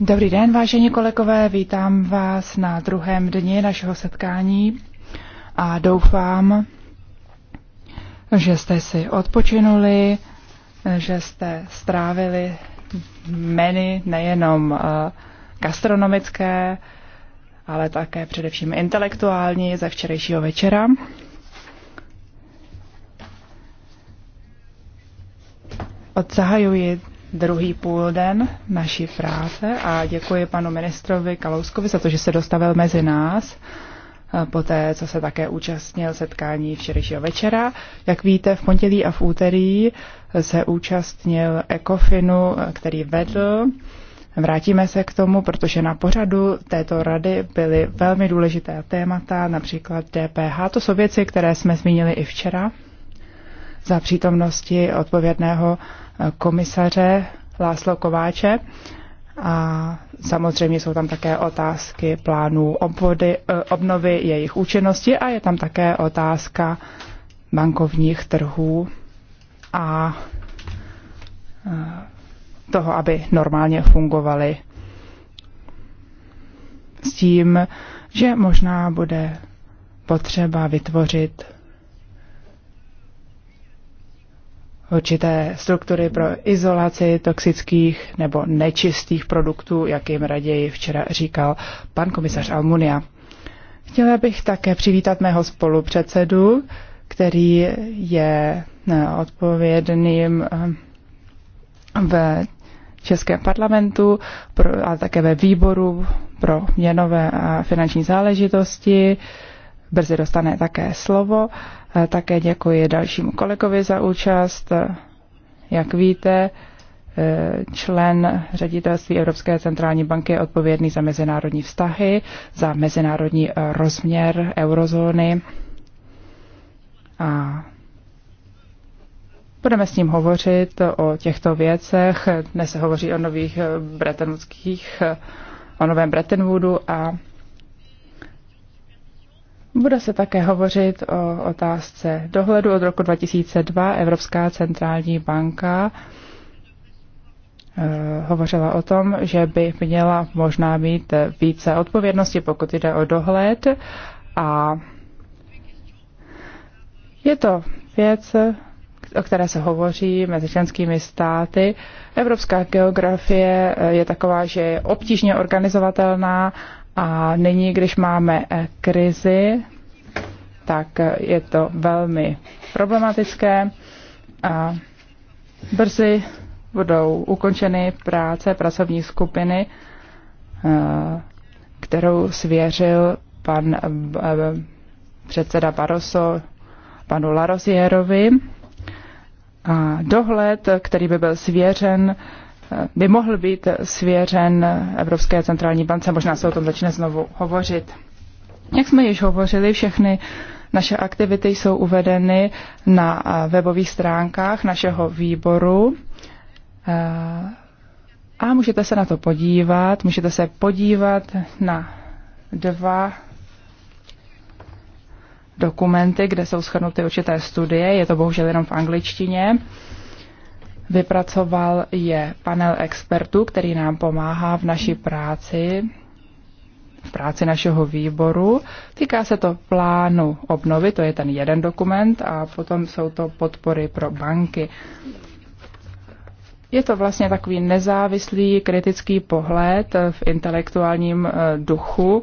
Dobrý den, vážení kolegové, vítám vás na druhém dni našeho setkání a doufám, že jste si odpočinuli, že jste strávili meny nejenom eh, gastronomické, ale také především intelektuální ze včerejšího večera. Odzahajuji druhý půlden naší práce a děkuji panu ministrovi Kalouskovi za to, že se dostavil mezi nás eh, po té, co se také účastnil setkání včerejšího večera. Jak víte, v pondělí a v úterý se účastnil Ekofinu, eh, který vedl. Vrátíme se k tomu, protože na pořadu této rady byly velmi důležité témata, například DPH. To jsou věci, které jsme zmínili i včera za přítomnosti odpovědného eh, komisaře Láslo Kováče. A samozřejmě jsou tam také otázky plánů obvody, eh, obnovy jejich účinnosti a je tam také otázka bankovních trhů a eh, toho, aby normálně fungovaly s tím, že možná bude potřeba vytvořit určité struktury pro izolaci toxických nebo nečistých produktů, jak jim raději včera říkal pan komisař Almunia. Chtěla bych také přivítat mého spolupředsedu, který je eh, odpovědným eh, v Českém parlamentu a také ve výboru pro měnové a finanční záležitosti. Brzy dostane také slovo. Také děkuji dalšímu kolegovi za účast. Jak víte, e, člen ředitelství Evropské centrální banky je odpovědný za mezinárodní vztahy, za mezinárodní e, rozměr eurozóny. A budeme s ním hovořit o těchto věcech. Dnes se hovoří o nových e, bretonských, o novém Bretton Woodu a bude se také hovořit o otázce dohledu od roku 2002. Evropská centrální banka eh, hovořila o tom, že by měla možná mít více odpovědnosti, pokud jde o dohled. A je to věc, o které se hovoří mezi členskými státy. Evropská geografie eh, je taková, že je obtížně organizovatelná a nyní, když máme eh, krizi, tak eh, je to velmi problematické. A brzy budou ukončeny práce pracovní skupiny, eh, kterou svěřil pan předseda Baroso panu Larosierovi. A dohled, který by byl svěřen by mohl být svěřen Evropské centrální bance. Možná se o tom začne znovu hovořit. Jak jsme již hovořili, všechny naše aktivity jsou uvedeny na webových stránkách našeho výboru a můžete se na to podívat. Můžete se podívat na dva dokumenty, kde jsou schrnuty určité studie. Je to bohužel jenom v angličtině vypracoval, je panel expertů, který nám pomáhá v naší práci, v práci našeho výboru. Týká se to plánu obnovy, to je ten jeden dokument, a potom jsou to podpory pro banky. Je to vlastně takový nezávislý kritický pohled v intelektuálním eh, duchu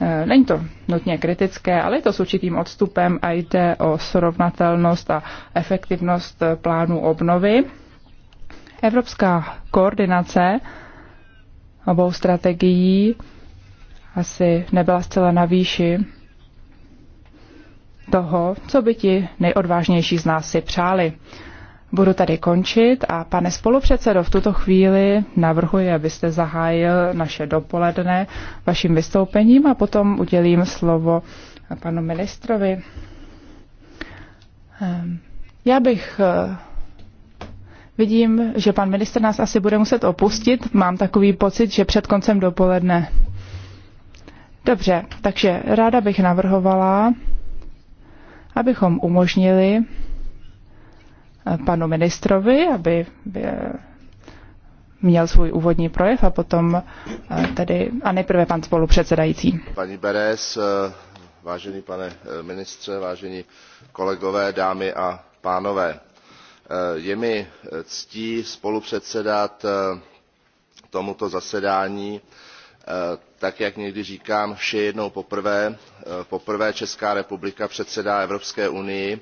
Eh, není to nutně kritické, ale je to s určitým odstupem a jde o srovnatelnost a efektivnost eh, plánu obnovy. Evropská koordinace obou strategií asi nebyla zcela na výši toho, co by ti nejodvážnější z nás si přáli. Budu tady končit a pane spolupředsedo, v tuto chvíli navrhuji, abyste zahájil naše dopoledne vaším vystoupením a potom udělím slovo panu ministrovi. Ehm, já bych eh, Vidím, že pan minister nás asi bude muset opustit. Mám takový pocit, že před koncem dopoledne. Dobře, takže ráda bych navrhovala, abychom umožnili panu ministrovi, aby eh, měl svůj úvodní projev a potom eh, tedy, a nejprve pan spolupředsedající. Paní Beres, eh, vážený pane ministře, vážení kolegové, dámy a pánové. Je mi ctí spolupředsedat tomuto zasedání. Tak, jak někdy říkám, vše jednou poprvé. Poprvé Česká republika předsedá Evropské unii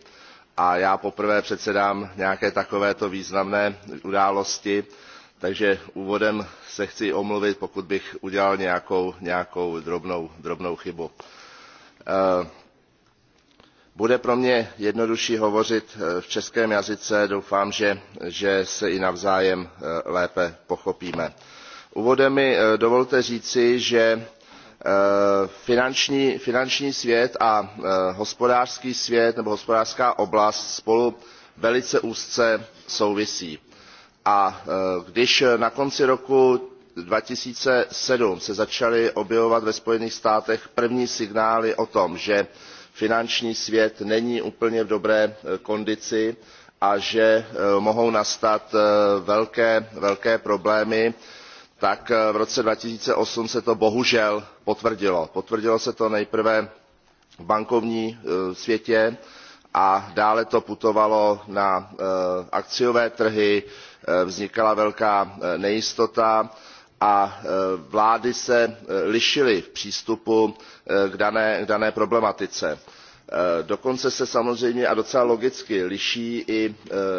a já poprvé předsedám nějaké takovéto významné události takže úvodem se chci omluvit pokud bych udělal nějakou, nějakou drobnou, drobnou chybu. Eh, bude pro mě jednodušší hovořit eh, v českém jazyce doufám že, že se i navzájem eh, lépe pochopíme. úvodem mi dovolte říci že Eh, finanční, svět a eh, hospodářský svět nebo hospodářská oblast spolu velice úzce souvisí a eh, když na konci roku two thousand and seven se začaly objevovat ve spojených státech první signály o tom že finanční svět není úplně v dobré kondici a že mohou nastat velké problémy tak eh, v roce two thousand and eight se to bohužel potvrdilo. potvrdilo se to nejprve v bankovním eh, světě a dále to putovalo na eh, akciové trhy vznikala velká nejistota a vlády se lišily v přístupu k dané, problematice. dokonce se samozřejmě a docela logicky liší i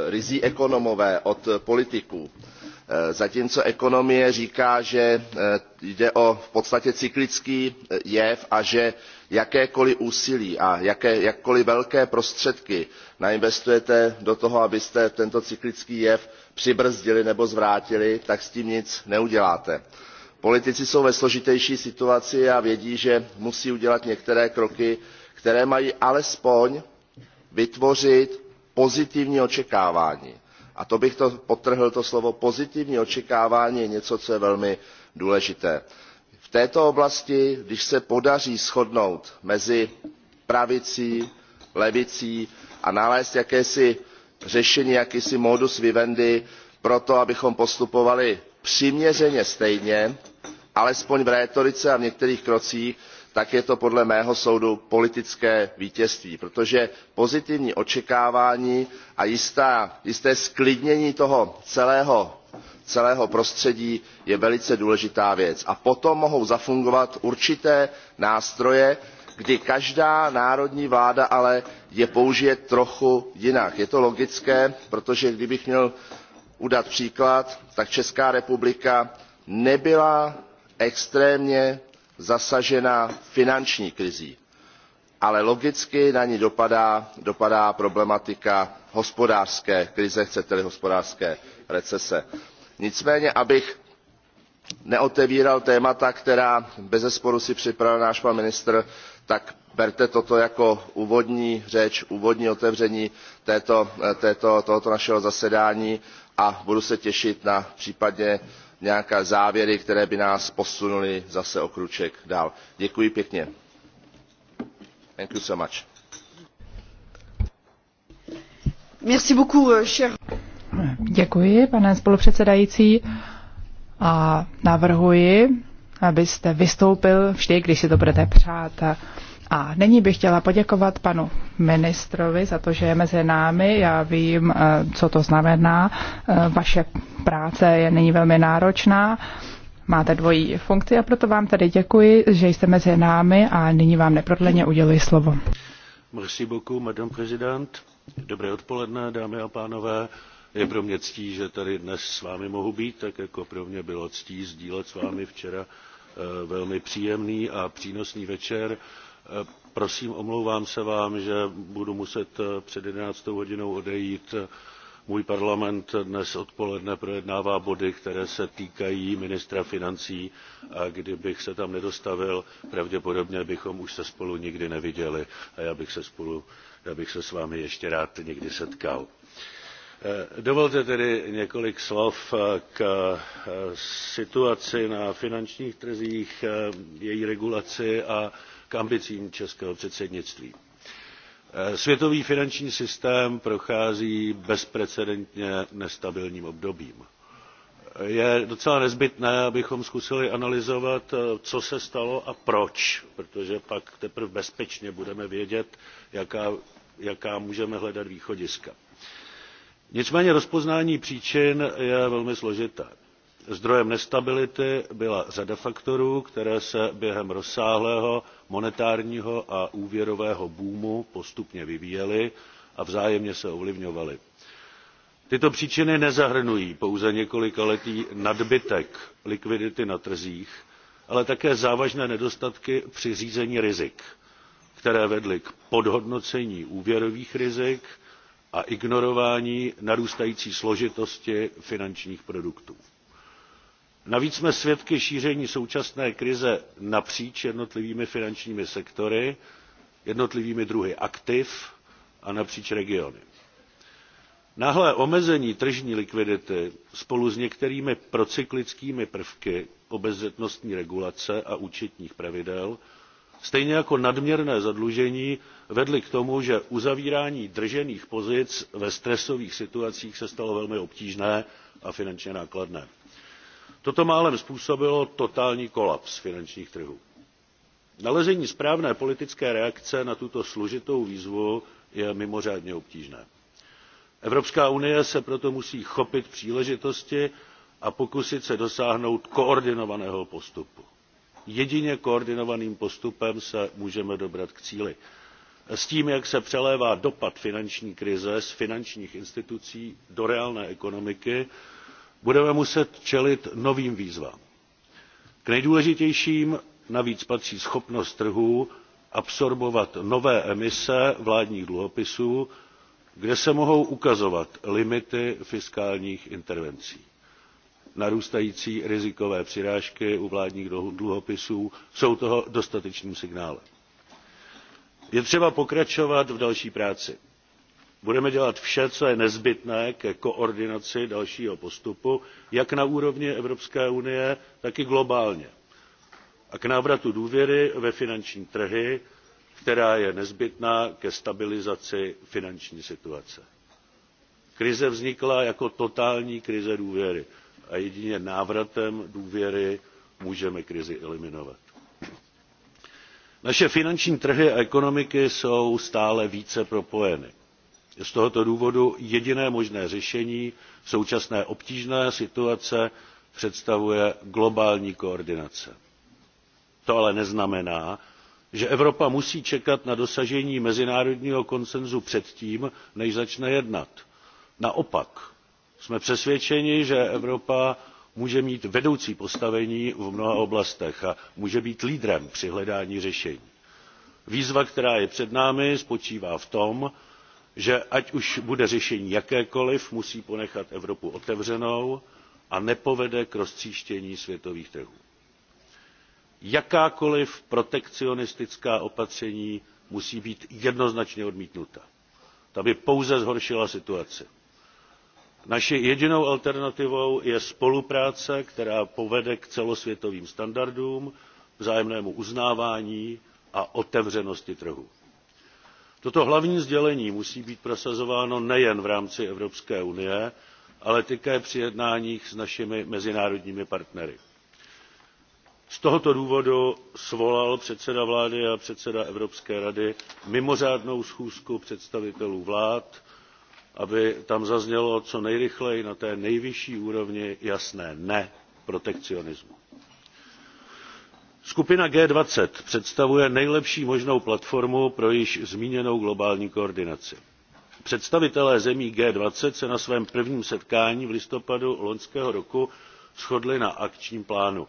rizí ekonomové od politiků. Eh, zatímco ekonomie říká že eh, jde o v podstatě cyklický eh, jev a že jakékoliv úsilí a jaké, jakkoliv velké prostředky nainvestujete do toho abyste tento cyklický jev přibrzdili nebo zvrátili tak s tím nic neuděláte. politici jsou ve složitější situaci a vědí že musí udělat některé kroky které mají alespoň vytvořit pozitivní očekávání a to bych to podtrhl to slovo pozitivní očekávání je něco co je velmi důležité. v této oblasti když se podaří shodnout mezi pravicí levicí a nalézt jakési řešení jakýsi modus vivendi pro to abychom postupovali přiměřeně stejně alespoň v rétorice a v některých krocích tak je to podle mého soudu politické vítězství protože pozitivní očekávání a jisté zklidnění toho celého celého prostředí je velice důležitá věc. a potom mohou zafungovat určité nástroje kdy každá národní vláda ale je použije trochu jinak. je to logické protože kdybych měl udat příklad tak česká republika nebyla extrémně zasažena finanční krizí ale logicky na ni dopadá, dopadá problematika hospodářské krize chcete li hospodářské recese. nicméně abych neotevíral témata která bezesporu si připravil náš pan ministr tak berte toto jako úvodní řeč úvodní otevření této, této, tohoto našeho zasedání a budu se těšit na případně nějaké závěry které by nás posunuly zase o krůček dál. děkuji pěkně. Thank you so much. Euh, děkuji, pane spolupředsedající, a navrhuji, abyste vystoupil vždy, když si to budete přát. A nyní bych chtěla poděkovat panu ministrovi za to, že je mezi námi. Já vím, eh, co to znamená. Eh, vaše práce je nyní velmi náročná. Máte dvojí funkci a proto vám tady děkuji, že jste mezi námi a nyní vám neprodleně uděluji slovo. Merci beaucoup, madame prezident. Dobré odpoledne, dámy a pánové. Je pro mě ctí, že tady dnes s vámi mohu být, tak jako pro mě bylo ctí sdílet s vámi včera eh, velmi příjemný a přínosný večer prosím omlouvám se vám že budu muset eh, před jedenáctou hodinou odejít můj parlament dnes odpoledne projednává body které se týkají ministra financí a kdybych se tam nedostavil pravděpodobně bychom už se spolu nikdy neviděli a já bych se, spolu, já bych se s vámi ještě rád někdy setkal. Eh, dovolte tedy několik slov eh, k situaci na finančních trzích, její regulaci a k ambicím českého předsednictví. E, světový finanční systém prochází bezprecedentně nestabilním obdobím. Je docela nezbytné, abychom zkusili analyzovat, e, co se stalo a proč, protože pak teprve bezpečně budeme vědět, jaká, jaká můžeme hledat východiska. Nicméně rozpoznání příčin je velmi složité zdrojem nestability byla řada faktorů které se během rozsáhlého monetárního a úvěrového boomu postupně vyvíjely a vzájemně se ovlivňovaly. tyto příčiny nezahrnují pouze několikaletý nadbytek likvidity na trzích ale také závažné nedostatky při řízení rizik které vedly k podhodnocení úvěrových rizik a ignorování narůstající složitosti finančních produktů navíc jsme svědky šíření současné krize napříč jednotlivými finančními sektory jednotlivými druhy aktiv a napříč regiony. náhlé omezení tržní likvidity spolu s některými procyklickými prvky obezřetnostní regulace a účetních pravidel stejně jako nadměrné zadlužení vedly k tomu že uzavírání držených pozic ve stresových situacích se stalo velmi obtížné a finančně nákladné toto málem způsobilo totální kolaps finančních trhů. nalezení správné politické reakce na tuto složitou výzvu je mimořádně obtížné. evropská unie se proto musí chopit příležitosti a pokusit se dosáhnout koordinovaného postupu. jedině koordinovaným postupem se můžeme dobrat k cíli. s tím jak se přelévá dopad finanční krize z finančních institucí do reálné ekonomiky budeme muset čelit novým výzvám. k nejdůležitějším navíc patří schopnost trhů absorbovat nové emise vládních dluhopisů kde se mohou ukazovat limity fiskálních intervencí. narůstající rizikové přirážky u vládních dluhopisů jsou toho dostatečným signálem. je třeba pokračovat v další práci budeme dělat vše co je nezbytné ke koordinaci dalšího postupu jak na úrovni evropské unie tak i globálně a k návratu důvěry ve finanční trhy která je nezbytná ke stabilizaci finanční situace. krize vznikla jako totální krize důvěry a jedině návratem důvěry můžeme krizi eliminovat. naše finanční trhy a ekonomiky jsou stále více propojeny z tohoto důvodu jediné možné řešení současné obtížné situace představuje globální koordinace. to ale neznamená že evropa musí čekat na dosažení mezinárodního konsensu předtím než začne jednat. naopak jsme přesvědčeni že evropa může mít vedoucí postavení v mnoha oblastech a může být lídrem při hledání řešení. výzva která je před námi spočívá v tom že ať už bude řešení jakékoliv musí ponechat evropu otevřenou a nepovede k roztříštění světových trhů. jakákoliv protekcionistická opatření musí být jednoznačně odmítnuta. ta by pouze zhoršila situaci. naší jedinou alternativou je spolupráce která povede k celosvětovým standardům vzájemnému uznávání a otevřenosti trhu toto hlavní sdělení musí být prosazováno nejen v rámci evropské unie ale také při jednáních s našimi mezinárodními partnery. z tohoto důvodu svolal předseda vlády a předseda evropské rady mimořádnou schůzku představitelů vlád aby tam zaznělo co nejrychleji na té nejvyšší úrovni jasné ne protekcionismu skupina g twenty představuje nejlepší možnou platformu pro již zmíněnou globální koordinaci. představitelé zemí g twenty se na svém prvním setkání v listopadu loňského roku shodli na akčním plánu.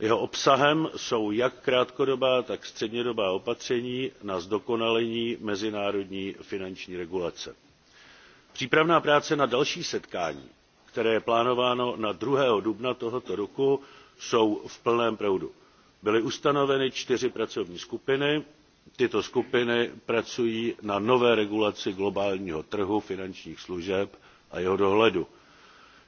jeho obsahem jsou jak krátkodobá tak střednědobá opatření na zdokonalení mezinárodní finanční regulace. přípravná práce na další setkání které je plánováno na. two dubna tohoto roku jsou v plném proudu byly ustanoveny čtyři pracovní skupiny tyto skupiny pracují na nové regulaci globálního trhu finančních služeb a jeho dohledu.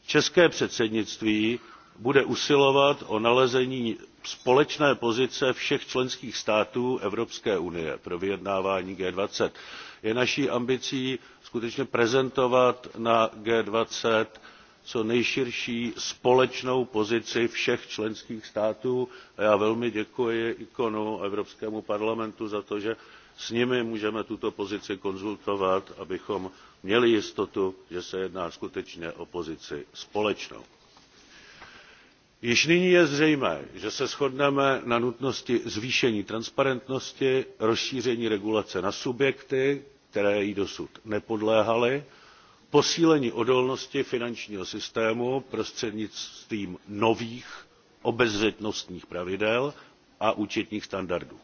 české předsednictví bude usilovat o nalezení společné pozice všech členských států evropské unie pro vyjednávání g twenty je naší ambicí skutečně prezentovat na g twenty co nejširší společnou pozici všech členských států a já velmi děkuji econu a evropskému parlamentu za to že s nimi můžeme tuto pozici konzultovat abychom měli jistotu že se jedná skutečně o pozici společnou. již nyní je zřejmé že se shodneme na nutnosti zvýšení transparentnosti rozšíření regulace na subjekty které jí dosud nepodléhaly posílení odolnosti finančního systému prostřednictvím nových obezřetnostních pravidel a účetních standardů.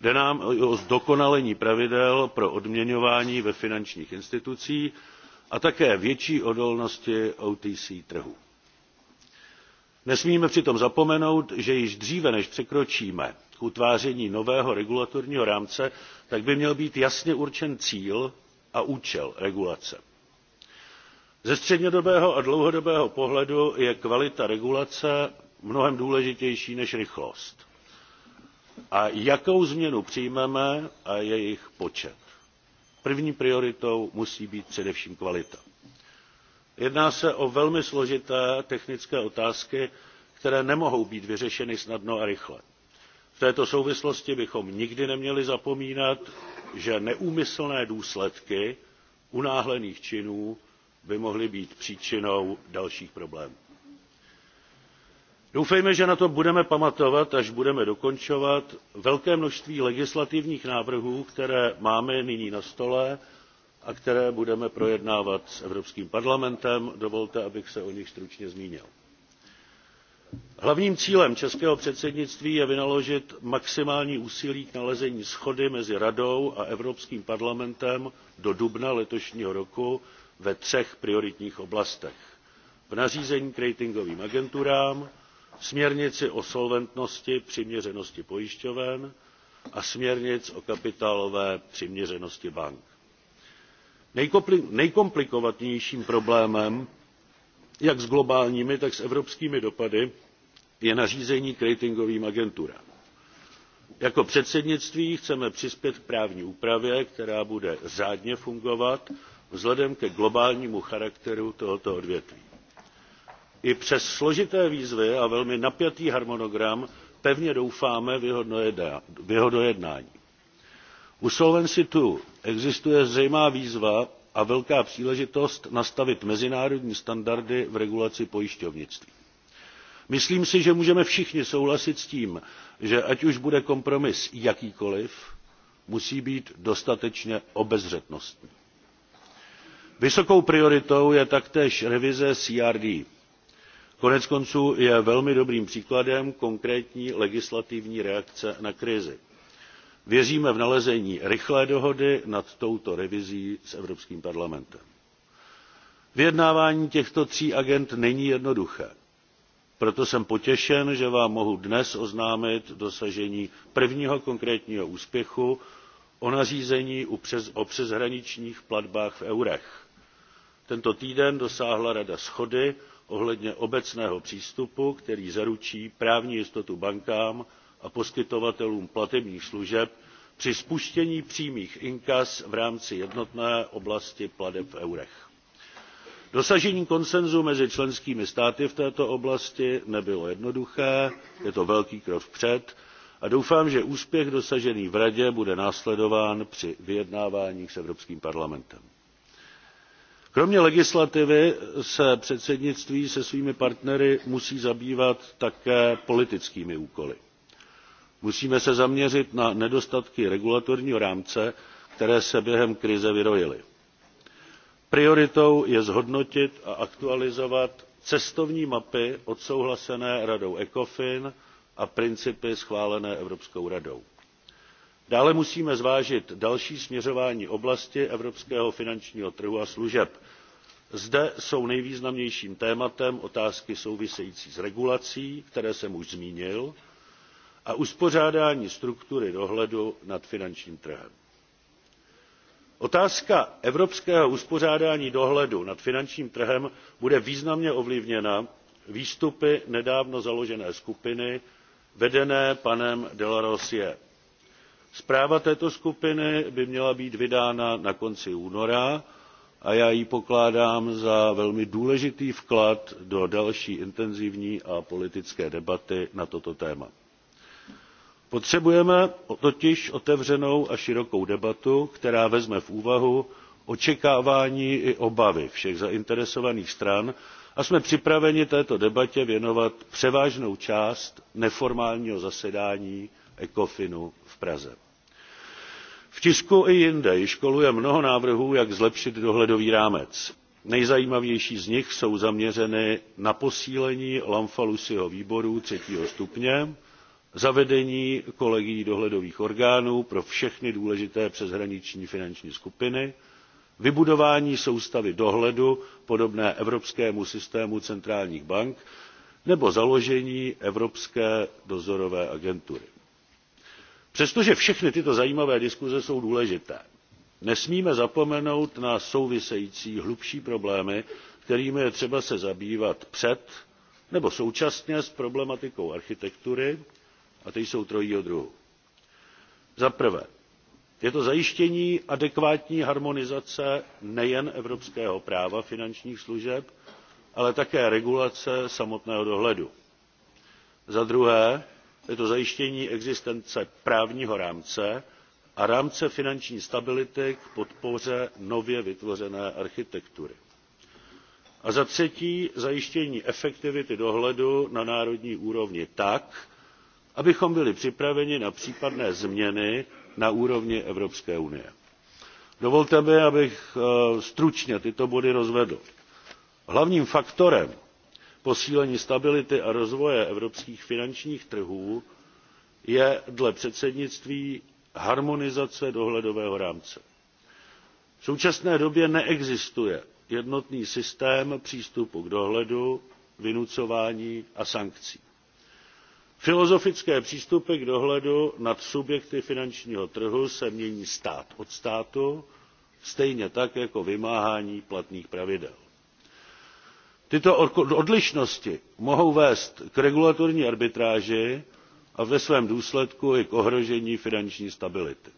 jde nám i o zdokonalení pravidel pro odměňování ve finančních institucích a také větší odolnosti otc trhu. nesmíme přitom zapomenout že již dříve než překročíme k utváření nového regulatorního rámce tak by měl být jasně určen cíl a účel regulace ze střednědobého a dlouhodobého pohledu je kvalita regulace mnohem důležitější než rychlost a jakou změnu přijmeme a jejich počet. první prioritou musí být především kvalita. jedná se o velmi složité technické otázky které nemohou být vyřešeny snadno a rychle. v této souvislosti bychom nikdy neměli zapomínat že neúmyslné důsledky unáhlených činů by mohly být příčinou dalších problémů. doufejme že na to budeme pamatovat až budeme dokončovat velké množství legislativních návrhů které máme nyní na stole a které budeme projednávat s evropským parlamentem dovolte abych se o nich stručně zmínil hlavním cílem českého předsednictví je vynaložit maximální úsilí k nalezení shody mezi radou a evropským parlamentem do dubna letošního roku ve třech prioritních oblastech v nařízení k ratingovým agenturám směrnici o solventnosti přiměřenosti pojišťoven a směrnici o kapitálové přiměřenosti bank. nejkomplikovanějším problémem jak s globálními tak s evropskými dopady je nařízení k ratingovým agenturám. jako předsednictví chceme přispět k právní úpravě která bude řádně fungovat vzhledem ke globálnímu charakteru tohoto odvětví. i přes složité výzvy a velmi napjatý harmonogram pevně doufáme v jeho dojednání. u solvency ii existuje zřejmá výzva a velká příležitost nastavit mezinárodní standardy v regulaci pojišťovnictví myslím si že můžeme všichni souhlasit s tím že ať už bude kompromis jakýkoliv musí být dostatečně obezřetnostní. vysokou prioritou je taktéž revize crd. koneckonců je velmi dobrým příkladem konkrétní legislativní reakce na krizi. věříme v nalezení rychlé dohody nad touto revizí s evropským parlamentem. vyjednávání těchto tří agend není jednoduché proto jsem potěšen že vám mohu dnes oznámit dosažení prvního konkrétního úspěchu o nařízení o přeshraničních platbách v eurech. tento týden dosáhla rada shody ohledně obecného přístupu který zaručí právní jistotu bankám a poskytovatelům platebních služeb při spuštění přímých inkas v rámci jednotné oblasti plateb v eurech dosažení konsensu mezi členskými státy v této oblasti nebylo jednoduché je to velký krok vpřed a doufám že úspěch dosažený v radě bude následován při vyjednáváních s evropským parlamentem. kromě legislativy se předsednictví se svými partnery musí zabývat také politickými úkoly. musíme se zaměřit na nedostatky regulatorního rámce které se během krize vyrojily prioritou je zhodnotit a aktualizovat cestovní mapy odsouhlasené radou ecofin a principy schválené evropskou radou. dále musíme zvážit další směřování oblasti evropského finančního trhu a služeb. zde jsou nejvýznamnějším tématem otázky související s regulací které jsem už zmínil a uspořádání struktury dohledu nad finančním trhem otázka evropského uspořádání dohledu nad finančním trhem bude významně ovlivněna výstupy nedávno založené skupiny vedené panem delorosiem. zpráva této skupiny by měla být vydána na konci února a já ji pokládám za velmi důležitý vklad do další intenzivní a politické debaty na toto téma potřebujeme totiž otevřenou a širokou debatu která vezme v úvahu očekávání i obavy všech zainteresovaných stran a jsme připraveni této debatě věnovat převážnou část neformálního zasedání ecofinu v praze. v tisku i jinde již koluje mnoho návrhů jak zlepšit dohledový rámec. nejzajímavější z nich jsou zaměřeny na posílení lamfalussyho výboru třetího stupně zavedení kolegií dohledových orgánů pro všechny důležité přeshraniční finanční skupiny vybudování soustavy dohledu podobné evropskému systému centrálních bank nebo založení evropské dozorové agentury. přestože všechny tyto zajímavé diskuse jsou důležité nesmíme zapomenout na související hlubší problémy kterými je třeba se zabývat před nebo současně s problematikou architektury a ty jsou trojího druhu. za prvé je to zajištění adekvátní harmonizace nejen evropského práva finančních služeb ale také regulace samotného dohledu. za druhé je to zajištění existence právního rámce a rámce finanční stability k podpoře nově vytvořené architektury a za třetí zajištění efektivity dohledu na národní úrovni tak abychom byli připraveni na případné změny na úrovni evropské unie. dovolte mi abych eh, stručně tyto body rozvedl. hlavním faktorem posílení stability a rozvoje evropských finančních trhů je dle předsednictví harmonizace dohledového rámce. v současné době neexistuje jednotný systém přístupu k dohledu vynucování a sankcí filozofické přístupy k dohledu nad subjekty finančního trhu se mění stát od státu stejně tak jako vymáhání platných pravidel. tyto odlišnosti mohou vést k regulatorní arbitráži a ve svém důsledku i k ohrožení finanční stability.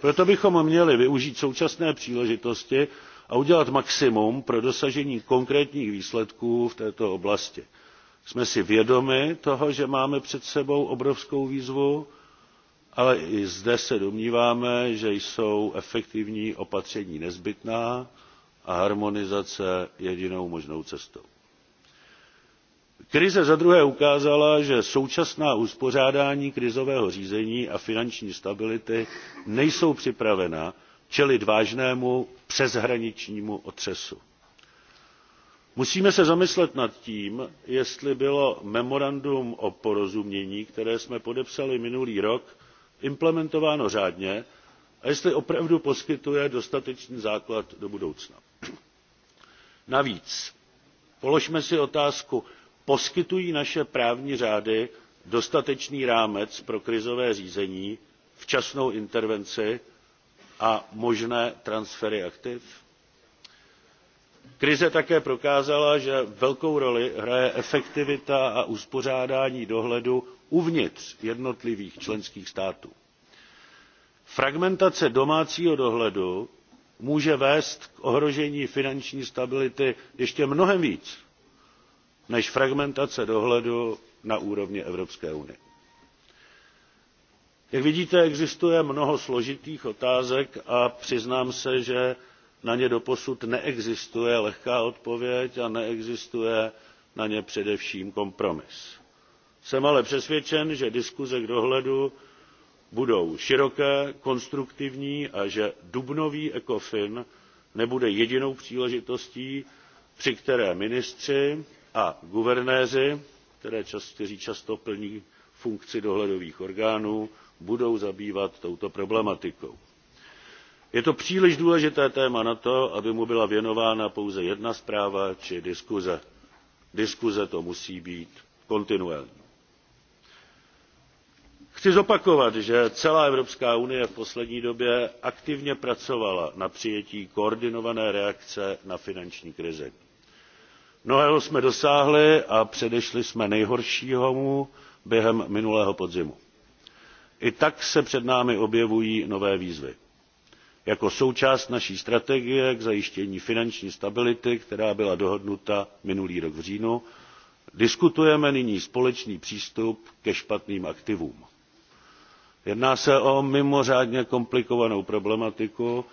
proto bychom měli využít současné příležitosti a udělat maximum pro dosažení konkrétních výsledků v této oblasti. Jsme si vědomi toho, že máme před sebou obrovskou výzvu, ale i zde se domníváme, že jsou efektivní opatření nezbytná a harmonizace jedinou možnou cestou. Krize za druhé ukázala, že současná uspořádání krizového řízení a finanční stability nejsou připravena čelit vážnému přeshraničnímu otřesu musíme se zamyslet nad tím jestli bylo memorandum o porozumění které jsme podepsali minulý rok implementováno řádně a jestli opravdu poskytuje dostatečný základ do budoucna. navíc položme si otázku poskytují naše právní řády dostatečný rámec pro krizové řízení včasnou intervenci a možné transfery aktiv? krize také prokázala že velkou roli hraje efektivita a uspořádání dohledu uvnitř jednotlivých členských států. fragmentace domácího dohledu může vést k ohrožení finanční stability ještě mnohem víc než fragmentace dohledu na úrovni evropské unie. jak vidíte existuje mnoho složitých otázek a přiznám se že na ně doposud neexistuje lehká odpověď a neexistuje na ně především kompromis. jsem ale přesvědčen že diskuse k dohledu budou široké konstruktivní a že dubnový ecofin nebude jedinou příležitostí při které ministři a guvernéři kteří často plní funkci dohledových orgánů budou zabývat touto problematikou je to příliš důležité téma na to aby mu byla věnována pouze jedna zpráva či diskuze, diskuze to musí být kontinuální. chci zopakovat že celá evropská unie v poslední době aktivně pracovala na přijetí koordinované reakce na finanční krizi. mnohého jsme dosáhli a předešli jsme nejhoršímu během minulého podzimu. i tak se před námi objevují nové výzvy jako součást naší strategie k zajištění finanční stability která byla dohodnuta minulý rok v říjnu diskutujeme nyní společný přístup ke špatným aktivům. jedná se o mimořádně komplikovanou problematiku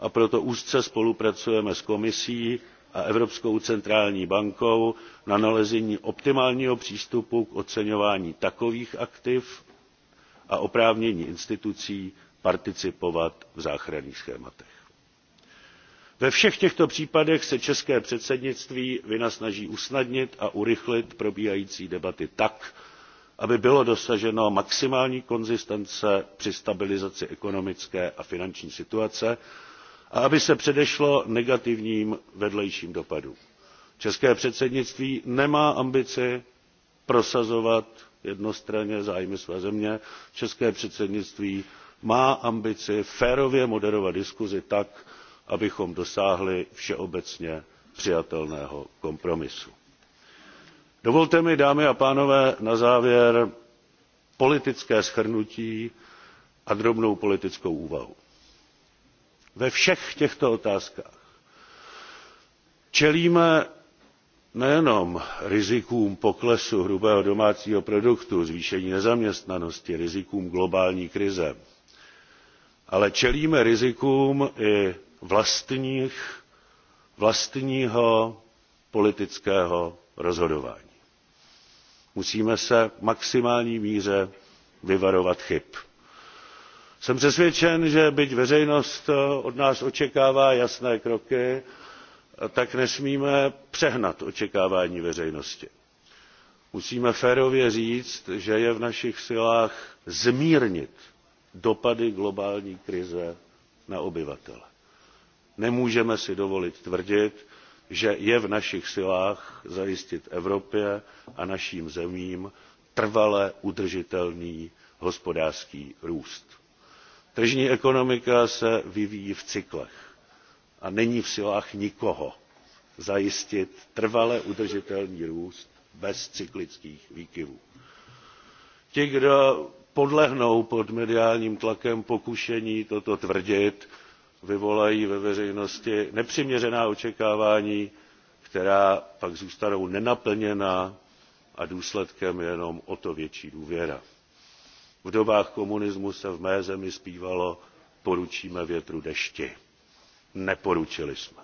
a proto úzce spolupracujeme s komisí a evropskou centrální bankou na nalezení optimálního přístupu k oceňování takových aktiv a oprávnění institucí participovat v záchranných schématech. Ve všech těchto případech se české předsednictví vynasnaží usnadnit a urychlit probíhající debaty tak, aby bylo dosaženo maximální konzistence při stabilizaci ekonomické a finanční situace a aby se předešlo negativním vedlejším dopadům. České předsednictví nemá ambici prosazovat jednostranně zájmy své země. České předsednictví má ambici férově moderovat diskusi tak abychom dosáhli všeobecně přijatelného kompromisu. dovolte mi dámy a pánové na závěr politické shrnutí a drobnou politickou úvahu. ve všech těchto otázkách čelíme nejenom rizikům poklesu hrubého domácího produktu zvýšení nezaměstnanosti rizikům globální krize ale čelíme rizikům i vlastního politického rozhodování. Musíme se v maximální míře vyvarovat chyb. Jsem přesvědčen, že byť veřejnost od nás očekává jasné kroky, tak nesmíme přehnat očekávání veřejnosti. Musíme férově říct, že je v našich silách zmírnit dopady globální krize na obyvatele. nemůžeme si dovolit tvrdit že je v našich silách zajistit evropě a našim zemím trvale udržitelný hospodářský růst. tržní ekonomika se vyvíjí v cyklech a není v silách nikoho zajistit trvale udržitelný růst bez cyklických výkyvů. ti kdo podlehnou pod mediálním tlakem pokušení toto tvrdit vyvolají ve veřejnosti nepřiměřená očekávání která pak zůstanou nenaplněna a důsledkem je jenom o to větší důvěra. v dobách komunismu se v mé zemi zpívalo poručíme větru dešti. neporučili jsme.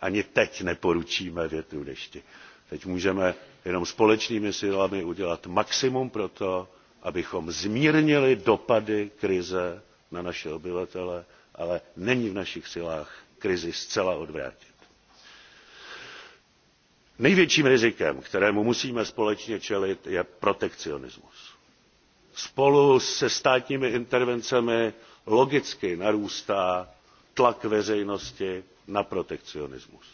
ani teď neporučíme větru dešti. teď můžeme jenom společnými silami udělat maximum pro to abychom zmírnili dopady krize na naše obyvatele ale není v našich silách krizi zcela odvrátit. největším rizikem kterému musíme společně čelit je protekcionismus. spolu se státními intervencemi logicky narůstá tlak veřejnosti na protekcionismus.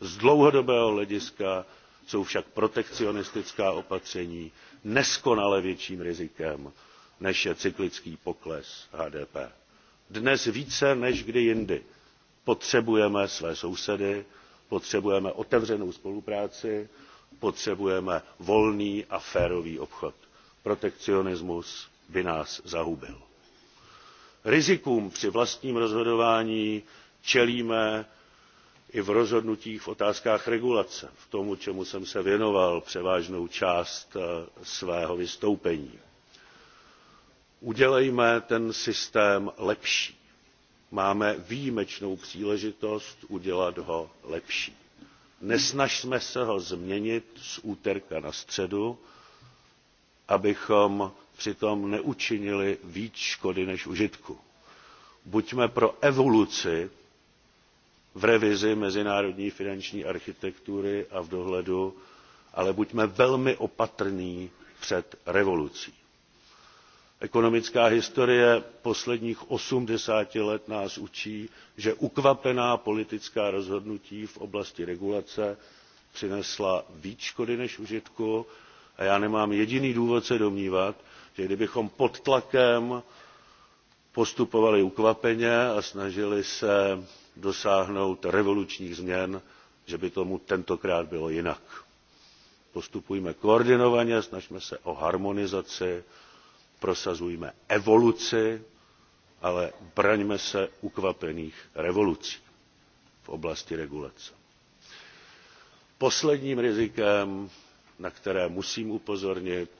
z dlouhodobého hlediska jsou však protekcionistická opatření neskonale větším rizikem než je cyklický pokles hdp. dnes více než kdy jindy potřebujeme své sousedy potřebujeme otevřenou spolupráci potřebujeme volný a férový obchod. protekcionismus by nás zahubil. rizikům při vlastním rozhodování čelíme i v rozhodnutích v otázkách regulace v tomu čemu jsem se věnoval převážnou část eh, svého vystoupení. udělejme ten systém lepší. máme výjimečnou příležitost udělat ho lepší. nesnažme se ho změnit z úterka na středu abychom přitom neučinili víc škody než užitku. buďme pro evoluci v revizi mezinárodní finanční architektury a v dohledu ale buďme velmi opatrní před revolucí. ekonomická historie posledních osmdesáti let nás učí že ukvapená politická rozhodnutí v oblasti regulace přinesla víc škody než užitku a já nemám jediný důvod se domnívat že kdybychom pod tlakem postupovali ukvapeně a snažili se dosáhnout revolučních změn že by tomu tentokrát bylo jinak. postupujme koordinovaně snažme se o harmonizaci prosazujme evoluci ale braňme se ukvapených revolucí v oblasti regulace. posledním rizikem na které musím upozornit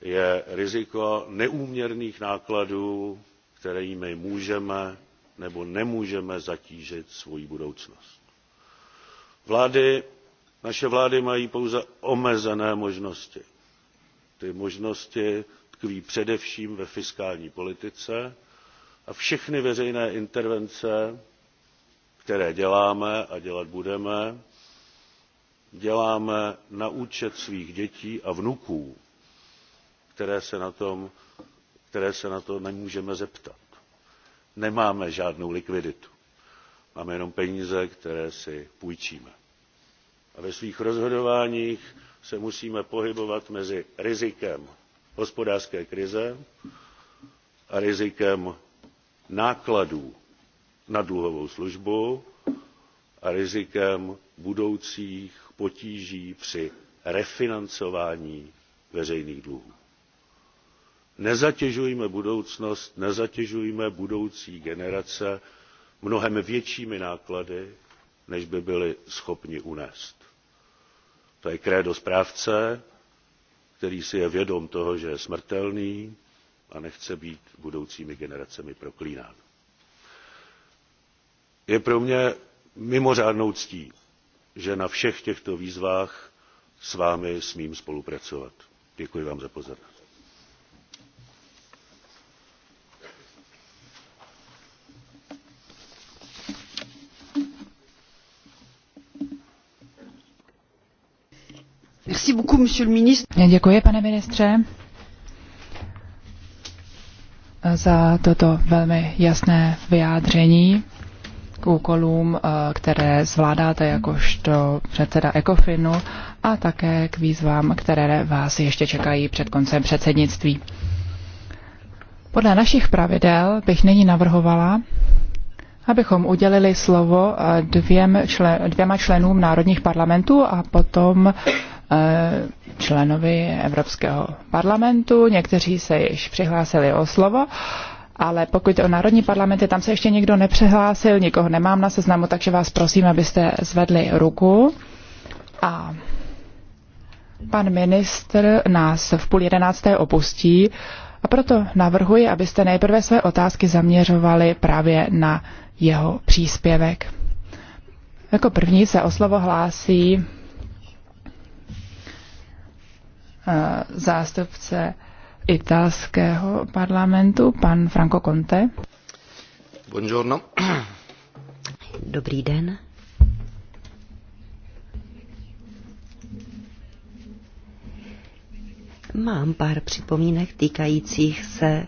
je riziko neúměrných nákladů kterými můžeme nebo nemůžeme zatížit svoji budoucnost. Vlády, naše vlády mají pouze omezené možnosti. Ty možnosti tkví především ve fiskální politice a všechny veřejné intervence, které děláme a dělat budeme, děláme na účet svých dětí a vnuků, které se na, tom, které se na to nemůžeme zeptat nemáme žádnou likviditu. Máme jenom peníze, které si půjčíme. A ve svých rozhodováních se musíme pohybovat mezi rizikem hospodářské krize a rizikem nákladů na dluhovou službu a rizikem budoucích potíží při refinancování veřejných dluhů nezatěžujme budoucnost nezatěžujme budoucí generace mnohem většími náklady než by byly schopny unést. to je krédo správce který si je vědom toho že je smrtelný a nechce být budoucími generacemi proklínán. je pro mě mimořádnou ctí že na všech těchto výzvách s vámi smím spolupracovat. děkuji vám za pozornost. beaucoup, monsieur le ministre. Děkuji, pane ministře, za toto velmi jasné vyjádření k úkolům, eh, které zvládáte jakožto předseda Ecofinu, a také k výzvám, které vás ještě čekají před koncem předsednictví. Podle našich pravidel bych nyní navrhovala, abychom udělili slovo eh, dvěm člen, dvěma členům národních parlamentů a potom Eh, členovi Evropského parlamentu. Někteří se již přihlásili o slovo, ale pokud o národní parlamenty, tam se ještě někdo nepřihlásil, nikoho nemám na seznamu, takže vás prosím, abyste zvedli ruku. A pan ministr nás v půl jedenácté opustí a proto navrhuji, abyste nejprve své otázky zaměřovali právě na jeho příspěvek. Jako první se o slovo hlásí Eh, zástupce italského parlamentu, pan Franco Conte. Buongiorno. Dobrý den. Mám pár připomínek týkajících se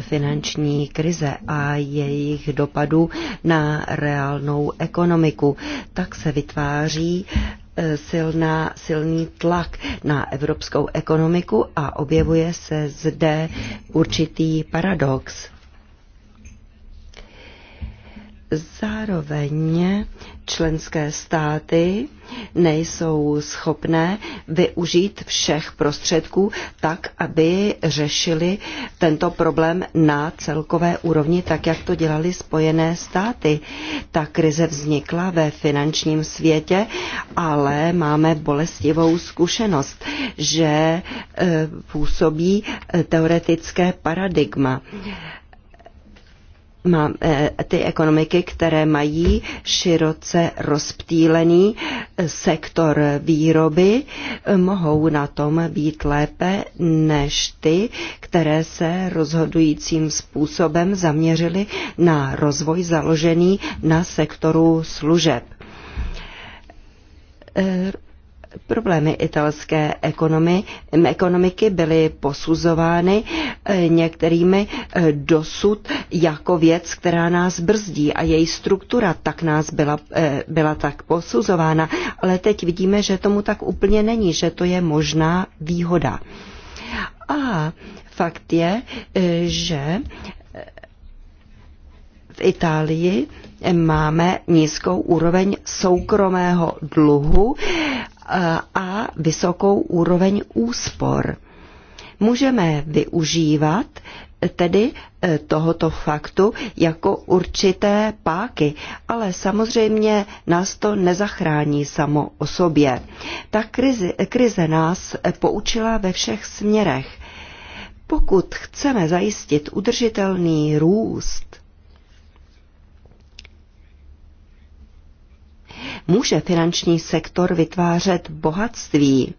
finanční krize a jejich dopadu na reálnou ekonomiku. Tak se vytváří Eh, silná, silný tlak na evropskou ekonomiku a objevuje se zde určitý paradox. Zároveň členské státy nejsou schopné využít všech prostředků tak, aby řešili tento problém na celkové úrovni, tak jak to dělali Spojené státy. Ta krize vznikla ve finančním světě, ale máme bolestivou zkušenost, že eh, působí eh, teoretické paradigma má eh, ty ekonomiky, které mají široce rozptýlený eh, sektor výroby, eh, mohou na tom být lépe než ty, které se rozhodujícím způsobem zaměřily na rozvoj založený na sektoru služeb Problémy italské ekonomy, ekonomiky byly posuzovány e, některými e, dosud jako věc, která nás brzdí a její struktura tak nás byla, e, byla tak posuzována, ale teď vidíme, že tomu tak úplně není, že to je možná výhoda. A fakt je, že v Itálii máme nízkou úroveň soukromého dluhu a vysokou úroveň úspor. Můžeme využívat tedy e, tohoto faktu jako určité páky, ale samozřejmě nás to nezachrání samo o sobě. Ta krize, krize nás poučila ve všech směrech. Pokud chceme zajistit udržitelný růst, může finanční sektor vytvářet bohatství.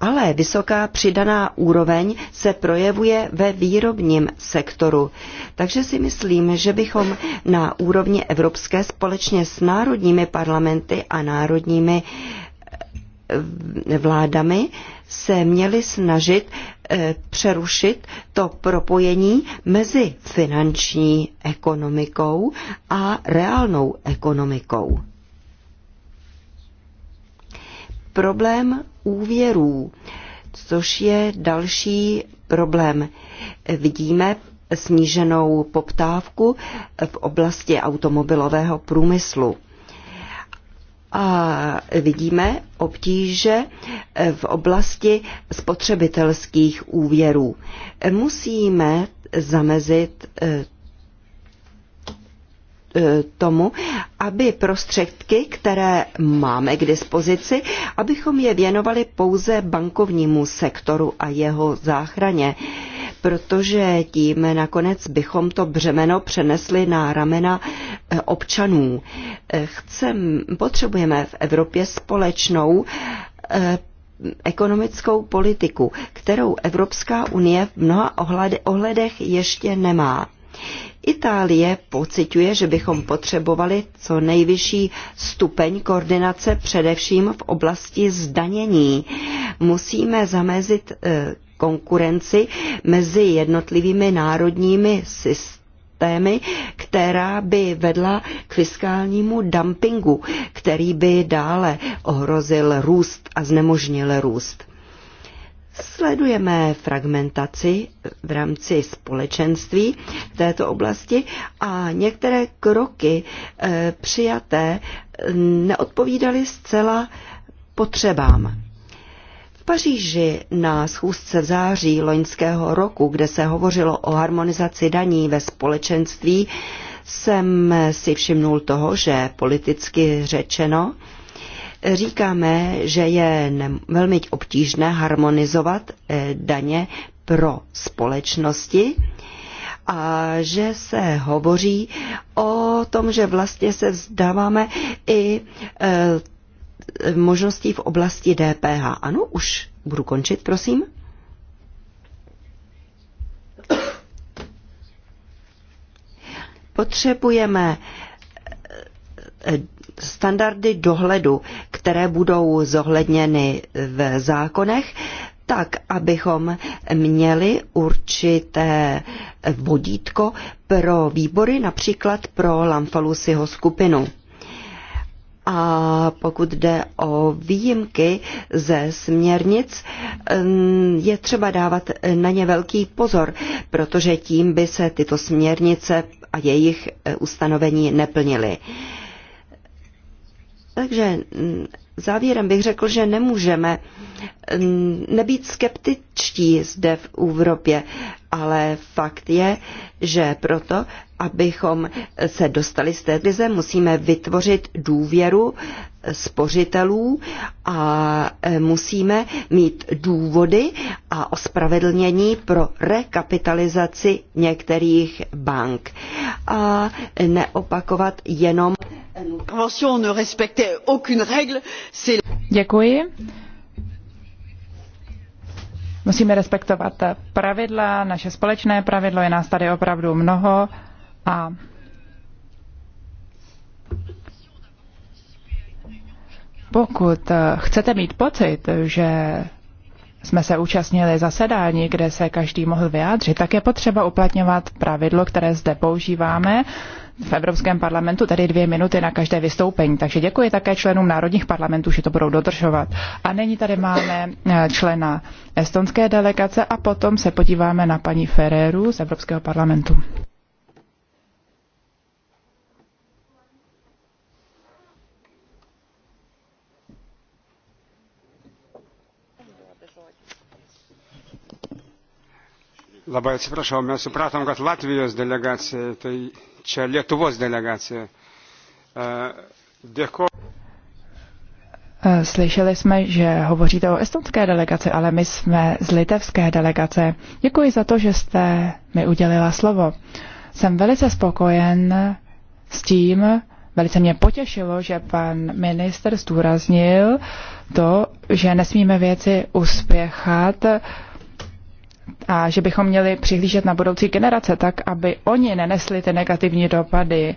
Ale vysoká přidaná úroveň se projevuje ve výrobním sektoru. Takže si myslím, že bychom na úrovni evropské společně s národními parlamenty a národními vládami se měly snažit eh, přerušit to propojení mezi finanční ekonomikou a reálnou ekonomikou. Problém úvěrů, což je další problém. Vidíme sníženou poptávku v oblasti automobilového průmyslu a vidíme obtíže v oblasti spotřebitelských úvěrů. Musíme zamezit eh, Eh, tomu, aby prostředky, které máme k dispozici, abychom je věnovali pouze bankovnímu sektoru a jeho záchraně, protože tím nakonec bychom to břemeno přenesli na ramena eh, občanů. Eh, chcem, potřebujeme v Evropě společnou ekonomickou politiku, kterou Evropská unie v mnoha ohledech ještě nemá. Itálie pociťuje, že bychom potřebovali co nejvyšší stupeň koordinace především v oblasti zdanění. Musíme zamezit eh, konkurenci mezi jednotlivými národními systémy systémy, která by vedla k fiskálnímu dumpingu, který by dále ohrozil růst a znemožnil růst. Sledujeme fragmentaci v rámci společenství v této oblasti a některé kroky eh, přijaté neodpovídaly zcela potřebám. V Paříži na schůzce v září loňského roku, kde se hovořilo o harmonizaci daní ve společenství, jsem si všimnul toho, že politicky řečeno, Říkáme, že je velmi obtížné harmonizovat eh, daně pro společnosti a že se hovoří o tom, že vlastně se vzdáváme i eh, možností v oblasti DPH. Ano, už budu končit, prosím. Potřebujeme eh, standardy dohledu, které budou zohledněny v zákonech, tak, abychom měli určité vodítko pro výbory, například pro Lamfalusiho skupinu. A pokud jde o výjimky ze směrnic, je třeba dávat na ně velký pozor, protože tím by se tyto směrnice a jejich e, ustanovení neplnily. Takže mm, závěrem bych řekl, že nemůžeme mm, nebýt skeptičtí zde v Evropě ale fakt je, že proto, abychom se dostali z té krize, musíme vytvořit důvěru spořitelů a e, musíme mít důvody a ospravedlnění pro rekapitalizaci některých bank a neopakovat jenom. Děkuji. Musíme respektovat pravidla, naše společné pravidlo, je nás tady opravdu mnoho a pokud eh, chcete mít pocit, že jsme se účastnili zasedání, kde se každý mohl vyjádřit, tak je potřeba uplatňovat pravidlo, které zde používáme v Evropském parlamentu, tedy dvě minuty na každé vystoupení. Takže děkuji také členům národních parlamentů, že to budou dodržovat. A nyní tady máme eh, člena estonské delegace a potom se podíváme na paní Ferreru z Evropského parlamentu. Labai atsiprašau, mes supratom, kad Latvijos delegacija tai čia Lietuvos delegacija. E, Děkuji. E, slyšeli jsme, že hovoříte o estonské delegaci, ale my jsme z litevské delegace. Děkuji za to, že jste mi udělila slovo. Jsem velice spokojen s tím, velice mě potěšilo, že pan minister zdůraznil to, že nesmíme věci uspěchat, a že bychom měli přihlížet na budoucí generace tak, aby oni nenesli ty negativní dopady.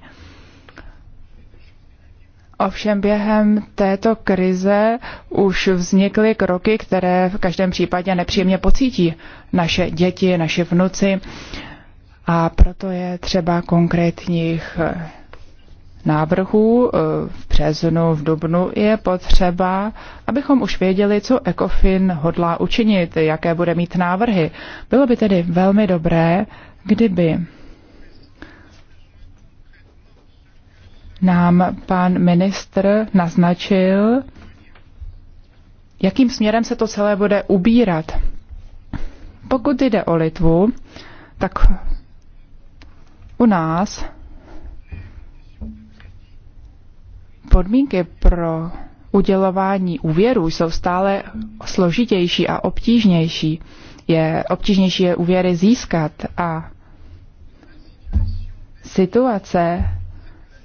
Ovšem během této krize už vznikly kroky, které v každém případě nepříjemně pocítí naše děti, naše vnuci a proto je třeba konkrétních návrhů eh, v březnu, v dubnu, je potřeba, abychom už věděli, co ECOFIN hodlá učinit, jaké bude mít návrhy. Bylo by tedy velmi dobré, kdyby nám pan ministr naznačil, jakým směrem se to celé bude ubírat. Pokud jde o Litvu, tak u nás podmínky pro udělování úvěru jsou stále složitější a obtížnější. Je obtížnější je úvěry získat a situace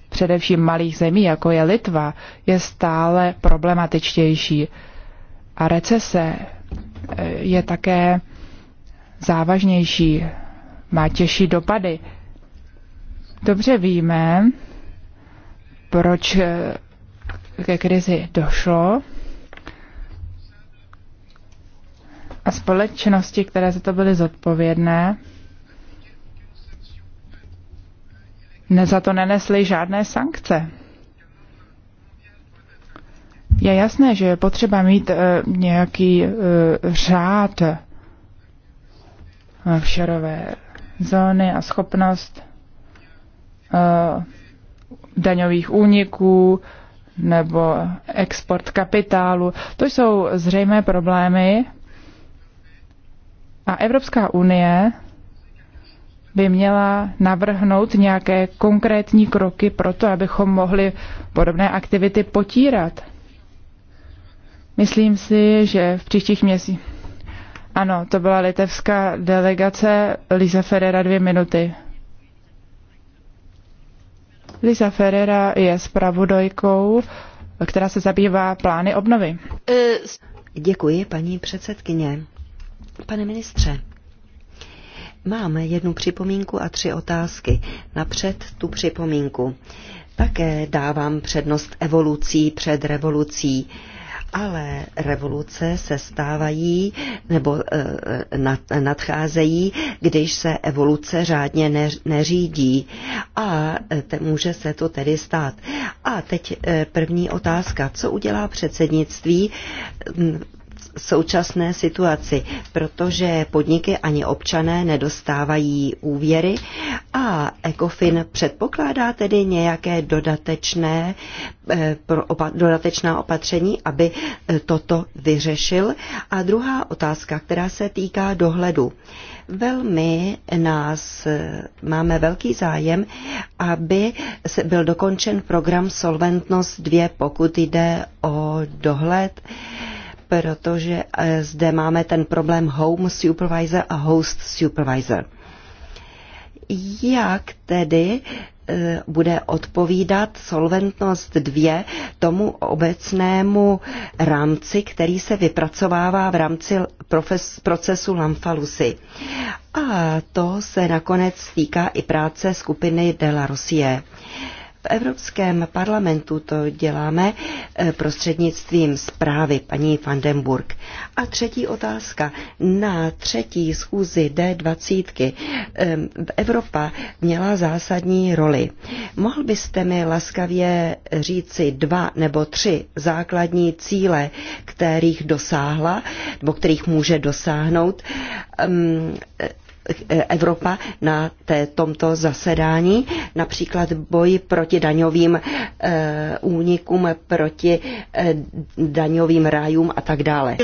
především malých zemí, jako je Litva, je stále problematičtější. A recese eh, je také závažnější, má těžší dopady. Dobře víme, proč eh, ke krizi došlo a společnosti, které za to byly zodpovědné, ne, za to nenesly žádné sankce. Je jasné, že je potřeba mít e, nějaký e, řád v zóny a schopnost e, daňových úniků nebo export kapitálu. To jsou zřejmé problémy a Evropská unie by měla navrhnout nějaké konkrétní kroky pro to, abychom mohli podobné aktivity potírat. Myslím si, že v příštích měsících. Ano, to byla litevská delegace Lisa Ferreira dvě minuty. Lisa Ferreira je zpravodajkou, která se zabývá plány obnovy. Děkuji, paní předsedkyně. Pane ministře, mám jednu připomínku a tři otázky. Napřed tu připomínku. Také dávám přednost evolucí před revolucí ale revoluce se stávají nebo eh, nadcházejí, když se evoluce řádně neřídí. A eh, může se to tedy stát. A teď eh, první otázka. Co udělá předsednictví hm, současné situaci, protože podniky ani občané nedostávají úvěry a ECOFIN předpokládá tedy nějaké dodatečné, eh, pro opa, dodatečná opatření, aby eh, toto vyřešil. A druhá otázka, která se týká dohledu. Velmi nás eh, máme velký zájem, aby byl dokončen program Solventnost 2, pokud jde o dohled protože eh, zde máme ten problém home supervisor a host supervisor. Jak tedy eh, bude odpovídat solventnost 2 tomu obecnému rámci, který se vypracovává v rámci profes, procesu Lamfalusy. A to se nakonec týká i práce skupiny Dela Rosie. V Evropském parlamentu to děláme eh, prostřednictvím zprávy paní Vandenburg. A třetí otázka. Na třetí schůzi D20 ehm, Evropa měla zásadní roli. Mohl byste mi laskavě říci dva nebo tři základní cíle, kterých dosáhla, nebo kterých může dosáhnout ehm, Evropa na té, tomto zasedání, například boj proti daňovým e, únikům, proti e, daňovým rájům a tak dále.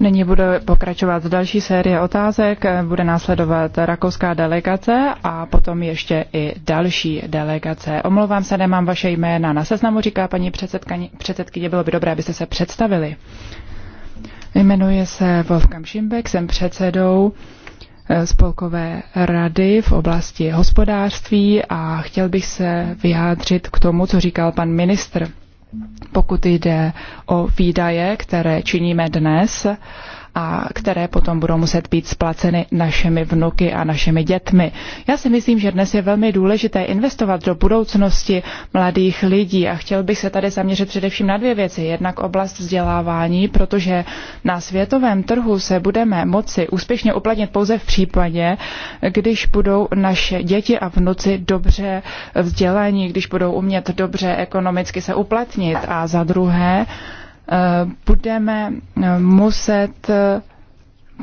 Nyní bude pokračovat další série otázek, bude následovat rakouská delegace a potom ještě i další delegace. Omlouvám se, nemám vaše jména na seznamu, říká paní předsedkyně, bylo by dobré, abyste se představili. Jmenuji se Wolfgang Schimbeck, jsem předsedou Eh, spolkové rady v oblasti hospodářství a chtěl bych se vyjádřit k tomu, co říkal pan ministr. Pokud jde o výdaje, které činíme dnes, a které potom budou muset být splaceny našimi vnuky a našimi dětmi. Já si myslím, že dnes je velmi důležité investovat do budoucnosti mladých lidí a chtěl bych se tady zaměřit především na dvě věci. Jednak oblast vzdělávání, protože na světovém trhu se budeme moci úspěšně uplatnit pouze v případě, když budou naše děti a vnuci dobře vzdělaní, když budou umět dobře ekonomicky se uplatnit. A za druhé, Eh, budeme eh, muset eh,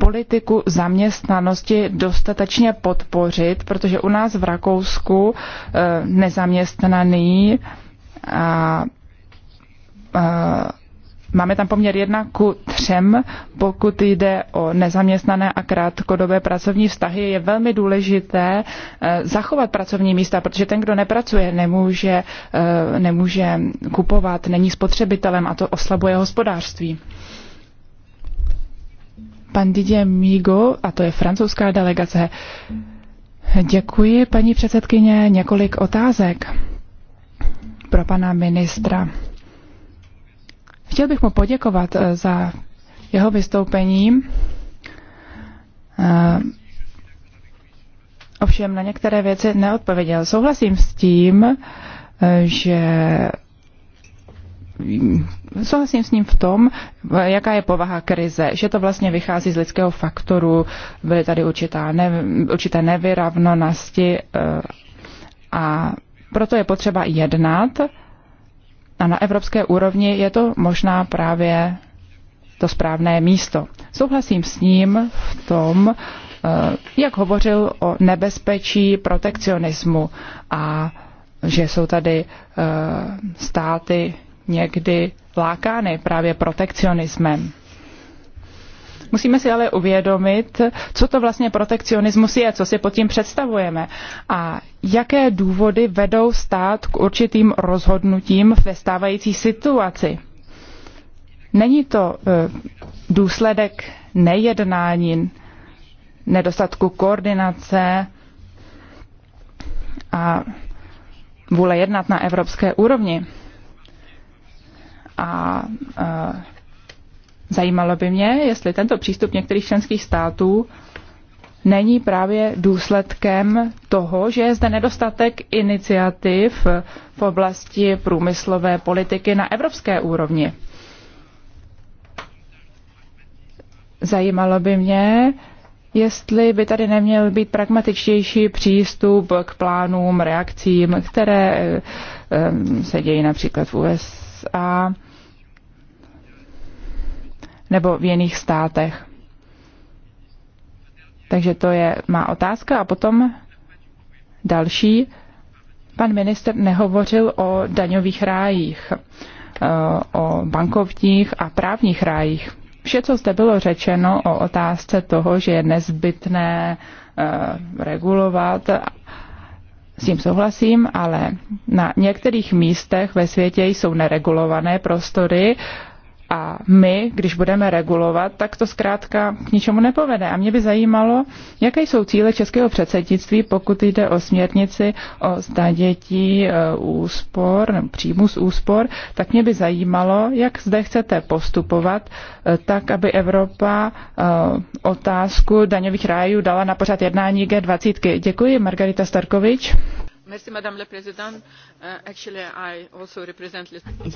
politiku zaměstnanosti dostatečně podpořit, protože u nás v Rakousku nezaměstnaný a, Máme tam poměr 1 ku 3, pokud jde o nezaměstnané a krátkodobé pracovní vztahy. Je velmi důležité eh, zachovat pracovní místa, protože ten, kdo nepracuje, nemůže, eh, nemůže kupovat, není spotřebitelem a to oslabuje hospodářství. Pan Didier Migo, a to je francouzská delegace. Děkuji, paní předsedkyně. Několik otázek pro pana ministra. Chtěl bych mu poděkovat eh, za jeho vystoupení. Eh, ovšem na některé věci neodpověděl. Souhlasím s tím, eh, že souhlasím s ním v tom, jaká je povaha krize, že to vlastně vychází z lidského faktoru, byly tady určitá ne, určité nevyrovnanosti a proto je potřeba jednat a na evropské úrovni je to možná právě to správné místo. Souhlasím s ním v tom, eh, jak hovořil o nebezpečí protekcionismu a že jsou tady eh, státy někdy lákány právě protekcionismem. Musíme si ale uvědomit, co to vlastně protekcionismus je, co si pod tím představujeme a jaké důvody vedou stát k určitým rozhodnutím ve stávající situaci. Není to e, důsledek nejednání, nedostatku koordinace a vůle jednat na evropské úrovni. A e, Zajímalo by mě, jestli tento přístup některých členských států není právě důsledkem toho, že je zde nedostatek iniciativ v oblasti průmyslové politiky na evropské úrovni. Zajímalo by mě, jestli by tady neměl být pragmatičtější přístup k plánům, reakcím, které eh, eh, se dějí například v USA nebo v jiných státech. Takže to je má otázka. A potom další. Pan minister nehovořil o daňových rájích, eh, o bankovních a právních rájích. Vše, co zde bylo řečeno o otázce toho, že je nezbytné eh, regulovat, s tím souhlasím, ale na některých místech ve světě jsou neregulované prostory a my, když budeme regulovat, tak to zkrátka k ničemu nepovede. A mě by zajímalo, jaké jsou cíle českého předsednictví, pokud jde o směrnici o zda dětí e, úspor, příjmu z úspor, tak mě by zajímalo, jak zde chcete postupovat, e, tak aby Evropa e, otázku daňových rájů dala na pořad jednání G20. Děkuji, Margarita Starkovič. Uh,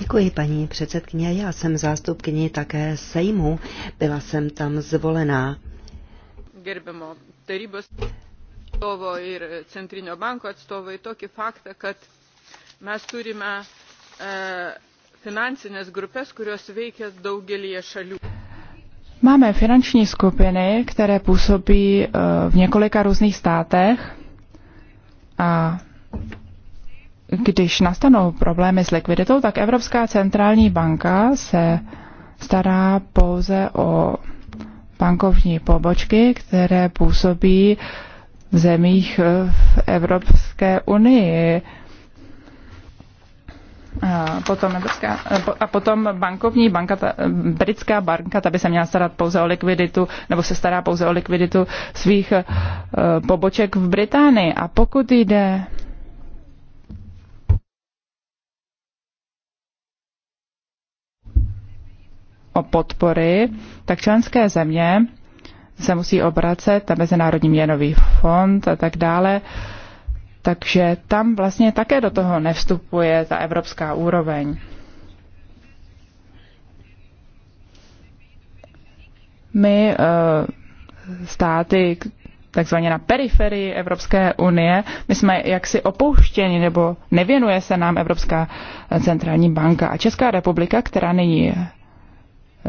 Děkuji, paní předsedkyně. Já jsem zástupkyní také Sejmu. Byla jsem tam zvolená. Gerbimo ir uh, Máme finanční skupiny, které působí uh, v několika různých státech a když nastanou problémy s likviditou, tak Evropská centrální banka se stará pouze o bankovní pobočky, které působí v zemích v Evropské unii. A potom, Evropská, a potom bankovní banka, ta, britská banka, ta by se měla starat pouze o likviditu, nebo se stará pouze o likviditu svých uh, poboček v Británii. A pokud jde o podpory, tak členské země se musí obracet na Mezinárodní měnový fond a tak dále. Takže tam vlastně také do toho nevstupuje ta evropská úroveň. My eh, státy takzvaně na periferii Evropské unie, my jsme jaksi opouštěni nebo nevěnuje se nám Evropská centrální banka. A Česká republika, která nyní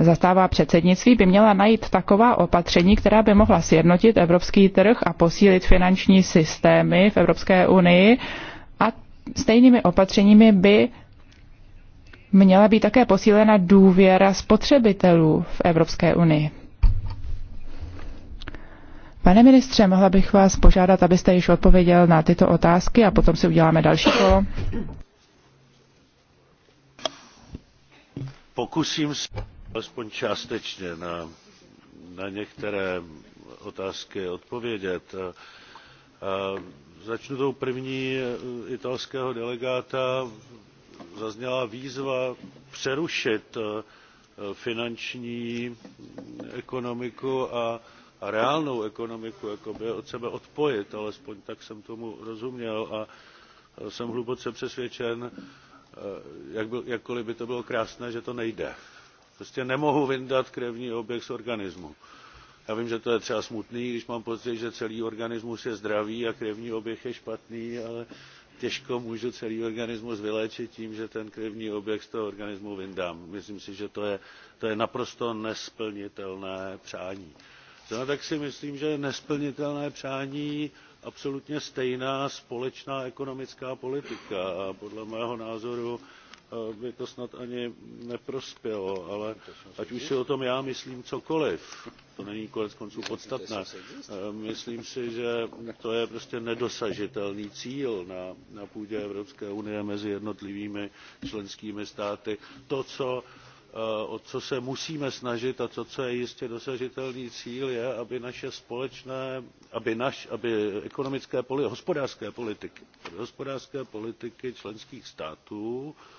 zastává předsednictví, by měla najít taková opatření, která by mohla sjednotit evropský trh a posílit finanční systémy v Evropské unii a stejnými opatřeními by měla být také posílena důvěra spotřebitelů v Evropské unii. Pane ministře, mohla bych vás požádat, abyste již odpověděl na tyto otázky a potom si uděláme další kolo. Pokusím se. Alespoň částečně na, na některé otázky odpovědět. Začnu tou první italského delegáta. Zazněla výzva přerušit finanční ekonomiku a, a reálnou ekonomiku, jakoby od sebe odpojit, alespoň tak jsem tomu rozuměl a jsem hluboce přesvědčen, jak byl, jakkoliv by to bylo krásné, že to nejde Prostě nemohu vyndat krevní oběh z organismu. Já vím, že to je třeba smutný, když mám pocit, že celý organismus je zdravý a krevní oběh je špatný, ale těžko můžu celý organismus vyléčit tím, že ten krevní oběh z toho organismu vyndám. Myslím si, že to je, to je naprosto nesplnitelné přání. No, tak si myslím, že je nesplnitelné přání absolutně stejná společná ekonomická politika. A podle mého názoru by to snad ani neprospělo, ale ať už si o tom já myslím cokoliv, to není konec konců podstatné, ehm, myslím si, že to je prostě nedosažitelný cíl na, na půdě Evropské unie mezi jednotlivými členskými státy. To, co eh, o co se musíme snažit a to, co je jistě dosažitelný cíl, je, aby naše společné, aby, naš, aby ekonomické, hospodářské politiky, hospodářské politiky členských států uh,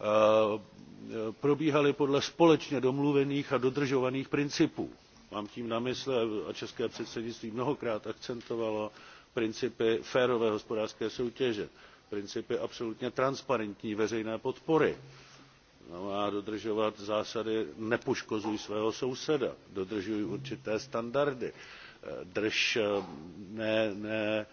Eh, probíhaly podle společně domluvených a dodržovaných principů mám tím na mysli a české předsednictví mnohokrát akcentovalo principy férové hospodářské soutěže principy absolutně transparentní veřejné podpory to no dodržovat zásady nepoškozuj svého souseda dodržuj určité standardy eh, drž eh, ne, ne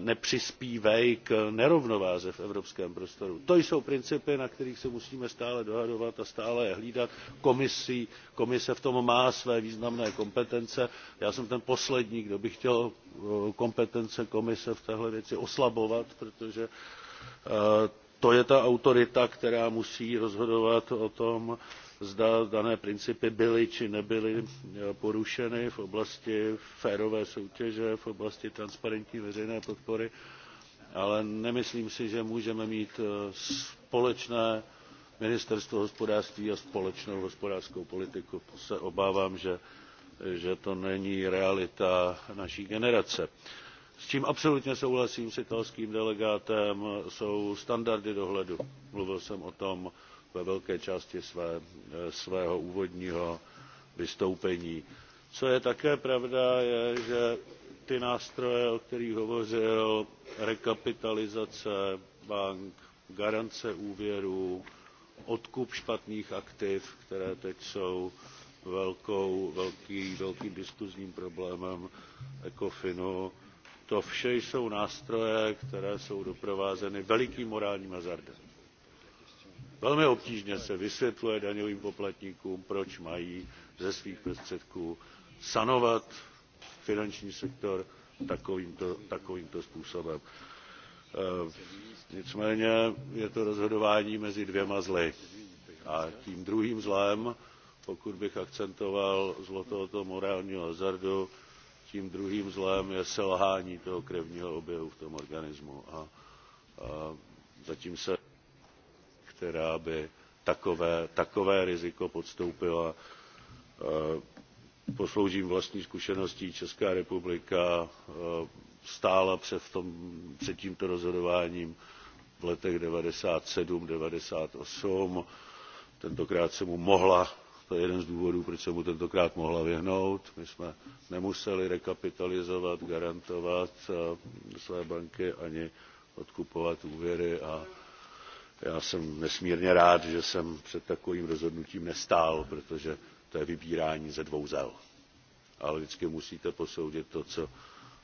nepřispívají k nerovnováze v evropském prostoru. To jsou principy, na kterých se musíme stále dohadovat a stále je hlídat komisí. Komise v tom má své významné kompetence. Já jsem ten poslední, kdo by chtěl eh, kompetence komise v této věci oslabovat, protože eh, to je ta autorita, která musí rozhodovat o tom, zda dané principy byly či nebyly eh, porušeny v oblasti férové soutěže v oblasti transparentní veřejné podpory ale nemyslím si že můžeme mít eh, společné ministerstvo hospodářství a společnou hospodářskou politiku. to se obávám že, že to není realita naší generace. s čím absolutně souhlasím s italským delegátem jsou standardy dohledu. mluvil jsem o tom ve velké části své, eh, svého úvodního vystoupení. Co je také pravda, je, že ty nástroje, o kterých hovořil, rekapitalizace bank, garance úvěrů, odkup špatných aktiv, které teď jsou velkou, velký, velkým diskuzním problémem ECOFINu, to vše jsou nástroje, které jsou doprovázeny velikým morálním hazardem velmi obtížně se vysvětluje daňovým poplatníkům proč mají ze svých prostředků sanovat finanční sektor takovýmto, takovýmto způsobem. Eh, nicméně je to rozhodování mezi dvěma zly a tím druhým zlem pokud bych akcentoval zlo tohoto morálního hazardu tím druhým zlem je selhání toho krevního oběhu v tom organismu a, a zatím se která by takové, takové riziko podstoupila. Eh, posloužím vlastní zkušeností Česká republika eh, stála před, tom, před tímto rozhodováním v letech 97-98. Tentokrát se mu mohla, to je jeden z důvodů, proč se mu tentokrát mohla vyhnout. My jsme nemuseli rekapitalizovat, garantovat eh, své banky ani odkupovat úvěry a já jsem nesmírně rád, že jsem před takovým rozhodnutím nestál, protože to je vybírání ze dvou zel. Ale vždycky musíte posoudit to, co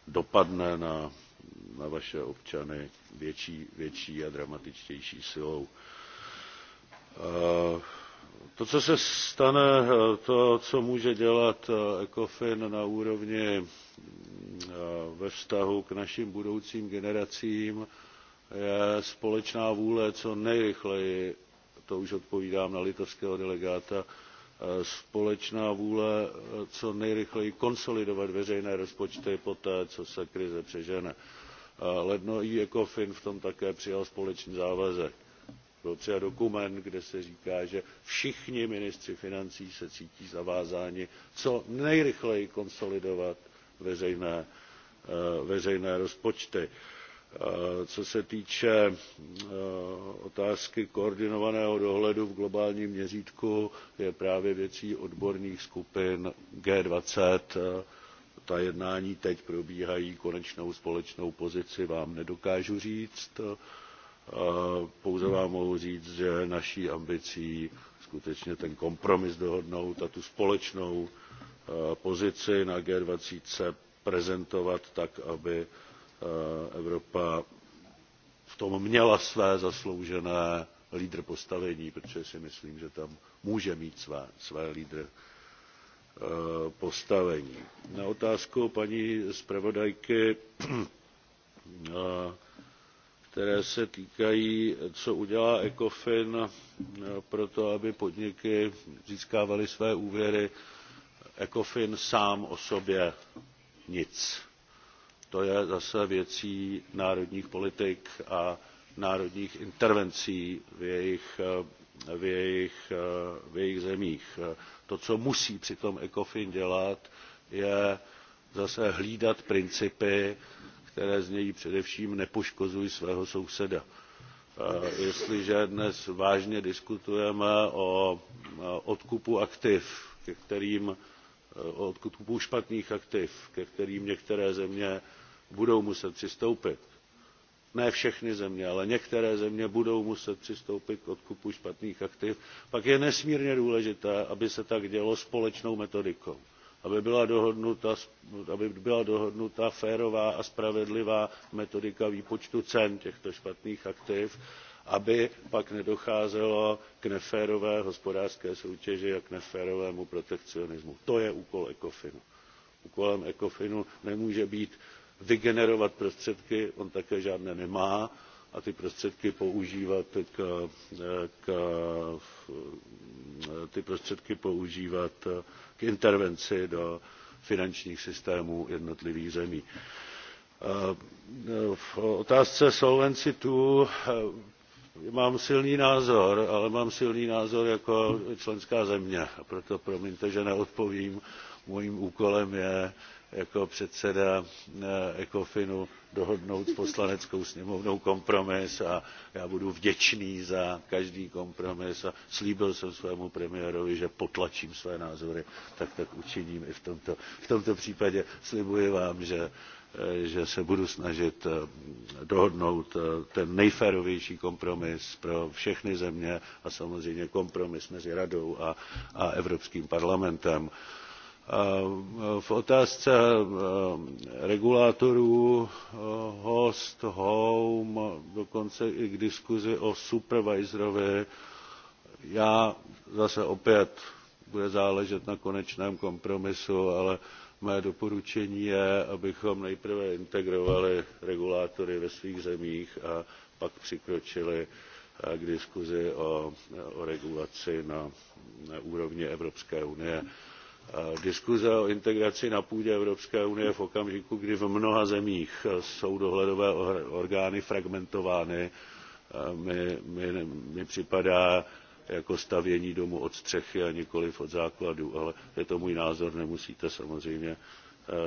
dopadne na, na vaše občany větší, větší a dramatičtější silou. to, co se stane, to, co může dělat ECOFIN na úrovni ve vztahu k našim budoucím generacím, je společná vůle co nejrychleji, to už odpovídám na litovského delegáta, e, společná vůle e, co nejrychleji konsolidovat veřejné rozpočty poté, co se krize přežene. E, ledno i ECOFIN v tom také přijal společný závazek. Byl přijat dokument, kde se říká, že všichni ministři financí se cítí zavázáni co nejrychleji konsolidovat veřejné, veřejné rozpočty. Eh, co se týče eh, otázky koordinovaného dohledu v globálním měřítku je právě věcí odborných skupin g twenty eh, ta jednání teď probíhají konečnou společnou pozici vám nedokážu říct pouze vám mohu říct že naší ambicí skutečně ten kompromis dohodnout a tu společnou pozici na g twenty prezentovat tak aby Eh, Evropa v tom měla své zasloužené lídr postavení, protože si myslím, že tam může mít své, své lídr eh, postavení. Na otázku paní zpravodajky, eh, které se týkají, co udělá ECOFIN pro to, aby podniky získávaly své úvěry, ECOFIN sám o sobě nic to je zase věcí národních politik a národních intervencí v jejich, eh, v jejich, eh, v jejich zemích. To, co musí přitom ECOFIN dělat, je zase hlídat principy, které znějí především nepoškozuj svého souseda. Eh, jestliže dnes vážně diskutujeme o odkupu aktiv, ke kterým, o odkupu špatných aktiv, ke kterým některé země budou muset přistoupit ne všechny země ale některé země budou muset přistoupit k odkupu špatných aktiv pak je nesmírně důležité aby se tak dělo společnou metodikou aby byla dohodnuta, aby byla dohodnuta férová a spravedlivá metodika výpočtu cen těchto špatných aktiv aby pak nedocházelo k neférové hospodářské soutěži a k neférovému protekcionismu. to je úkol ecofinu. úkolem ecofinu nemůže být vygenerovat prostředky on také žádné nemá a ty prostředky používat k, k, ty prostředky používat k intervenci do finančních systémů jednotlivých zemí. V otázce Solvency II mám silný názor, ale mám silný názor jako členská země. A proto promiňte, že neodpovím. Mojím úkolem je jako předseda eh, ecofinu dohodnout s poslaneckou sněmovnou kompromis a já budu vděčný za každý kompromis a slíbil jsem svému premiérovi že potlačím své názory tak tak učiním i v tomto, v tomto případě. slibuji vám že, eh, že se budu snažit eh, dohodnout ten nejférovější kompromis pro všechny země a samozřejmě kompromis mezi radou a, a evropským parlamentem v otázce regulátorů host home dokonce i k diskuzi o supervisorovi já zase opět bude záležet na konečném kompromisu ale mé doporučení je abychom nejprve integrovali regulátory ve svých zemích a pak přikročili k diskuzi o, o regulaci na, na úrovni evropské unie diskuze o integraci na půdě Evropské unie v okamžiku, kdy v mnoha zemích jsou dohledové orgány fragmentovány, e, mi, mi, mi připadá jako stavění domu od střechy a nikoliv od základu, ale je to můj názor, nemusíte samozřejmě e,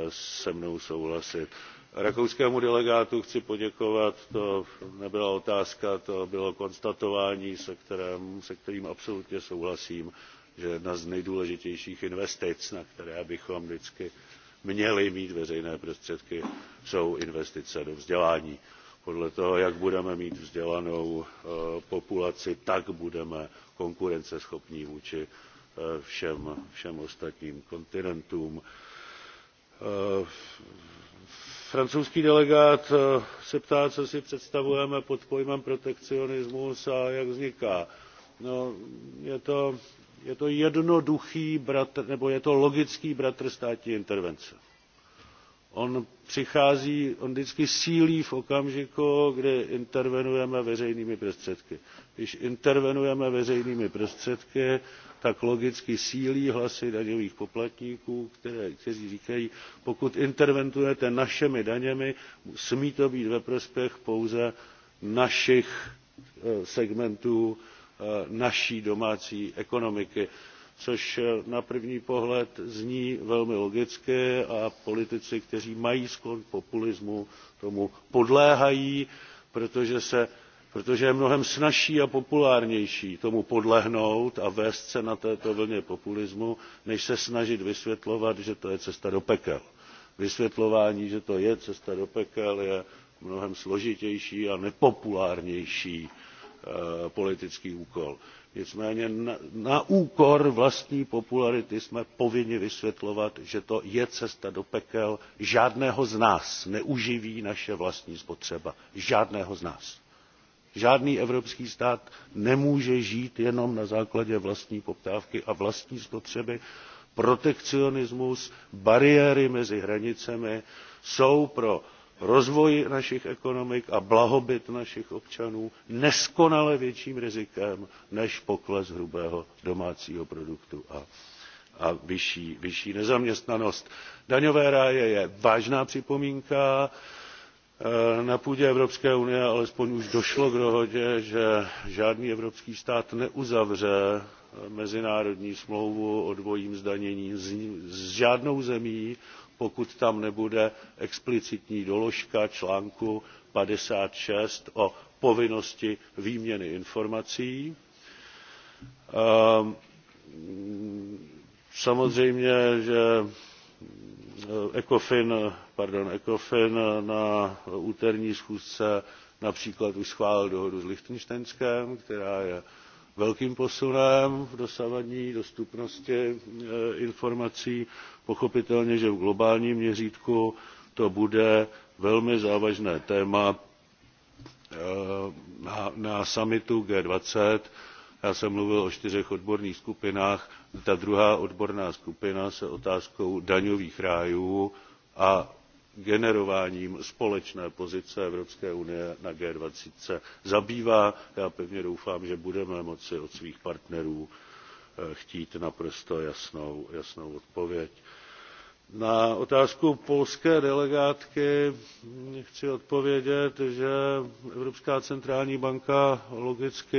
se mnou souhlasit. Rakouskému delegátu chci poděkovat, to nebyla otázka, to bylo konstatování, se kterým, se kterým absolutně souhlasím že jedna z nejdůležitějších investic, na které bychom vždycky měli mít veřejné prostředky, jsou investice do vzdělání. Podle toho, jak budeme mít vzdělanou eh, populaci, tak budeme konkurenceschopní vůči eh, všem, všem ostatním kontinentům. Eh, francouzský delegát se ptá, co si představujeme pod pojmem protekcionismus a jak vzniká. No, je to je to jednoduchý bratr, nebo je to logický bratr státní intervence. On přichází, on vždycky sílí v okamžiku, kdy intervenujeme veřejnými prostředky. Když intervenujeme veřejnými prostředky, tak logicky sílí hlasy daňových poplatníků, které, kteří říkají, pokud interventujete našimi daněmi, smí to být ve prospěch pouze našich eh, segmentů Eh, naší domácí ekonomiky což eh, na první pohled zní velmi logicky a politici kteří mají sklon k populismu tomu podléhají protože, se, protože je mnohem snazší a populárnější tomu podlehnout a vést se na této vlně populismu než se snažit vysvětlovat že to je cesta do pekel. vysvětlování že to je cesta do pekel je mnohem složitější a nepopulárnější Eh, politický úkol. nicméně na, na úkor vlastní popularity jsme povinni vysvětlovat že to je cesta do pekel žádného z nás neuživí naše vlastní spotřeba žádného z nás. žádný evropský stát nemůže žít jenom na základě vlastní poptávky a vlastní spotřeby protekcionismus bariéry mezi hranicemi jsou pro rozvoj našich ekonomik a blahobyt našich občanů neskonale větším rizikem než pokles hrubého domácího produktu a, a vyšší, vyšší nezaměstnanost. daňové ráje je vážná připomínka e, na půdě evropské unie alespoň už došlo k dohodě že žádný evropský stát neuzavře mezinárodní smlouvu o dvojím zdanění s žádnou zemí pokud tam nebude explicitní doložka článku fifty six o povinnosti výměny informací. Ehm, samozřejmě že eh, ECOFIN, pardon, ecofin na úterní schůzce například už schválil dohodu s lichtenštejnskem která je velkým posunem v dosavadní dostupnosti eh, informací pochopitelně že v globálním měřítku to bude velmi závažné téma eh, na, na summitu g twenty já jsem mluvil o čtyřech odborných skupinách ta druhá odborná skupina se otázkou daňových rájů a generováním společné pozice evropské unie na g twenty zabývá. já pevně doufám že budeme moci od svých partnerů eh, chtít naprosto jasnou, jasnou odpověď na otázku polské delegátky chci odpovědět, že Evropská centrální banka logicky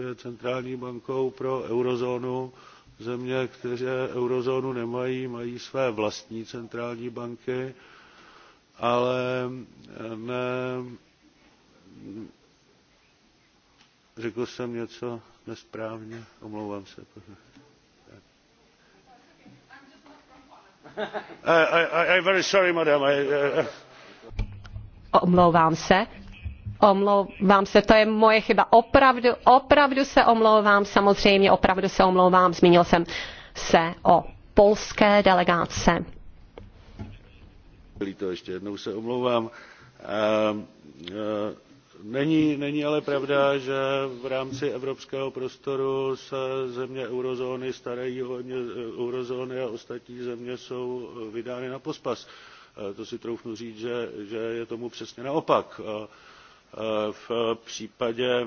je centrální bankou pro eurozónu. Země, které eurozónu nemají, mají své vlastní centrální banky, ale ne... Řekl jsem něco nesprávně, omlouvám se. Omlouvám se. Omlouvám se, to je moje chyba. Opravdu, opravdu se omlouvám, samozřejmě opravdu se omlouvám. Zmínil jsem se o polské delegace. Líto, ještě jednou se omlouvám. Ehm, ehm, Není, ale pravda, že v rámci evropského prostoru se země eurozóny starají o eh, eurozóny a ostatní země jsou eh, vydány na pospas. Eh, to si troufnu říct, že, že je tomu přesně naopak. V případě,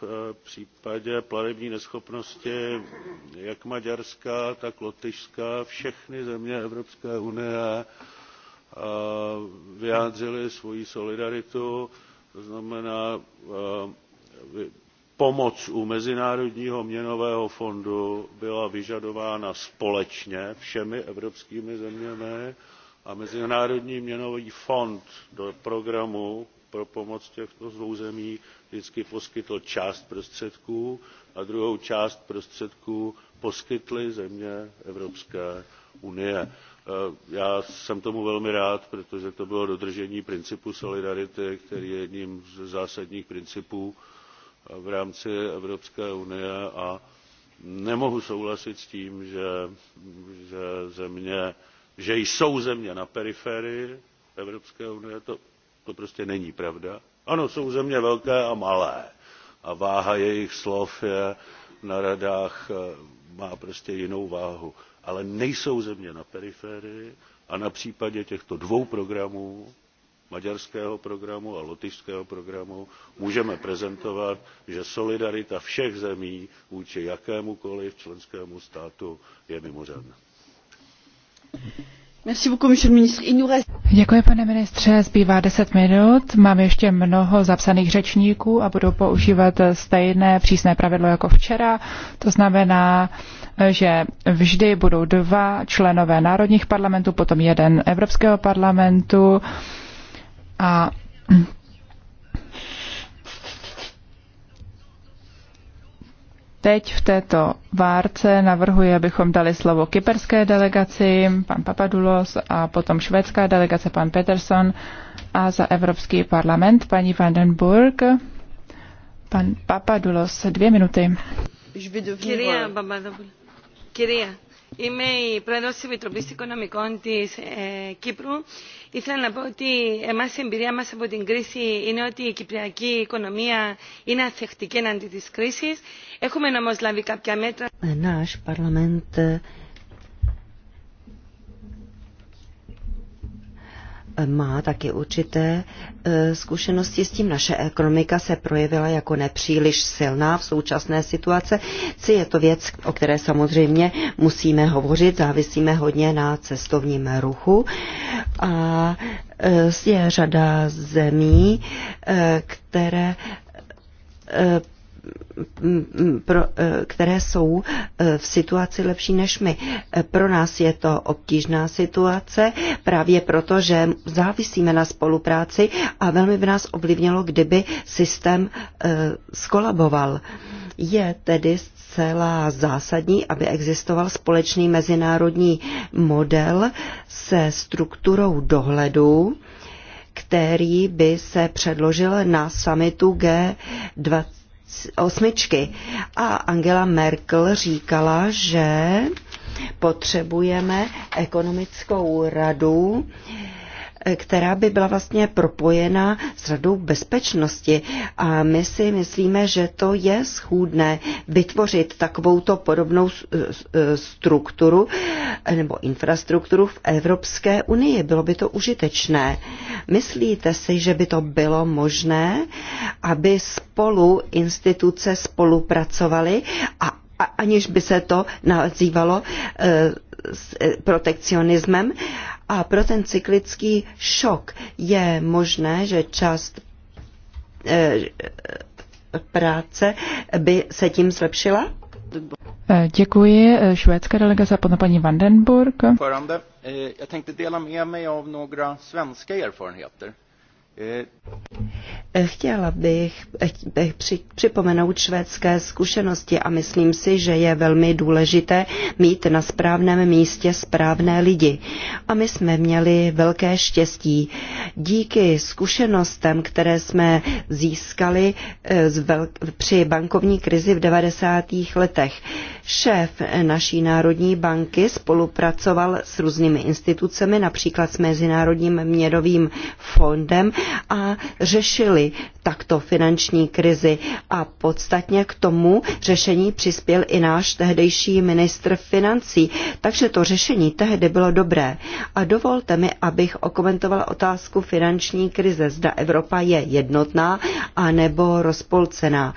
v případě platební neschopnosti jak Maďarska, tak Lotyšska všechny země Evropské unie vyjádřily svoji solidaritu to znamená eh, pomoc u mezinárodního měnového fondu byla vyžadována společně všemi evropskými zeměmi a mezinárodní měnový fond do programu pro pomoc těmto dvěma zemím vždycky poskytl část prostředků a druhou část prostředků poskytly země evropské unie. Eh, já jsem tomu velmi rád protože to bylo dodržení principu solidarity který je jedním ze zásadních principů eh, v rámci evropské unie a nemohu souhlasit s tím že, že, země, že jsou země na periferii evropské unie to, to prostě není pravda. ano jsou země velké a malé a váha jejich slov je na radách eh, má prostě jinou váhu ale nejsou země na periferii a na případě těchto dvou programů maďarského programu a lotyšského programu můžeme prezentovat že solidarita všech zemí vůči jakémukoliv členskému státu je mimořádná. Děkuji, pane ministře. Zbývá 10 minut. Mám ještě mnoho zapsaných řečníků a budu používat stejné přísné pravidlo jako včera. To znamená, že vždy budou dva členové národních parlamentů, potom jeden Evropského parlamentu a teď v této várce navrhuji, abychom dali slovo kyperské delegaci, pan Papadulos, a potom švédská delegace, pan Peterson, a za Evropský parlament, paní Vandenburg. Pan Papadulos, dvě minuty. Kyrie, Kyrie, Kyria, είμαι η πρόεδρος της Επιτροπής Οικονομικών της ε, Κύπρου ήθελα να πω ότι εμάς η εμπειρία μας από την κρίση είναι ότι η κυπριακή οικονομία είναι ανθεκτική εναντί της κρίσης. Έχουμε όμως λάβει κάποια μέτρα. Náš parlament má taky určité e, zkušenosti s tím. Naše ekonomika se projevila jako nepříliš silná v současné situace. Je to věc, o které samozřejmě musíme hovořit, závisíme hodně na cestovním ruchu. A e, je řada zemí, e, které pro, e, které jsou e, v situaci lepší než my. E, pro nás je to obtížná situace, právě proto, že závisíme na spolupráci a velmi by nás ovlivnilo, kdyby systém skolaboval. Je tedy zcela zásadní, aby existoval společný mezinárodní model se strukturou dohledu, který by se předložil na samitu G20 osmičky. A Angela Merkel říkala, že potřebujeme ekonomickou radu, která by byla vlastně propojena s radou bezpečnosti. A my si myslíme, že to je schůdné vytvořit takovouto podobnou strukturu nebo infrastrukturu v Evropské unii. Bylo by to užitečné. Myslíte si, že by to bylo možné, aby spolu instituce spolupracovaly a aniž by se to nazývalo eh, eh, protekcionismem a pro ten cyklický šok je možné, že část eh, práce by se tím zlepšila? Eh, děkuji eh, švédské delegace a paní Vandenburg. Förande, jag tänkte dela med mig av några svenska erfarenheter. Eh, chtěla bych, bych eh, eh, připomenout švédské zkušenosti a myslím si, že je velmi důležité mít na správném místě správné lidi. A my jsme měli velké štěstí. Díky zkušenostem, které jsme získali při bankovní krizi v 90. letech, Šéf naší Národní banky spolupracoval s různými institucemi, například s Mezinárodním měnovým fondem a řešili takto finanční krizi a podstatně k tomu řešení přispěl i náš tehdejší ministr financí. Takže to řešení tehdy bylo dobré. A dovolte mi, abych okomentovala otázku finanční krize. Zda Evropa je jednotná a nebo rozpolcená.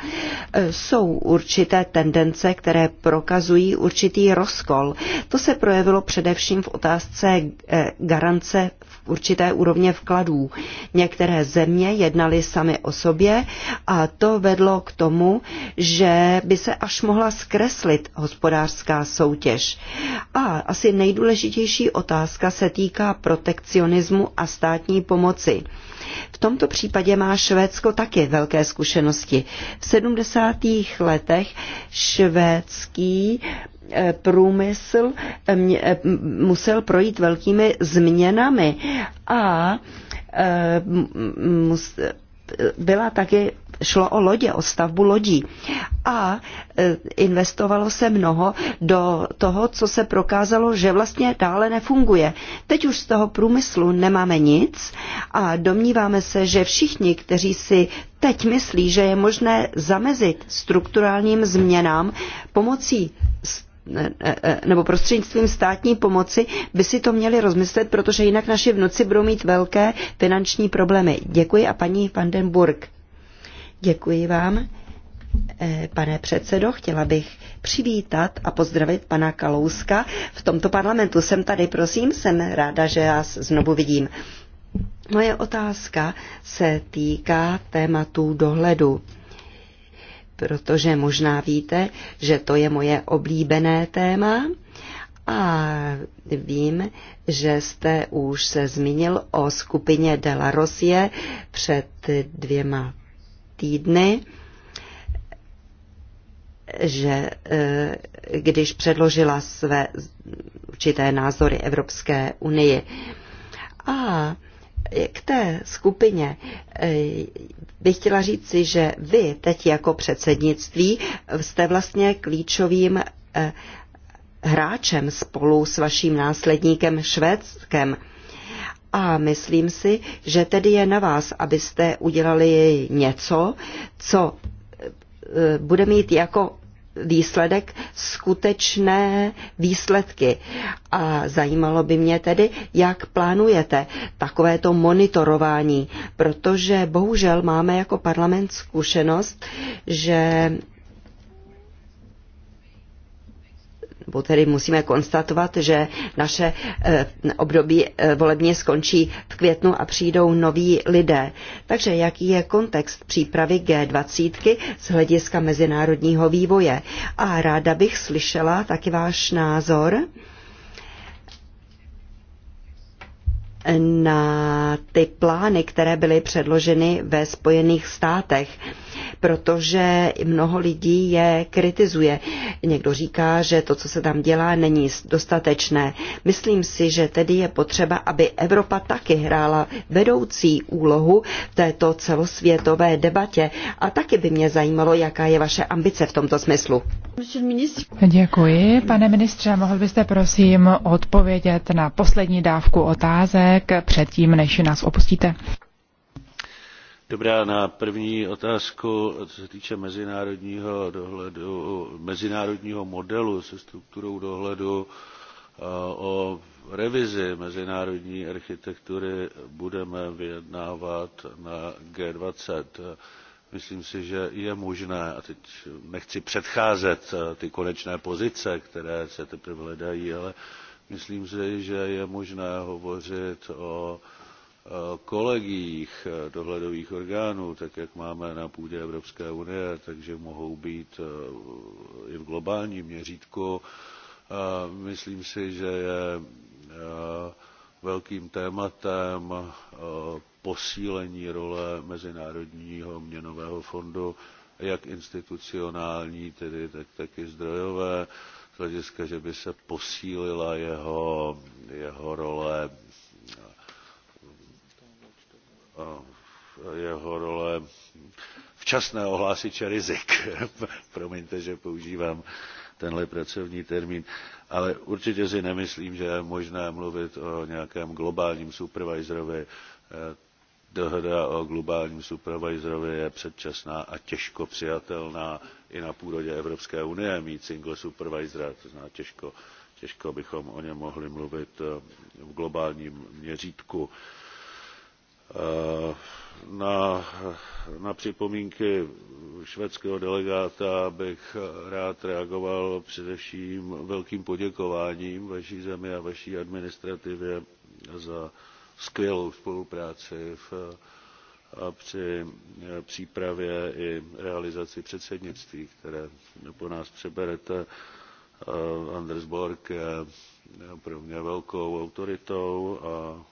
Jsou určité tendence, které pro prokazují určitý rozkol. To se projevilo především v otázce eh, garance v určité úrovně vkladů. Některé země jednaly sami o sobě a to vedlo k tomu, že by se až mohla zkreslit hospodářská soutěž. A asi nejdůležitější otázka se týká protekcionismu a státní pomoci. V tomto případě má Švédsko taky velké zkušenosti. V 70. letech švédský eh, průmysl eh, eh, musel projít velkými změnami a byla taky šlo o lodě, o stavbu lodí. A e, investovalo se mnoho do toho, co se prokázalo, že vlastně dále nefunguje. Teď už z toho průmyslu nemáme nic a domníváme se, že všichni, kteří si teď myslí, že je možné zamezit strukturálním změnám pomocí e, e, nebo prostřednictvím státní pomoci by si to měli rozmyslet, protože jinak naši vnuci budou mít velké finanční problémy. Děkuji a paní Vandenburg. Děkuji vám. Eh, pane předsedo, chtěla bych přivítat a pozdravit pana Kalouska. V tomto parlamentu jsem tady, prosím, jsem ráda, že vás znovu vidím. Moje otázka se týká tématu dohledu, protože možná víte, že to je moje oblíbené téma a vím, že jste už se zmínil o skupině Delarosie před dvěma týdny, že e, když předložila své určité názory Evropské unii. A k té skupině e, bych chtěla říci, že vy teď jako předsednictví jste vlastně klíčovým e, hráčem spolu s vaším následníkem Švédskem a myslím si, že tedy je na vás, abyste udělali něco, co e, bude mít jako výsledek skutečné výsledky. A zajímalo by mě tedy, jak plánujete takovéto monitorování, protože bohužel máme jako parlament zkušenost, že nebo tedy musíme konstatovat, že naše eh, období eh, volební skončí v květnu a přijdou noví lidé. Takže jaký je kontext přípravy G20 z hlediska mezinárodního vývoje? A ráda bych slyšela taky váš názor. na ty plány, které byly předloženy ve Spojených státech, protože mnoho lidí je kritizuje. Někdo říká, že to, co se tam dělá, není dostatečné. Myslím si, že tedy je potřeba, aby Evropa taky hrála vedoucí úlohu v této celosvětové debatě. A taky by mě zajímalo, jaká je vaše ambice v tomto smyslu. Děkuji, pane ministře. Mohl byste prosím odpovědět na poslední dávku otázek? poznámek předtím, než nás opustíte. Dobrá, na první otázku, co se týče mezinárodního dohledu, mezinárodního modelu se strukturou dohledu o revizi mezinárodní architektury budeme vyjednávat na G20. Myslím si, že je možné, a teď nechci předcházet ty konečné pozice, které se teprve hledají, ale Myslím si, že je možné hovořit o kolegiích dohledových orgánů, tak jak máme na půdě Evropské unie, takže mohou být e, i v globálním měřítku. E, myslím si, že je e, velkým tématem posílení role Mezinárodního měnového fondu, jak institucionální, tedy tak taky zdrojové z hlediska, že by se posílila jeho, jeho role jeho role včasné ohlásiče rizik. Promiňte, že používám tenhle pracovní termín, ale určitě si nemyslím, že je možné mluvit o nějakém globálním supervisorovi dohoda o globálním supervisorovi je předčasná a těžko přijatelná i na půdě Evropské unie mít single supervisora, to znamená těžko, těžko bychom o něm mohli mluvit eh, v globálním měřítku. Eh, na, na připomínky švédského delegáta bych rád reagoval především velkým poděkováním vaší zemi a vaší administrativě za skvělou spolupráci v, při přípravě i realizaci předsednictví, které po nás přeberete. Anders Borg je pro mě velkou autoritou a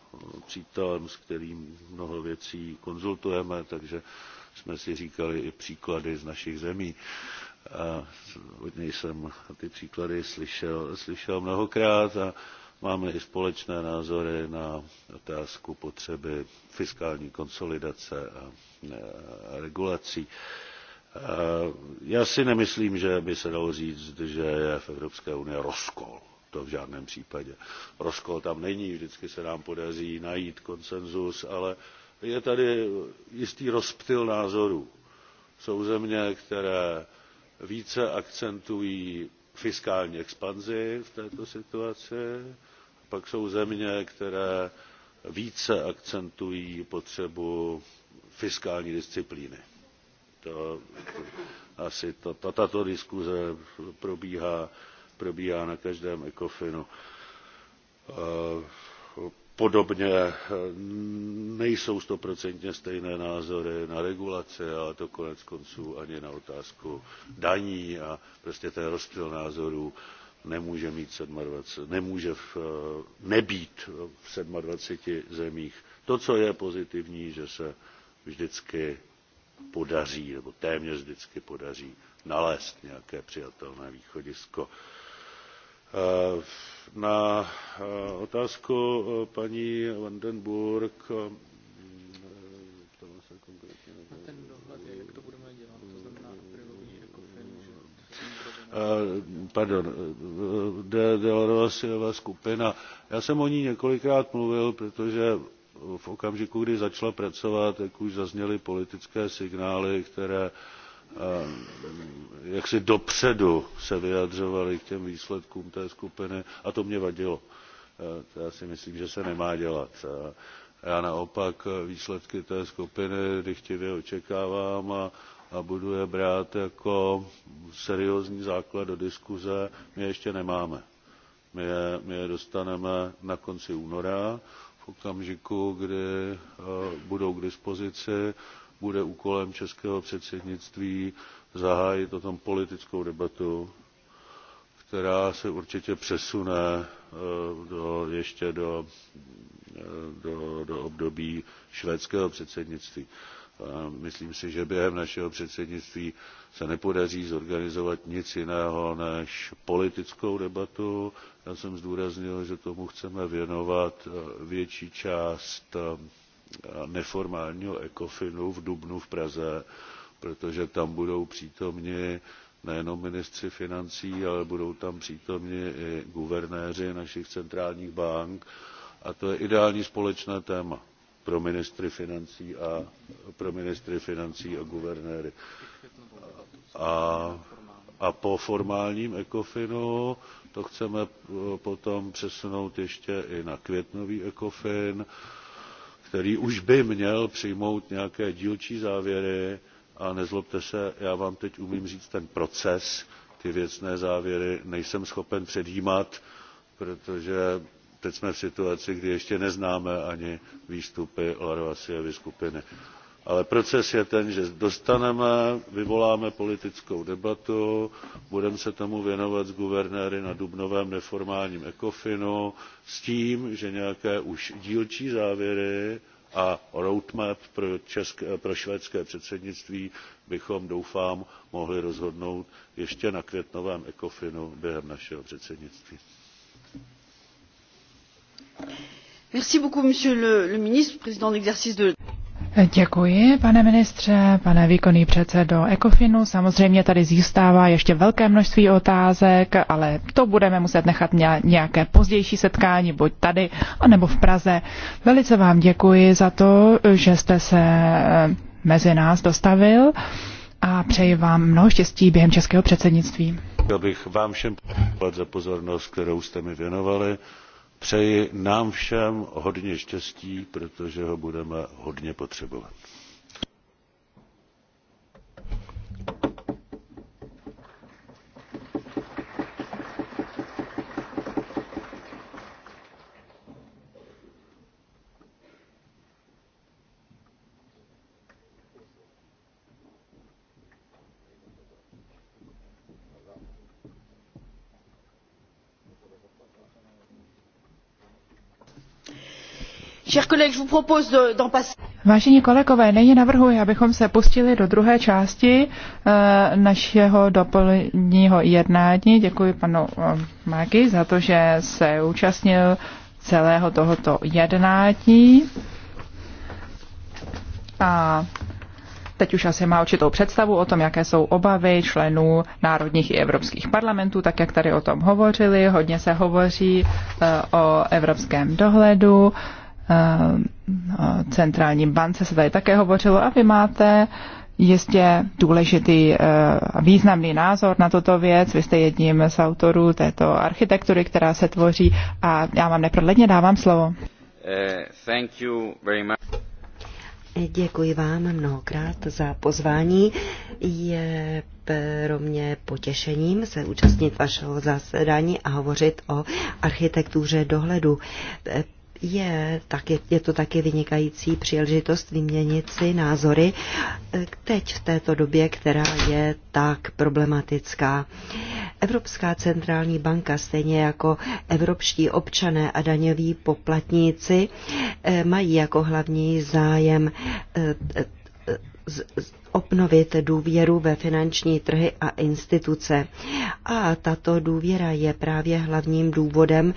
přítelem, s kterým mnoho věcí konzultujeme, takže jsme si říkali i příklady z našich zemí. A od něj jsem ty příklady slyšel, slyšel mnohokrát a máme i společné názory na otázku potřeby fiskální konsolidace a e, regulací. E, já si nemyslím, že by se dalo říct, že je v Evropské unii rozkol. To v žádném případě. Rozkol tam není, vždycky se nám podaří najít konsenzus, ale je tady jistý rozptyl názorů. Jsou země, které více akcentují fiskální expanzi v této situaci pak jsou země které více akcentují potřebu fiskální disciplíny. To, asi to, tato diskuze probíhá, probíhá na každém ekofinu. E, eh, podobně nejsou stoprocentně stejné názory na regulaci ale to konec konců ani na otázku daní a prostě ten rozptyl názorů nemůže, mít 27, nemůže v, nebýt v 27 zemích. To, co je pozitivní, že se vždycky podaří, nebo téměř vždycky podaří nalézt nějaké přijatelné východisko. Eh, na eh, otázku eh, paní van den burg pardon de delorosova skupina já jsem o ní několikrát mluvil protože v okamžiku kdy začala pracovat tak už zazněly politické signály které jaksi dopředu se vyjadřovali k těm výsledkům té skupiny a to mě vadilo. To já si myslím, že se nemá dělat. Já naopak výsledky té skupiny dychtivě očekávám a, a budu je brát jako seriózní základ do diskuze. My je ještě nemáme. My je, my je dostaneme na konci února v okamžiku, kdy budou k dispozici bude úkolem českého předsednictví zahájit o tom politickou debatu, která se určitě přesune eh, do, ještě do, eh, do, do období švédského předsednictví. Myslím si, že během našeho předsednictví se nepodaří zorganizovat nic jiného než politickou debatu. Já jsem zdůraznil, že tomu chceme věnovat eh, větší část neformálního ECOFINu v Dubnu v Praze, protože tam budou přítomni nejenom ministři financí, ale budou tam přítomni i guvernéři našich centrálních bank. A to je ideální společné téma pro ministry financí a, pro ministry financí a guvernéry. A, a po formálním ECOFINu to chceme eh, potom přesunout ještě i na květnový ECOFIN který už by měl přijmout nějaké dílčí závěry a nezlobte se já vám teď umím říct ten proces ty věcné závěry nejsem schopen předjímat protože teď jsme v situaci kdy ještě neznáme ani výstupy larosovy skupiny ale proces je ten že dostaneme vyvoláme politickou debatu budeme se tomu věnovat s guvernéry na dubnovém neformálním ecofinu s tím že nějaké už dílčí závěry a roadmap pro, české, pro švédské předsednictví bychom doufám mohli rozhodnout ještě na květnovém ecofinu během našeho předsednictví. Merci beaucoup, monsieur le, le ministre, président de Děkuji, pane ministře, pane výkonný předsedo Ekofinu. Samozřejmě tady zůstává ještě velké množství otázek, ale to budeme muset nechat na nějaké pozdější setkání, buď tady, anebo v Praze. Velice vám děkuji za to, že jste se eh, mezi nás dostavil a přeji vám mnoho štěstí během českého předsednictví. Chtěl bych vám všem poděkovat za pozornost, kterou jste mi věnovali přeji nám všem hodně štěstí protože ho budeme hodně potřebovat. Vážení kolegové, nyní navrhuji, abychom se pustili do druhé části eh, našeho dopoledního jednání. Děkuji panu eh, Magi za to, že se účastnil celého tohoto jednání. A Teď už asi má určitou představu o tom, jaké jsou obavy členů národních i evropských parlamentů, tak jak tady o tom hovořili. Hodně se hovoří eh, o evropském dohledu. Eh, eh, centrální bance se tady také hovořilo a vy máte jistě důležitý eh, a významný názor na tuto věc. Vy jste jedním z autorů této architektury, která se tvoří a já vám neprodledně dávám slovo. Thank you very much. Děkuji vám mnohokrát za pozvání. Je pro mě potěšením se účastnit vašeho zasedání a hovořit o architektuře dohledu je, tak je, je to taky vynikající příležitost vyměnit si názory eh, teď v této době, která je tak problematická. Evropská centrální banka, stejně jako evropští občané a daňoví poplatníci, eh, mají jako hlavní zájem eh, obnovit důvěru ve finanční trhy a instituce. A tato důvěra je právě hlavním důvodem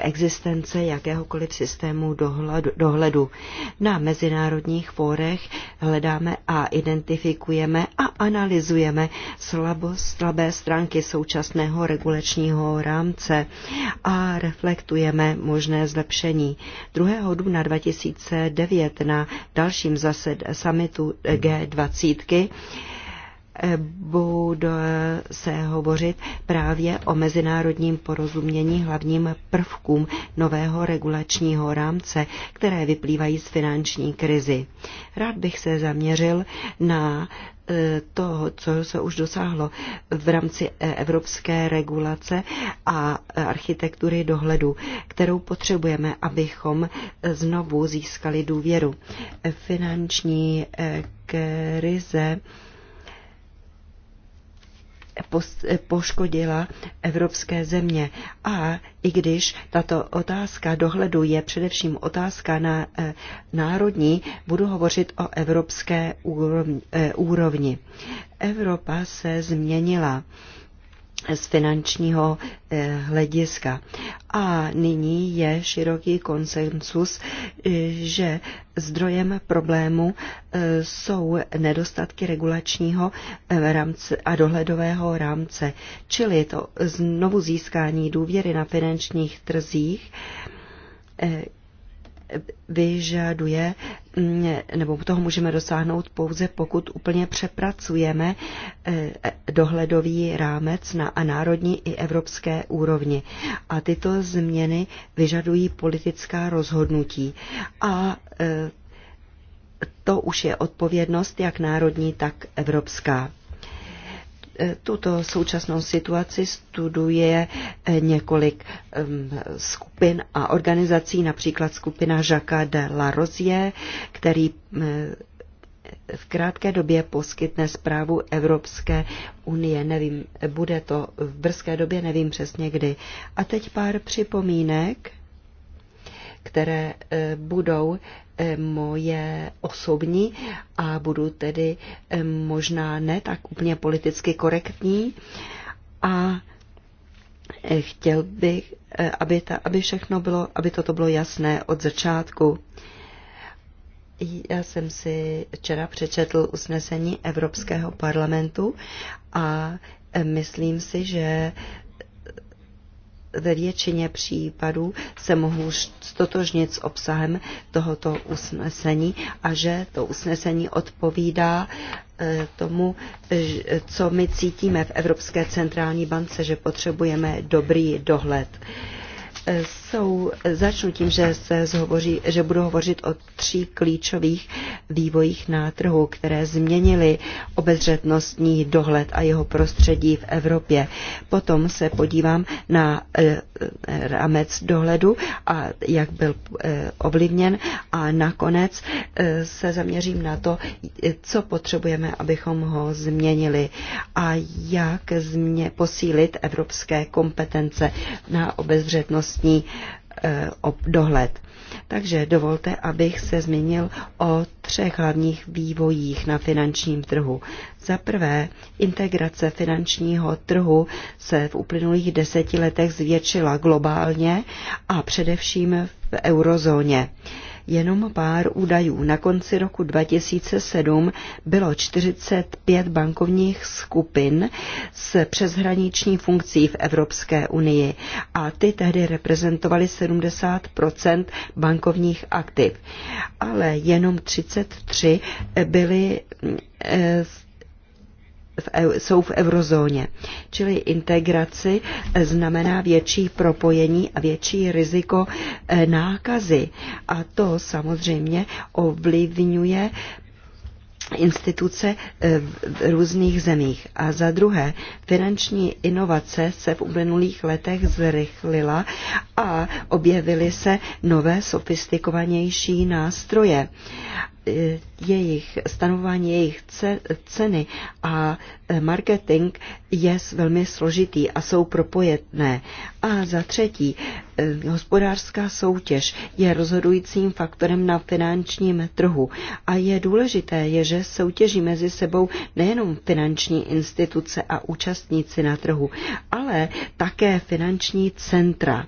existence jakéhokoliv systému dohledu. Na mezinárodních fórech hledáme a identifikujeme a analyzujeme slabost, slabé stránky současného regulačního rámce a reflektujeme možné zlepšení. 2. dubna 2009 na dalším zased, summitu G dvacítky, eh, bude se hovořit právě o mezinárodním porozumění hlavním prvkům nového regulačního rámce, které vyplývají z finanční krizi. Rád bych se zaměřil na toho, co se už dosáhlo v rámci e, evropské regulace a architektury dohledu, kterou potřebujeme, abychom znovu získali důvěru. Finanční e, krize poškodila evropské země. A i když tato otázka dohledu je především otázka na e, národní, budu hovořit o evropské úrovni. E, Evropa se změnila z finančního eh, hlediska. A nyní je široký konsensus, eh, že zdrojem problému eh, jsou nedostatky regulačního rámce a dohledového rámce, čili to znovu získání důvěry na finančních trzích vyžaduje, mm, nebo toho můžeme dosáhnout pouze, pokud úplně přepracujeme eh, dohledový rámec na a národní i evropské úrovni. A tyto změny vyžadují politická rozhodnutí. A eh, to už je odpovědnost jak národní, tak evropská. Tuto současnou situaci studuje eh, několik skupin a organizací, například skupina Jacques de la Rosier, který eh, v krátké době poskytne zprávu Evropské unie. Nevím, bude to v brzké době, nevím přesně kdy. A teď pár připomínek, které eh, budou Eh, moje osobní a budu tedy eh, možná ne tak úplně politicky korektní. A eh, chtěl bych, aby, ta, aby všechno bylo, aby toto bylo jasné od začátku. Já jsem si včera přečetl usnesení Evropského parlamentu a myslím si, že ve většině případů se mohu stotožnit s obsahem tohoto usnesení a že to usnesení odpovídá e, tomu, e, co my cítíme v Evropské centrální bance, že potřebujeme dobrý dohled jsou, začnu tím, že, se zhovoří, že budu hovořit o tří klíčových vývojích na trhu, které změnily obezřetnostní dohled a jeho prostředí v Evropě. Potom se podívám na eh, rámec dohledu a jak byl eh, ovlivněn a nakonec eh, se zaměřím na to, co potřebujeme, abychom ho změnili a jak změ, posílit evropské kompetence na obezřetnost vlastní eh, dohled. Takže dovolte, abych se zmínil o třech hlavních vývojích na finančním trhu. Za prvé, integrace finančního trhu se v uplynulých deseti letech zvětšila globálně a především v eurozóně. Jenom pár údajů. Na konci roku 2007 bylo 45 bankovních skupin s přeshraniční funkcí v Evropské unii a ty tehdy reprezentovaly 70 bankovních aktiv. Ale jenom 33 byly eh, v, jsou v eurozóně. Čili integraci eh, znamená větší propojení a větší riziko eh, nákazy. A to samozřejmě ovlivňuje instituce eh, v různých zemích. A za druhé, finanční inovace se v uplynulých letech zrychlila a objevily se nové sofistikovanější nástroje. Eh, jejich stanování jejich ceny a eh, marketing je velmi složitý a jsou propojené. A za třetí, eh, hospodářská soutěž je rozhodujícím faktorem na finančním trhu a je důležité, je, že soutěží mezi sebou nejenom finanční instituce a účastníci na trhu, ale také finanční centra.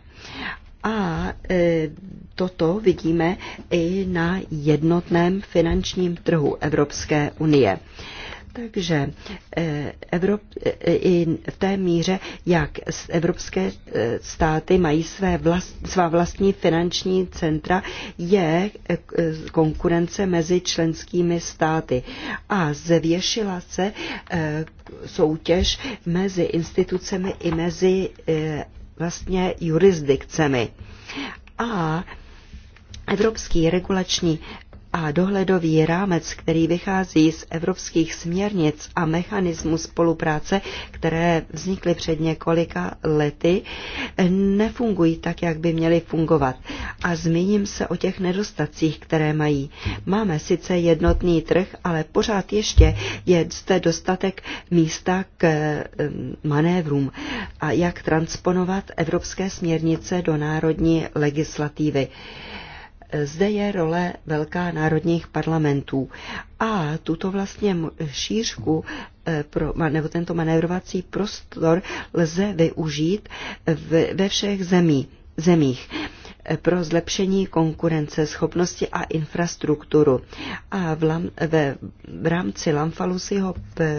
A e, toto vidíme i na jednotném finančním trhu Evropské unie. Takže e, Evrop, e, i v té míře, jak evropské státy mají své vlast, svá vlastní finanční centra, je konkurence mezi členskými státy. A zvěšila se soutěž mezi institucemi i mezi vlastně jurisdikcemi. A Evropský regulační a dohledový rámec, který vychází z evropských směrnic a mechanismů spolupráce, které vznikly před několika lety, nefungují tak, jak by měly fungovat. A zmíním se o těch nedostacích, které mají. Máme sice jednotný trh, ale pořád ještě je zde dostatek místa k manévrům a jak transponovat evropské směrnice do národní legislativy zde je role velká národních parlamentů. A tuto vlastně šířku eh, pro, nebo tento manévrovací prostor lze využít v, ve všech zemí, zemích eh, pro zlepšení konkurence, schopnosti a infrastrukturu. A v, lam, ve, v rámci Lamfalusiho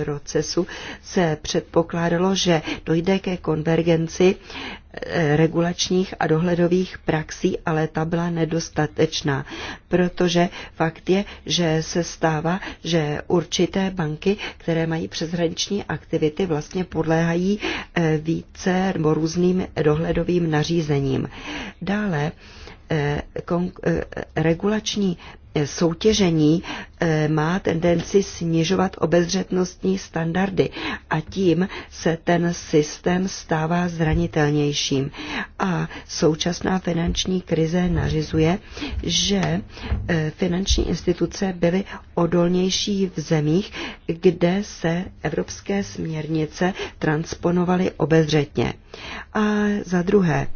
procesu se předpokládalo, že dojde ke konvergenci regulačních a dohledových praxí, ale ta byla nedostatečná, protože fakt je, že se stává, že určité banky, které mají přeshraniční aktivity, vlastně podléhají eh, více nebo různým dohledovým nařízením. Dále Eh, eh, regulační soutěžení eh, má tendenci snižovat obezřetnostní standardy a tím se ten systém stává zranitelnějším. A současná finanční krize nařizuje, že finanční instituce byly odolnější v zemích, kde se evropské směrnice transponovaly obezřetně. A za druhé,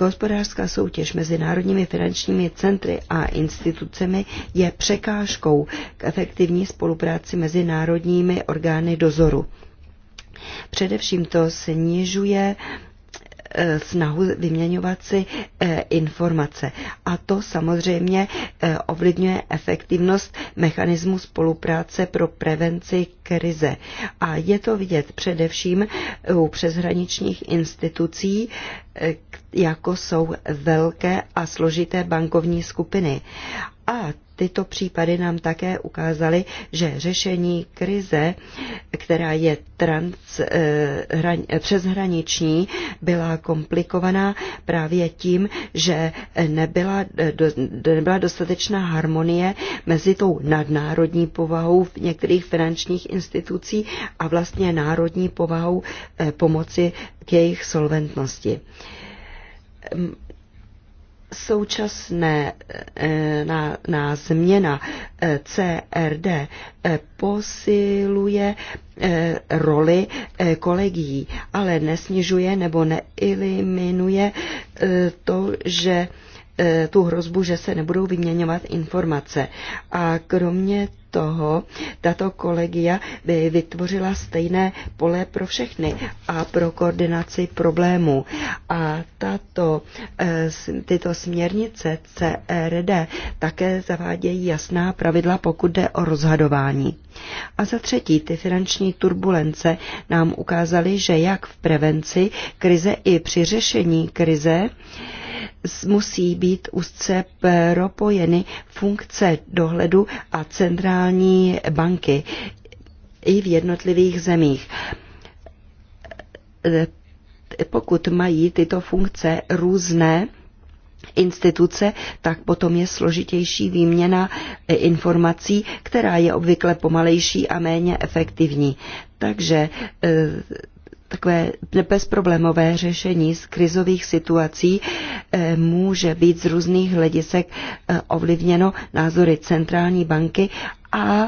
Hospodářská soutěž mezi národními finančními centry a institucemi je překážkou k efektivní spolupráci mezi národními orgány dozoru. Především to snižuje Eh, snahu vyměňovat si eh, informace. A to samozřejmě eh, ovlivňuje efektivnost mechanismu spolupráce pro prevenci krize. A je to vidět především u přeshraničních institucí, jako jsou velké a složité bankovní skupiny. A Tyto případy nám také ukázaly, že řešení krize, která je trans, eh, hran, eh, přeshraniční, byla komplikovaná právě tím, že nebyla, eh, do, nebyla dostatečná harmonie mezi tou nadnárodní povahou v některých finančních institucí a vlastně národní povahou pomoci k jejich solventnosti současné eh, na, na změna eh, CRD eh, posiluje roli kolegií, ale nesnižuje nebo neeliminuje to, že tu hrozbu, že se nebudou vyměňovat informace. A kromě toho tato kolegia by vytvořila stejné pole pro všechny a pro koordinaci problémů. A tato, eh, tyto směrnice CRD e také zavádějí jasná pravidla, pokud jde o rozhadování. A za třetí, ty finanční turbulence nám ukázaly, že jak v prevenci krize i při řešení krize, musí být úzce propojeny funkce dohledu a centrální banky i v jednotlivých zemích. E, pokud mají tyto funkce různé, instituce, tak potom je složitější výměna e, informací, která je obvykle pomalejší a méně efektivní. Takže e, takové bezproblémové řešení z krizových situací eh, může být z různých hledisek eh, ovlivněno názory centrální banky a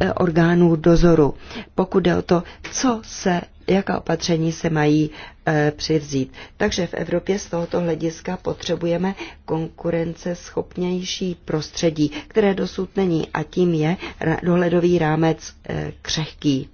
eh, orgánů dozoru. Pokud jde o to, co se, jaká opatření se mají e, přivzít. Takže v Evropě z tohoto hlediska potřebujeme konkurenceschopnější prostředí, které dosud není a tím je dohledový rámec e, křehký.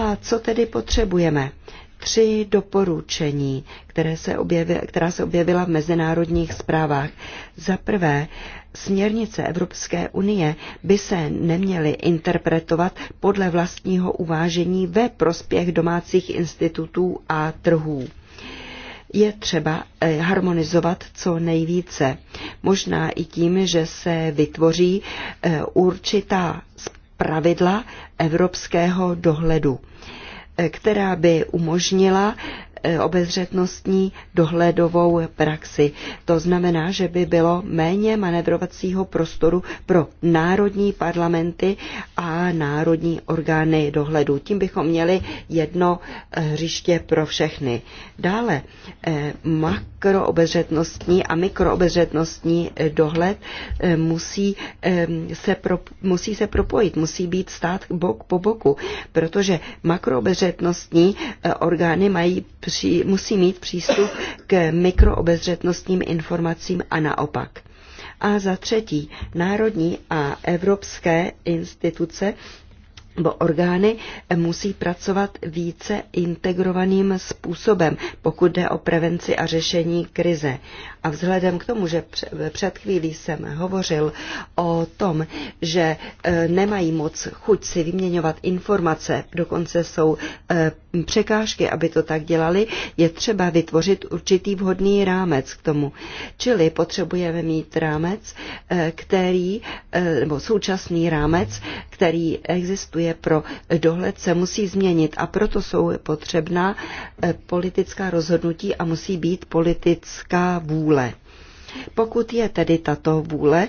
A co tedy potřebujeme? Tři doporučení, které se objevila, která se objevila v mezinárodních zprávách. Za prvé, směrnice Evropské unie by se neměly interpretovat podle vlastního uvážení ve prospěch domácích institutů a trhů je třeba eh, harmonizovat co nejvíce. Možná i tím, že se vytvoří eh, určitá pravidla evropského dohledu, eh, která by umožnila eh, obezřetnostní dohledovou praxi. To znamená, že by bylo méně manevrovacího prostoru pro národní parlamenty a národní orgány dohledu. Tím bychom měli jedno eh, hřiště pro všechny. Dále mak makroobezřetnostní a mikroobezřetnostní dohled eh, musí se, pro, musí se propojit, musí být stát bok po boku, protože makroobezřetnostní eh, orgány mají, při, musí mít přístup k mikroobezřetnostním informacím a naopak. A za třetí, národní a evropské instituce nebo orgány musí pracovat více integrovaným způsobem, pokud jde o prevenci a řešení krize. A vzhledem k tomu, že před chvílí jsem hovořil o tom, že e, nemají moc chuť si vyměňovat informace, dokonce jsou e, překážky, aby to tak dělali, je třeba vytvořit určitý vhodný rámec k tomu. Čili potřebujeme mít rámec, e, který, nebo současný rámec, který existuje pro dohled, se musí změnit a proto jsou potřebná politická rozhodnutí a musí být politická vůle vůle. Pokud je tedy tato vůle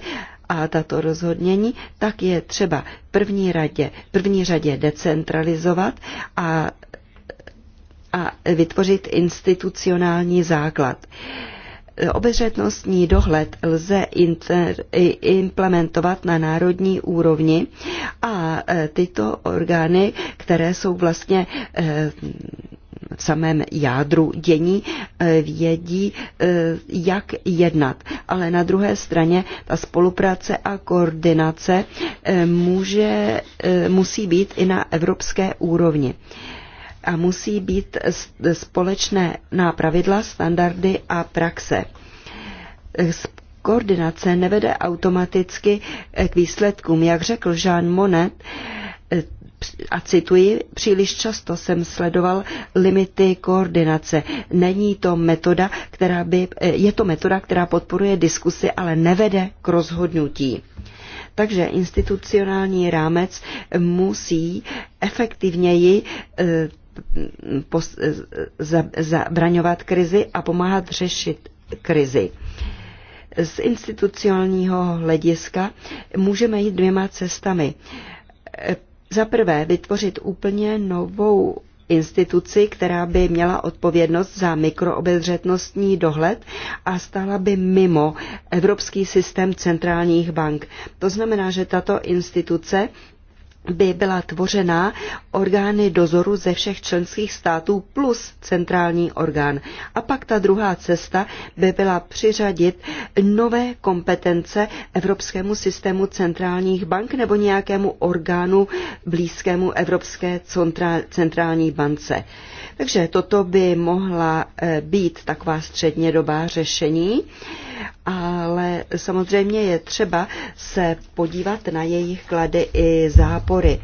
a tato rozhodnění, tak je třeba první radě, první řadě decentralizovat a, a vytvořit institucionální základ obezřetnostní dohled lze inter, implementovat na národní úrovni a e, tyto orgány, které jsou vlastně e, v samém jádru dění e, vědí, jak jednat. Ale na druhé straně ta spolupráce a koordinace může, musí být i na evropské úrovni a musí být společné pravidla, standardy a praxe. Koordinace nevede automaticky k výsledkům. Jak řekl Jean Monnet, a cituji, příliš často jsem sledoval limity koordinace. Není to metoda, která by, je to metoda, která podporuje diskusy, ale nevede k rozhodnutí. Takže institucionální rámec musí efektivněji eh, zabraňovat krizi a pomáhat řešit krizi. Z institucionálního hlediska můžeme jít dvěma cestami. Za prvé, vytvořit úplně novou instituci, která by měla odpovědnost za mikroobezřetnostní dohled a stála by mimo evropský systém centrálních bank. To znamená, že tato instituce by byla tvořena orgány dozoru ze všech členských států plus centrální orgán. A pak ta druhá cesta by byla přiřadit nové kompetence Evropskému systému centrálních bank nebo nějakému orgánu blízkému Evropské centrální bance. Takže toto by mohla eh, být taková střednědobá řešení ale samozřejmě je třeba se podívat na jejich klady i zápory.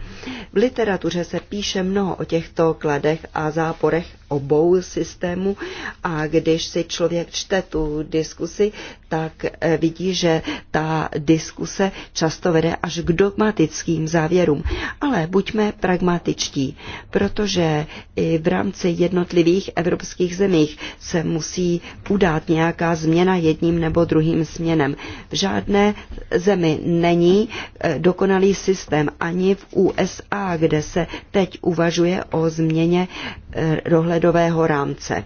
V literatuře se píše mnoho o těchto kladech a záporech obou systémů a když si člověk čte tu diskusi, tak eh, vidí, že ta diskuse často vede až k dogmatickým závěrům. Ale buďme pragmatičtí, protože i v rámci jednotlivých evropských zemích se musí udát nějaká změna jedním nebo druhým směnem. V žádné zemi není eh, dokonalý systém, ani v USA, kde se teď uvažuje o změně eh, dohledového rámce.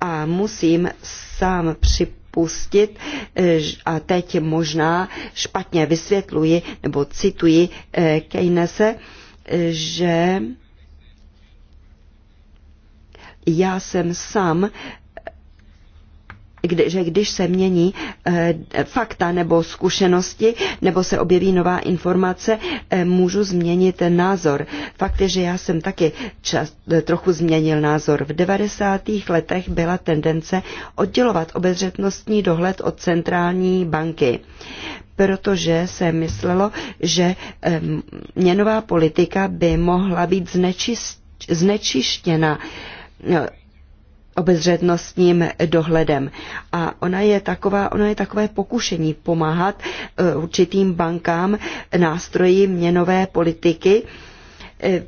A musím sám připomínat, pustit eh, a teď možná špatně vysvětluji nebo cituji Keynese, že já jsem sám že když se mění eh, fakta nebo zkušenosti, nebo se objeví nová informace, eh, můžu změnit názor. Fakt je, že já jsem taky čas, eh, trochu změnil názor. V 90. letech byla tendence oddělovat obezřetnostní dohled od centrální banky protože se myslelo, že měnová politika by mohla být znečištěna no, obezřetnostním dohledem. A ona je, taková, ona je takové pokušení pomáhat eh, určitým bankám nástroji měnové politiky eh,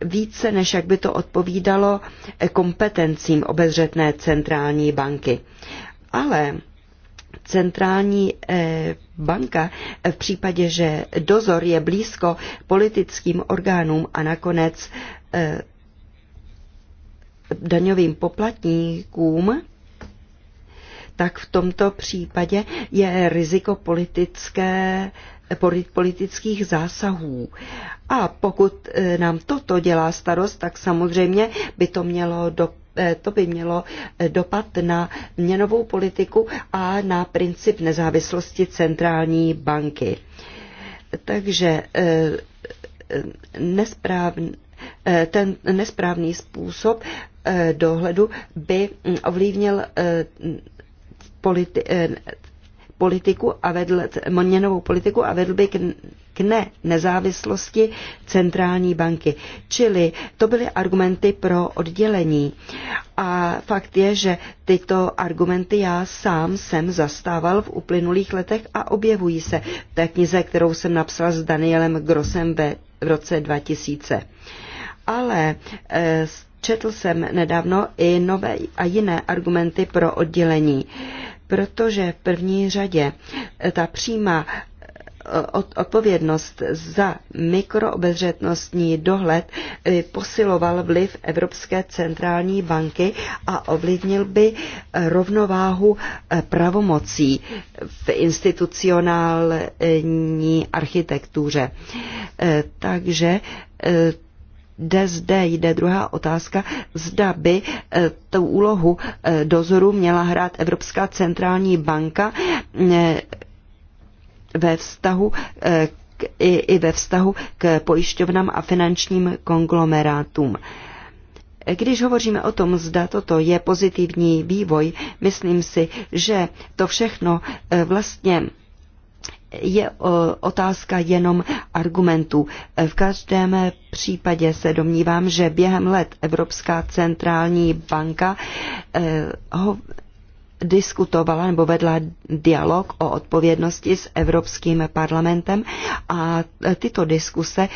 více, než jak by to odpovídalo eh, kompetencím obezřetné centrální banky. Ale centrální banka v případě, že dozor je blízko politickým orgánům a nakonec daňovým poplatníkům, tak v tomto případě je riziko politické, politických zásahů. A pokud e, nám toto dělá starost, tak samozřejmě by to mělo do, e, to by mělo e, dopad na měnovou politiku a na princip nezávislosti centrální banky. Takže nesprávný ten nesprávný způsob Eh, dohledu by mm, ovlivnil eh, politi- eh, politiku a vedl, měnovou politiku a vedl by k, k ne nezávislosti centrální banky. Čili to byly argumenty pro oddělení. A fakt je, že tyto argumenty já sám jsem zastával v uplynulých letech a objevují se v té knize, kterou jsem napsal s Danielem Grosem ve, v roce 2000. Ale e, s Četl jsem nedávno i nové a jiné argumenty pro oddělení, protože v první řadě eh, ta přímá eh, odpovědnost za mikroobezřetnostní dohled eh, posiloval vliv Evropské centrální banky a ovlivnil by rovnováhu pravomocí v institucionální architektuře. Takže jde zde, jde druhá otázka, zda by e, tu úlohu e, dozoru měla hrát Evropská centrální banka e, ve vztahu k, i, i ve vztahu k pojišťovnám a finančním konglomerátům. Když hovoříme o tom, zda toto je pozitivní vývoj, myslím si, že to všechno vlastně je eh, otázka jenom argumentů. Eh, v každém případě se domnívám, že během let Evropská centrální banka eh, ho diskutovala nebo vedla dialog o odpovědnosti s Evropským parlamentem a tyto diskuse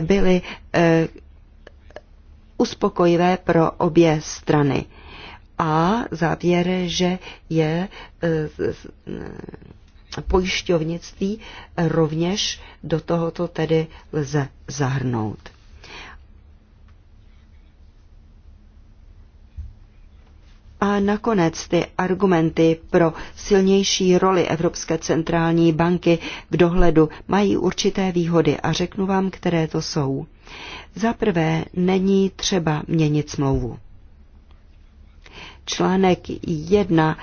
byly uspokojivé pro obě strany. A závěr, že je pojišťovnictví rovněž do tohoto tedy lze zahrnout. A nakonec ty argumenty pro silnější roli Evropské centrální banky v dohledu mají určité výhody a řeknu vám, které to jsou. Za prvé, není třeba měnit smlouvu. Článek 1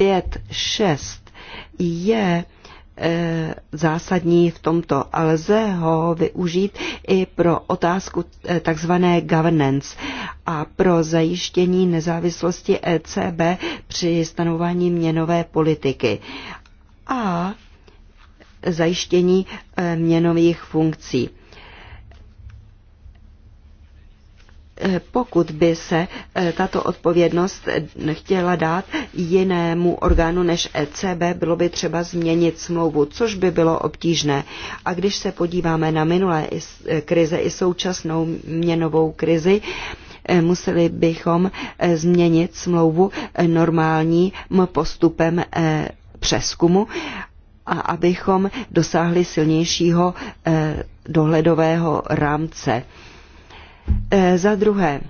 5, 6 je eh, zásadní v tomto, ale lze ho využít i pro otázku eh, takzvané governance a pro zajištění nezávislosti ECB při stanování měnové politiky a zajištění eh, měnových funkcí. Pokud by se eh, tato odpovědnost chtěla dát jinému orgánu než ECB, bylo by třeba změnit smlouvu, což by bylo obtížné. A když se podíváme na minulé eh, krize i současnou měnovou krizi, eh, museli bychom změnit smlouvu normálním postupem přeskumu, a abychom dosáhli silnějšího dohledového rámce E, za druhé,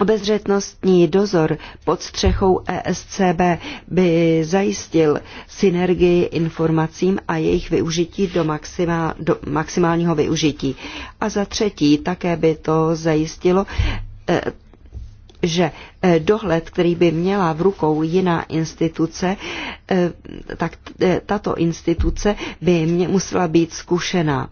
Obezřetnostní dozor pod střechou ESCB by zajistil synergii informacím a jejich využití do, maxima, do maximálního využití. A za třetí také by to zajistilo e, že e, dohled, který by měla v rukou jiná instituce, tak tato instituce by mě musela být zkušená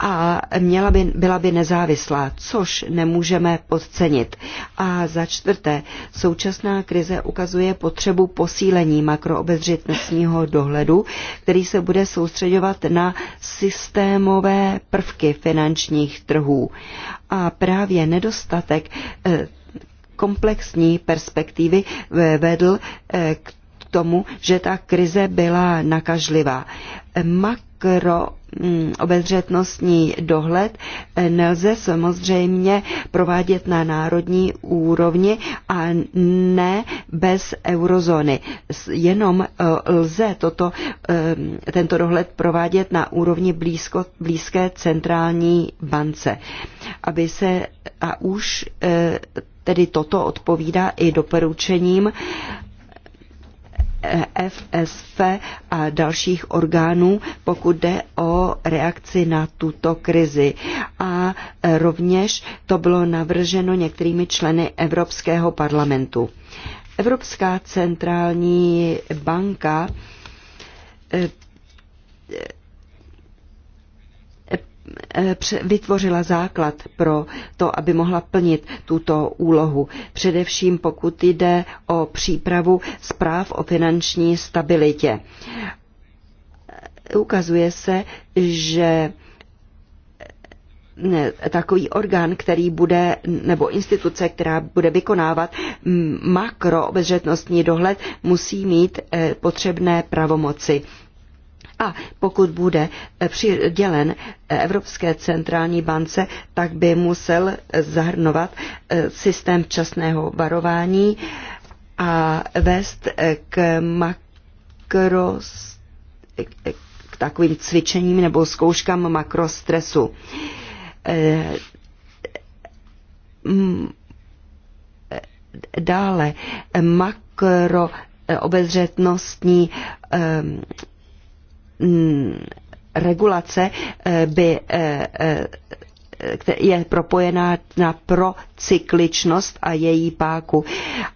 a měla by, byla by nezávislá, což nemůžeme podcenit. A za čtvrté, současná krize ukazuje potřebu posílení makroobezřetnostního dohledu, který se bude soustředovat na systémové prvky finančních trhů. A právě nedostatek eh, komplexní perspektivy eh, vedl eh, k tomu, že ta krize byla nakažlivá. Mak makro mm, obezřetnostní dohled eh, nelze samozřejmě provádět na národní úrovni a ne bez eurozóny. Jenom eh, lze toto, eh, tento dohled provádět na úrovni blízko, blízké centrální bance, aby se a už tedy toto odpovídá i doporučením FSF e a dalších orgánů, pokud jde o reakci na tuto krizi. A e, rovněž to bylo navrženo některými členy Evropského parlamentu. Evropská centrální banka e, Eh, vytvořila základ pro to, aby mohla plnit tuto úlohu. Především pokud jde o přípravu zpráv o finanční stabilitě. Eh, ukazuje se, že eh, takový orgán, který bude, nebo instituce, která bude vykonávat mm, makroobezřetnostní dohled, musí mít potřebné pravomoci. A pokud bude eh, přidělen eh, Evropské centrální bance, tak by musel eh, zahrnovat systém včasného varování a vést k makro k takovým cvičením nebo zkouškám makrostresu dále makro obezřetnostní Mm, regulace eh, by eh, eh, je propojená na procykličnost a její páku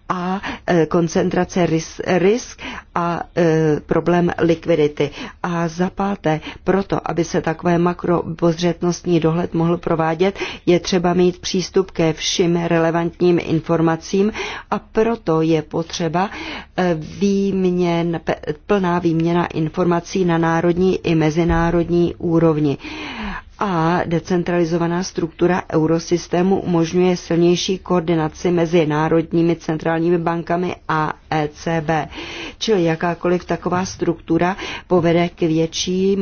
a e, koncentrace ris risk a e, problém likvidity. A za páté, proto, aby se takové makrobozřetnostní dohled mohl provádět, je třeba mít přístup ke všem relevantním informacím a proto je potřeba e, výměn, plná výměna informací na národní i mezinárodní úrovni a decentralizovaná struktura eurosystému umožňuje silnější koordinaci mezi národními centrálními bankami a ECB. Čili jakákoliv taková struktura povede k větší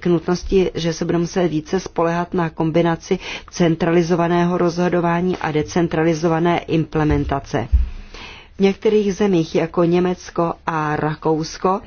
k nutnosti, že se budeme muset více spolehat na kombinaci centralizovaného rozhodování a decentralizované implementace. V některých zemích, jako Německo a Rakousko,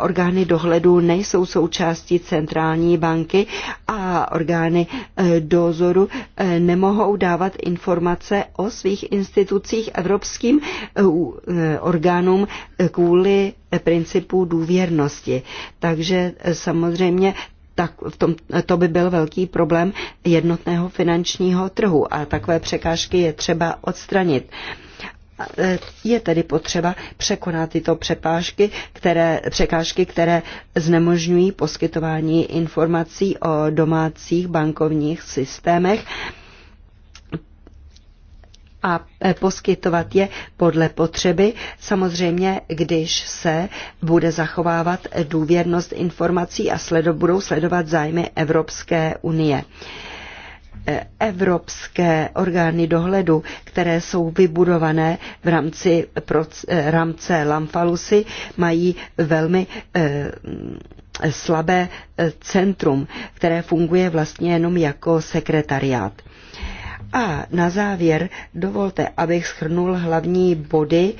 orgány dohledu nejsou součástí centrální banky a orgány eh, dozoru eh, nemohou dávat informace o svých institucích evropským eh, orgánům kvůli principu důvěrnosti. Takže samozřejmě tak v tom, to by byl velký problém jednotného finančního trhu a takové překážky je třeba odstranit. Uh, Eh, je tedy potřeba překonat tyto přepážky, které, překážky, které znemožňují poskytování informací o domácích bankovních systémech a eh, poskytovat je podle potřeby, samozřejmě když se bude zachovávat důvěrnost informací a sledo, budou sledovat zájmy Evropské unie. Eh, evropské orgány dohledu, které jsou vybudované v rámci eh, rámce Lamfalusy, mají velmi eh, slabé eh, centrum, které funguje vlastně jenom jako sekretariát. A na závěr dovolte, abych schrnul hlavní body,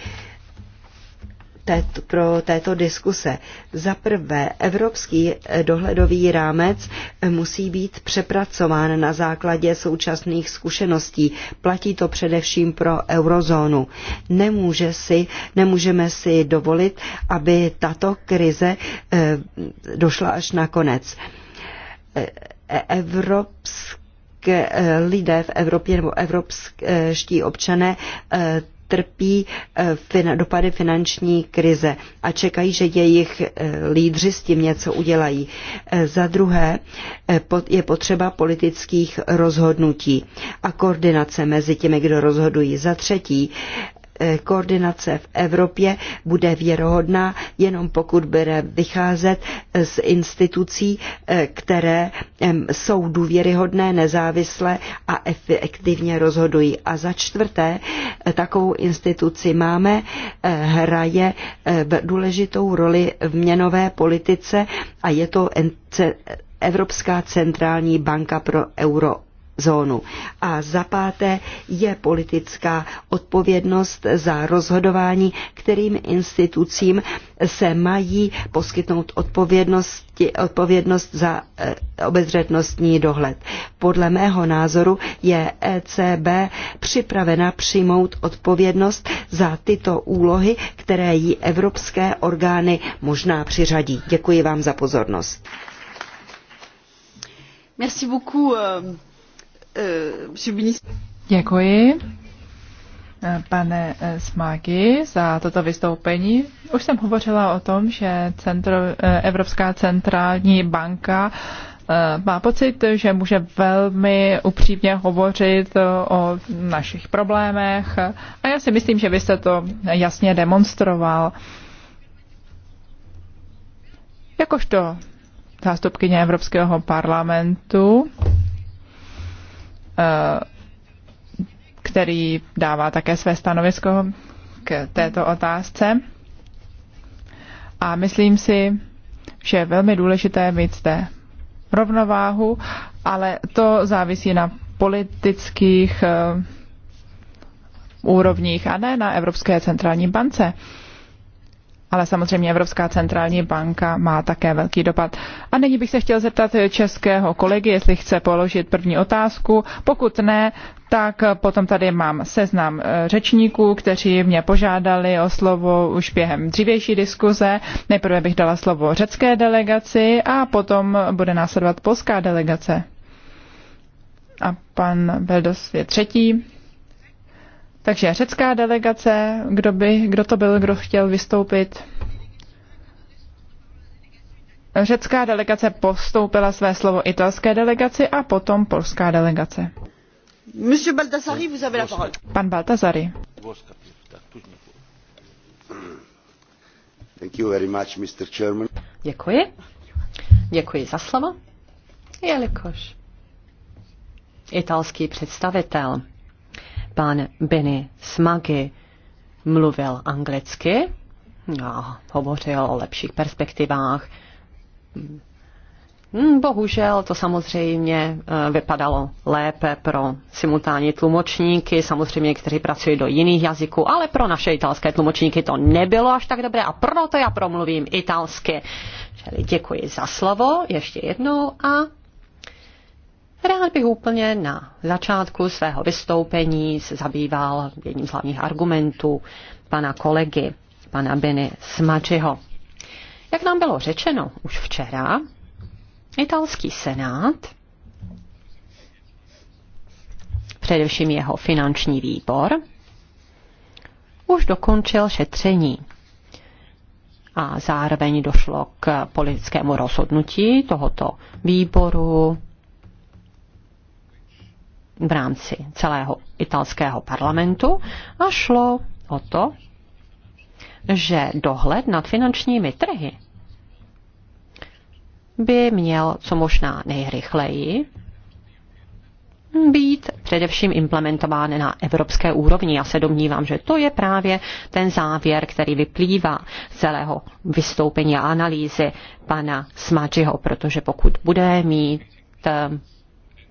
této, pro této diskuse. Za prvé, evropský eh, dohledový rámec eh, musí být přepracován na základě současných zkušeností. Platí to především pro eurozónu. Nemůže si, nemůžeme si dovolit, aby tato krize eh, došla až na konec. evropské lidé v Evropě nebo evropští občané trpí eh, dopady finanční krize a čekají, že jejich eh, lídři s tím něco udělají. Eh, za druhé je potřeba politických rozhodnutí a koordinace mezi těmi, kdo rozhodují. Za třetí E, koordinace v Evropě bude věrohodná, jenom pokud bude vycházet z institucí, e, které jsou důvěryhodné, nezávislé a efektivně rozhodují. A za čtvrté, e, takovou instituci máme, hraje důležitou roli v měnové politice a je to Evropská centrální banka pro euro zónu. A za páté je politická odpovědnost za rozhodování, kterým institucím se mají poskytnout odpovědnosti, odpovědnost za eh, obezřetnostní dohled. Podle mého názoru je ECB připravena přijmout odpovědnost za tyto úlohy, které jí evropské orgány možná přiřadí. Děkuji vám za pozornost. Merci beaucoup. Euh, Děkuji, pane eh, Smáky, za toto vystoupení. Už jsem hovořila o tom, že Centro, eh, Evropská centrální banka eh, má pocit, že může velmi upřímně hovořit o našich problémech a já si myslím, že byste to jasně demonstroval. Jakožto zástupkyně Evropského parlamentu Eh, který dává také své stanovisko k této otázce. A myslím si, že je velmi důležité mít zde rovnováhu, ale to závisí na politických eh, úrovních a ne na Evropské centrální bance ale samozřejmě Evropská centrální banka má také velký dopad. A nyní bych se chtěl zeptat českého kolegy, jestli chce položit první otázku. Pokud ne, tak potom tady mám seznam eh, řečníků, kteří mě požádali o slovo už během dřívější diskuze. Nejprve bych dala slovo řecké delegaci a potom bude následovat polská delegace. A pan Veldos je třetí. Takže řecká delegace, kdo, by, kdo to byl, kdo chtěl vystoupit? Řecká delegace postoupila své slovo italské delegaci a potom polská delegace. Monsieur Baltasari, vous avez la parole. Pan Baltasari. Thank you very much, Mr. Chairman. Děkuji. Děkuji za slovo. Jelikož italský představitel Pan Benny Smagi mluvil anglicky a hovořil o lepších perspektivách. Hm, bohužel to samozřejmě eh, vypadalo lépe pro simultánní tlumočníky, samozřejmě, kteří pracují do jiných jazyků, ale pro naše italské tlumočníky to nebylo až tak dobré a proto já promluvím italsky. Čili děkuji za slovo ještě jednou a Rád bych úplně na začátku svého vystoupení se zabýval jedním z hlavních argumentů pana kolegy, pana Beny Smačiho. Jak nám bylo řečeno už včera, italský senát, především jeho finanční výbor, už dokončil šetření a zároveň došlo k politickému rozhodnutí tohoto výboru v rámci celého italského parlamentu a šlo o to, že dohled nad finančními trhy by měl co možná nejrychleji být především implementován na evropské úrovni. Já se domnívám, že to je právě ten závěr, který vyplývá z celého vystoupení a analýzy pana Smadžiho, protože pokud bude mít eh,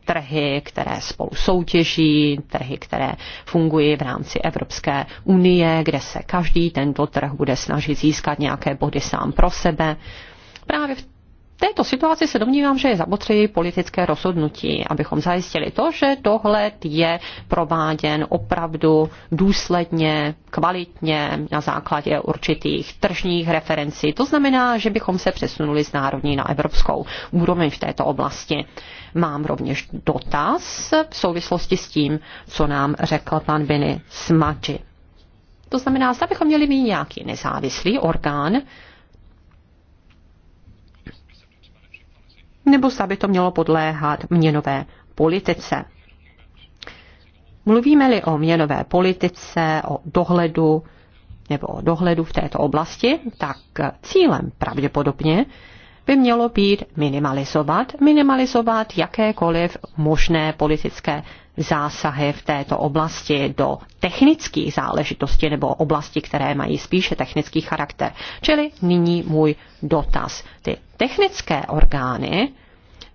trhy, které spolu soutěží, trhy, které fungují v rámci Evropské unie, kde se každý tento trh bude snažit získat nějaké body sám pro sebe. Právě v této situaci se domnívám, že je zapotřebí politické rozhodnutí, abychom zajistili to, že dohled je prováděn opravdu důsledně, kvalitně na základě určitých tržních referencí. To znamená, že bychom se přesunuli z národní na evropskou úroveň v této oblasti. Mám rovněž dotaz v souvislosti s tím, co nám řekl pan Viny Smadži. To znamená, zda bychom měli mít nějaký nezávislý orgán, nebo zda by to mělo podléhat měnové politice. Mluvíme-li o měnové politice, o dohledu nebo o dohledu v této oblasti, tak cílem pravděpodobně by mělo být minimalizovat, minimalizovat jakékoliv možné politické zásahy v této oblasti do technických záležitostí nebo oblasti, které mají spíše technický charakter. Čili nyní můj dotaz. Ty technické orgány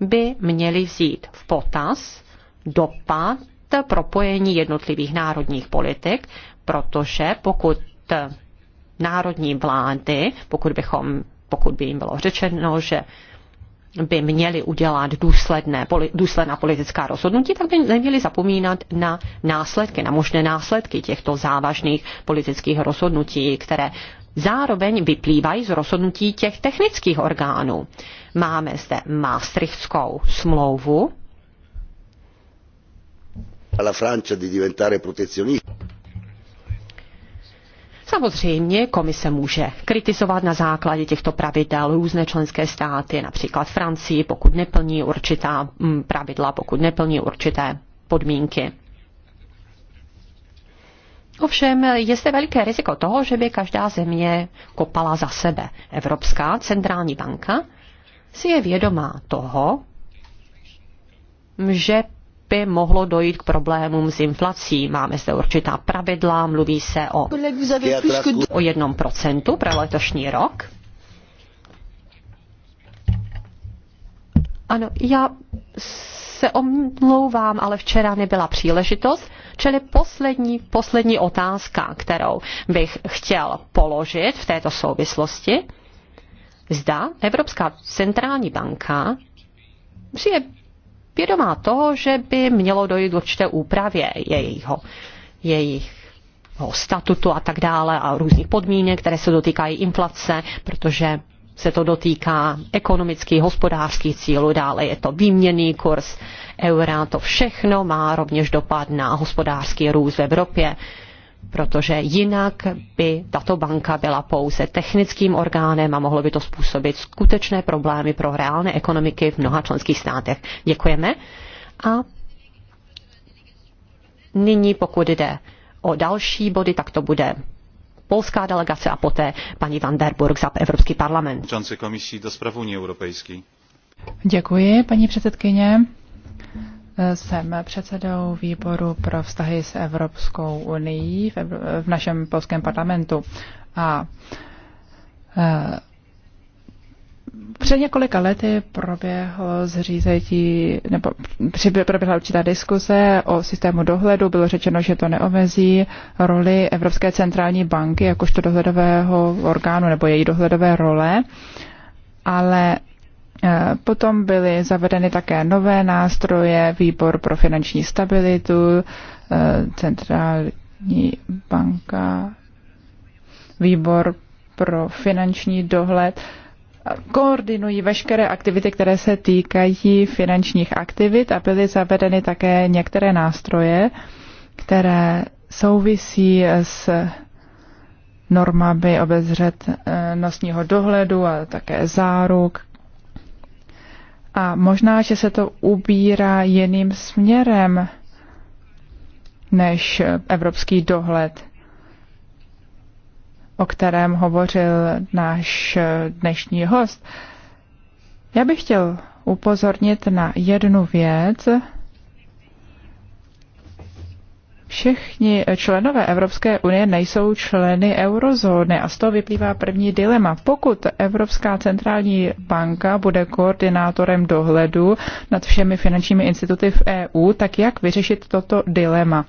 by měly vzít v potaz dopad propojení jednotlivých národních politik, protože pokud národní vlády, pokud bychom pokud by jim bylo řečeno, že by měli udělat důsledné, důsledná politická rozhodnutí, tak by neměli zapomínat na následky, na možné následky těchto závažných politických rozhodnutí, které zároveň vyplývají z rozhodnutí těch technických orgánů. Máme zde Maastrichtskou smlouvu, alla Francia di diventare protezionista Samozřejmě komise může kritizovat na základě těchto pravidel různé členské státy, například Francii, pokud neplní určitá mm, pravidla, pokud neplní určité podmínky. Ovšem je zde veliké riziko toho, že by každá země kopala za sebe. Evropská centrální banka si je vědomá toho, že by mohlo dojít k problémům s inflací. Máme zde určitá pravidla, mluví se o, o jednom procentu pro letošní rok. Ano, já se omlouvám, ale včera nebyla příležitost. Čili poslední, poslední otázka, kterou bych chtěl položit v této souvislosti, zda Evropská centrální banka si je vědomá toho, že by mělo dojít k určité úpravě jejího, jejich statutu a tak dále a různých podmínek, které se dotýkají inflace, protože se to dotýká ekonomických, hospodářských cílů, dále je to výměný kurz eura, to všechno má rovněž dopad na hospodářský růst v Evropě protože jinak by tato banka byla pouze technickým orgánem a mohlo by to způsobit skutečné problémy pro reálné ekonomiky v mnoha členských státech. Děkujeme. A nyní, pokud jde o další body, tak to bude polská delegace a poté paní van der Burg za Evropský parlament. komisí do Děkuji, paní předsedkyně. Jsem předsedou výboru pro vztahy s Evropskou unii v našem polském parlamentu. A e, před několika lety proběhlo zřízení, nebo proběhla určitá diskuze o systému dohledu. Bylo řečeno, že to neomezí roli Evropské centrální banky jakožto dohledového orgánu nebo její dohledové role, ale Eh, potom byly zavedeny také nové nástroje, výbor pro finanční stabilitu, eh, centrální banka, výbor pro finanční dohled eh, koordinují veškeré aktivity, které se týkají finančních aktivit a byly zavedeny také některé nástroje, které souvisí s normami obezřetnostního dohledu a také záruk, a možná, že se to ubírá jiným směrem než evropský dohled, o kterém hovořil náš dnešní host. Já bych chtěl upozornit na jednu věc, Všichni členové Evropské unie nejsou členy eurozóny a z toho vyplývá první dilema. Pokud Evropská centrální banka bude koordinátorem dohledu nad všemi finančními instituty v EU, tak jak vyřešit toto dilema?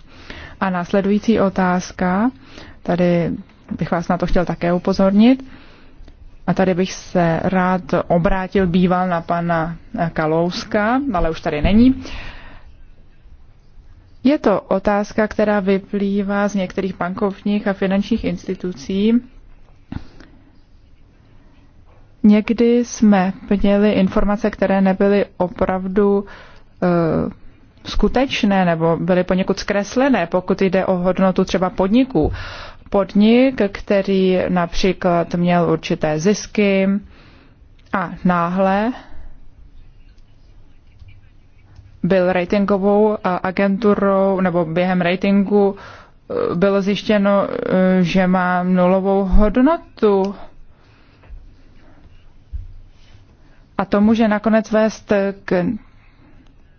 A následující otázka, tady bych vás na to chtěl také upozornit. A tady bych se rád obrátil býval na pana Kalouska, ale už tady není. Uh, je to otázka, která vyplývá z některých bankovních a finančních institucí. Někdy jsme měli informace, které nebyly opravdu uh, skutečné nebo byly poněkud zkreslené, pokud jde o hodnotu třeba podniků. Podnik, který například měl určité zisky a náhle byl ratingovou agenturou nebo během ratingu eh, bylo zjištěno, eh, že má nulovou hodnotu. A to může nakonec vést k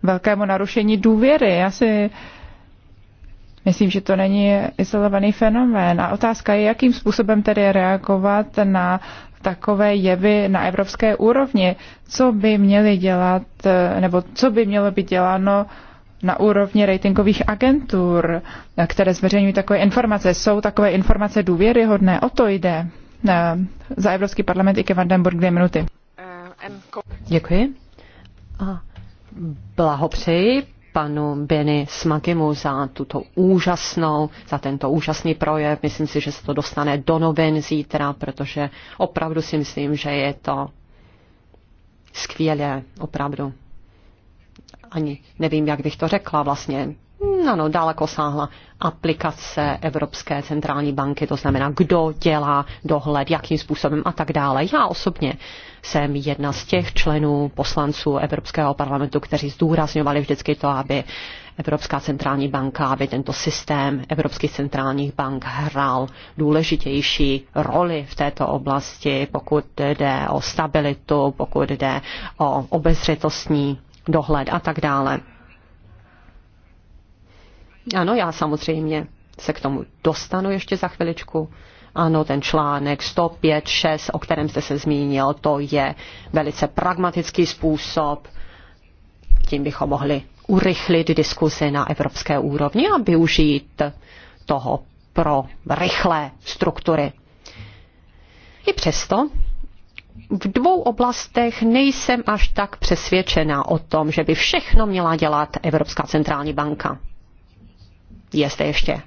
velkému narušení důvěry. Já si myslím, že to není izolovaný fenomén. A otázka je, jakým způsobem tedy reagovat na takové jevy na evropské úrovni, co by měly dělat, eh, nebo co by mělo být děláno na úrovni ratingových agentur, eh, které zveřejňují takové informace. Jsou takové informace důvěryhodné? O to jde. Eh, za Evropský parlament Ike Vandenburg dvě minuty. Děkuji. blahopřeji panu Benny Smagimu za tuto úžasnou, za tento úžasný projev. Myslím si, že se to dostane do novin zítra, protože opravdu si myslím, že je to skvělé, opravdu. Ani nevím, jak bych to řekla vlastně ano, no, daleko sáhla aplikace Evropské centrální banky, to znamená, kdo dělá dohled, jakým způsobem a tak dále. Já osobně jsem jedna z těch členů poslanců Evropského parlamentu, kteří zdůrazňovali vždycky to, aby Evropská centrální banka, aby tento systém Evropských centrálních bank hrál důležitější roli v této oblasti, pokud jde o stabilitu, pokud jde o obezřetostní dohled a tak dále. Ano, já samozřejmě se k tomu dostanu ještě za chviličku. Ano, ten článek 105, 6, o kterém jste se zmínil, to je velice pragmatický způsob. Tím bychom mohli urychlit diskuzi na evropské úrovni a využít toho pro rychlé struktury. I přesto v dvou oblastech nejsem až tak přesvědčena o tom, že by všechno měla dělat Evropská centrální banka je zde ještě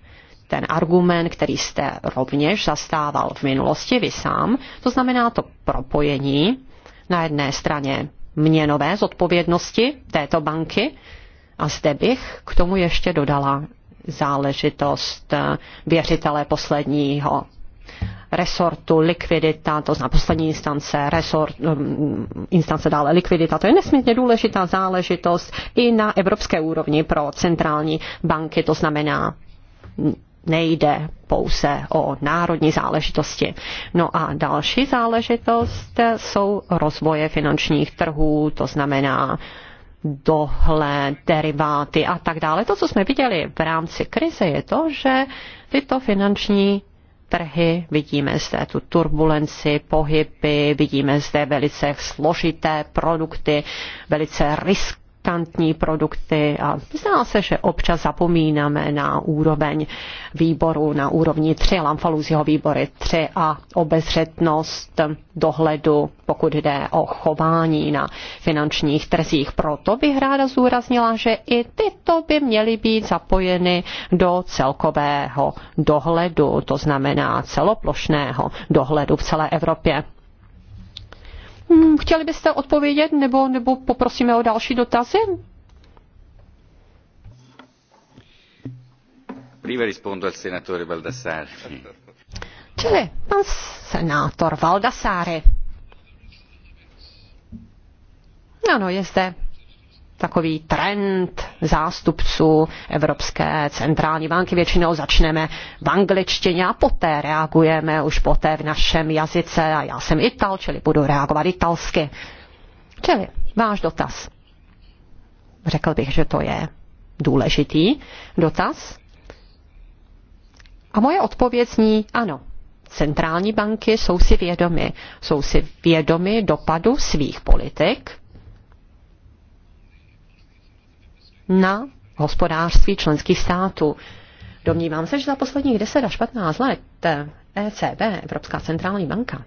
ten argument, který jste rovněž zastával v minulosti vy sám, to znamená to propojení na jedné straně měnové zodpovědnosti této banky a zde bych k tomu ještě dodala záležitost eh, věřitele posledního resortu likvidita, to znamená poslední instance, resort, mm, instance dále likvidita. To je nesmírně důležitá záležitost i na evropské úrovni pro centrální banky, to znamená nejde pouze o národní záležitosti. No a další záležitost jsou rozvoje finančních trhů, to znamená dohled, deriváty a tak dále. To, co jsme viděli v rámci krize, je to, že tyto finanční trhy, vidíme zde tu turbulenci, pohyby, vidíme zde velice složité produkty, velice risk riskantní produkty a zdá se, že občas zapomínáme na úroveň výboru, na úrovni 3, Lamfalusiho výbory 3 a obezřetnost dohledu, pokud jde o chování na finančních trzích. Proto bych ráda zúraznila, že i tyto by měly být zapojeny do celkového dohledu, to znamená celoplošného dohledu v celé Evropě. Hmm, chtěli byste odpovědět nebo, nebo poprosíme o další dotazy? Prima rispondo al senatore Baldassare. Čili pan senátor Valdasáry. Ano, je zde takový trend zástupců Evropské centrální banky. Většinou začneme v angličtině a poté reagujeme už poté v našem jazyce a já jsem Ital, čili budu reagovat italsky. Čili váš dotaz. Řekl bych, že to je důležitý dotaz. A moje odpověď zní ano. Centrální banky jsou si vědomy. Jsou si vědomy dopadu svých politik na hospodářství členských států. Domnívám se, že za posledních 10 až 15 let ECB, eh, e Evropská centrální banka,